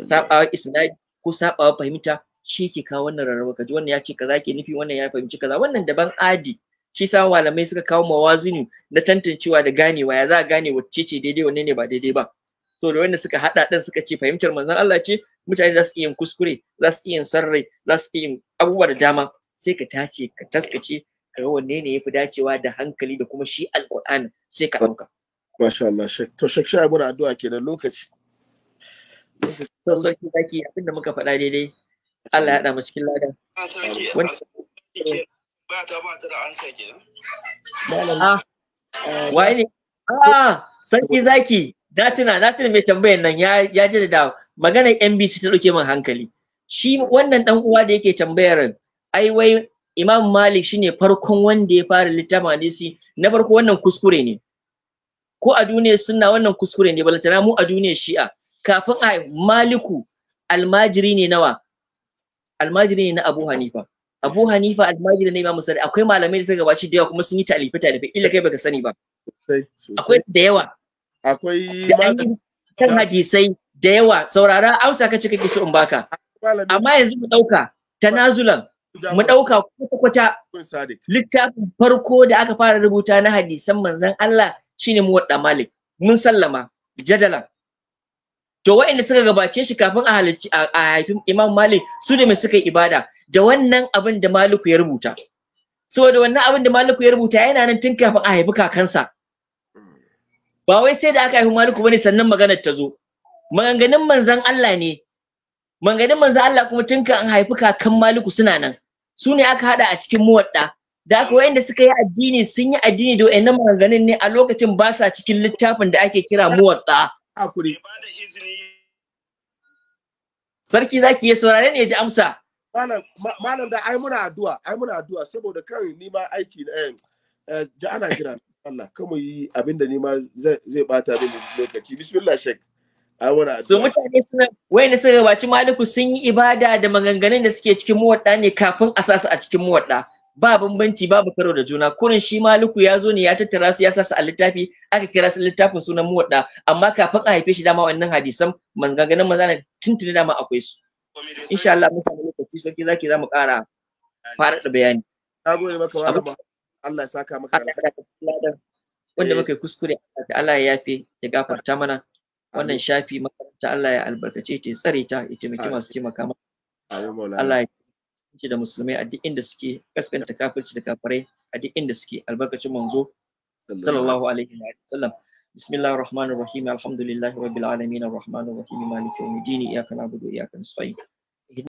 sabawa isnadi ko sabawa fahimta shi ke kawo wannan rarraba kaji wannan ya ce kaza ke nufi wannan ya fahimci kaza wannan daban adi shi sa malamai suka kawo mawazinu na tantancewa da ganewa ya za a gane wacce ce daidai wanne ne ba daidai ba so da wanda suka hada din suka ce fahimtar manzon Allah ce mutane za su iya kuskure za su iya sarrai za su iya abubuwa da dama sai ka tace ka taskace kaga wanne ne yafi dacewa da hankali da kuma shi alqur'ani sai ka dauka masha Allah shek to shek sha muna addu'a kenan lokaci to sarki zaki da muka faɗa daidai Allah ya haɗa mu cikin lada ah, ah, ba ta ba ta da ansa ah, ne ah sarki zaki na tuna na tuna mai tambayan nan ya ji da maganar NBC ta dauke min hankali shi wannan dan uwa da yake tambayar ai wai Imam Malik shine farkon wanda ya fara littafin hadisi na farko wannan kuskure ne ko a duniyar sunna wannan kuskure ne balantana mu a duniyar shi'a kafin a Maliku almajiri ne nawa almajiri ne na Abu Hanifa Abu Hanifa almajiri ne Imam Sadiq akwai malamai da suka gabaci da yawa kuma sun yi talifi talifi illa kai baka sani ba akwai da yawa akwai kan hadisai da yawa saurara amsa ka ce kake so in baka amma yanzu mu dauka tanazulan mu ɗauka kwata-kwata littafin farko da aka fara rubuta na hadisan manzon Allah shine wadda malik mun sallama jadalan to waɗanda suka gabace shi kafin a halarci a haifin imam malik su da mai suka yi ibada da wannan abin da maliku ya rubuta saboda wannan abin da maliku ya rubuta yana nan tun kafin a haifi kakansa hmm. ba wai sai da aka haifi maliku bane sannan maganar ta zo maganganun manzon Allah ne Mangani manzo Allah kuma tun kan haifi kakan maliku suna nan su ne aka hada a cikin muwadda da aka wayanda suka yi addini sun yi addini da wayannan maganganun ne a lokacin ba sa cikin littafin da ake kira muwadda hakuri sarki zaki iya saurare ne ya ji amsa malam malam da ai muna addu'a ai muna addu'a saboda kan ni ma aiki eh, eh ji ana kira Allah kan mu yi abinda ni ma zai bata da lokaci bismillah Sheikh. ai wani addu'a so mutane suna wayanda suka gabaci maliku sun yi ibada da maganganun da suke cikin muwadda ne kafin a sasu a cikin muwadda ba bambanci babu karo da juna kurin shi maliku ya zo ne ya tattara su ya sasu a littafi aka kira su littafin sunan muwadda amma kafin a haife shi dama wannan hadisan maganganun maza ne tuntuni dama akwai su insha Allah mun samu lokaci sarki zaki zamu ƙara fara da bayani na maka wa Allah ya saka maka wanda eh. muka kuskure Allah ya yafe ya gafarta mana wannan shafi makaranta Allah ya albarkace ta tsare ta ita masu kima su ce makama Allah ya da musulmai a duk inda suke kaskanta kafirci da kafirai a duk inda suke albarkacin manzo sallallahu alaihi wa sallam bismillahir rahmanir rahim alhamdulillahi rabbil alamin arrahmanir rahim maliki yawmiddin iyyaka na'budu wa iyyaka nasta'in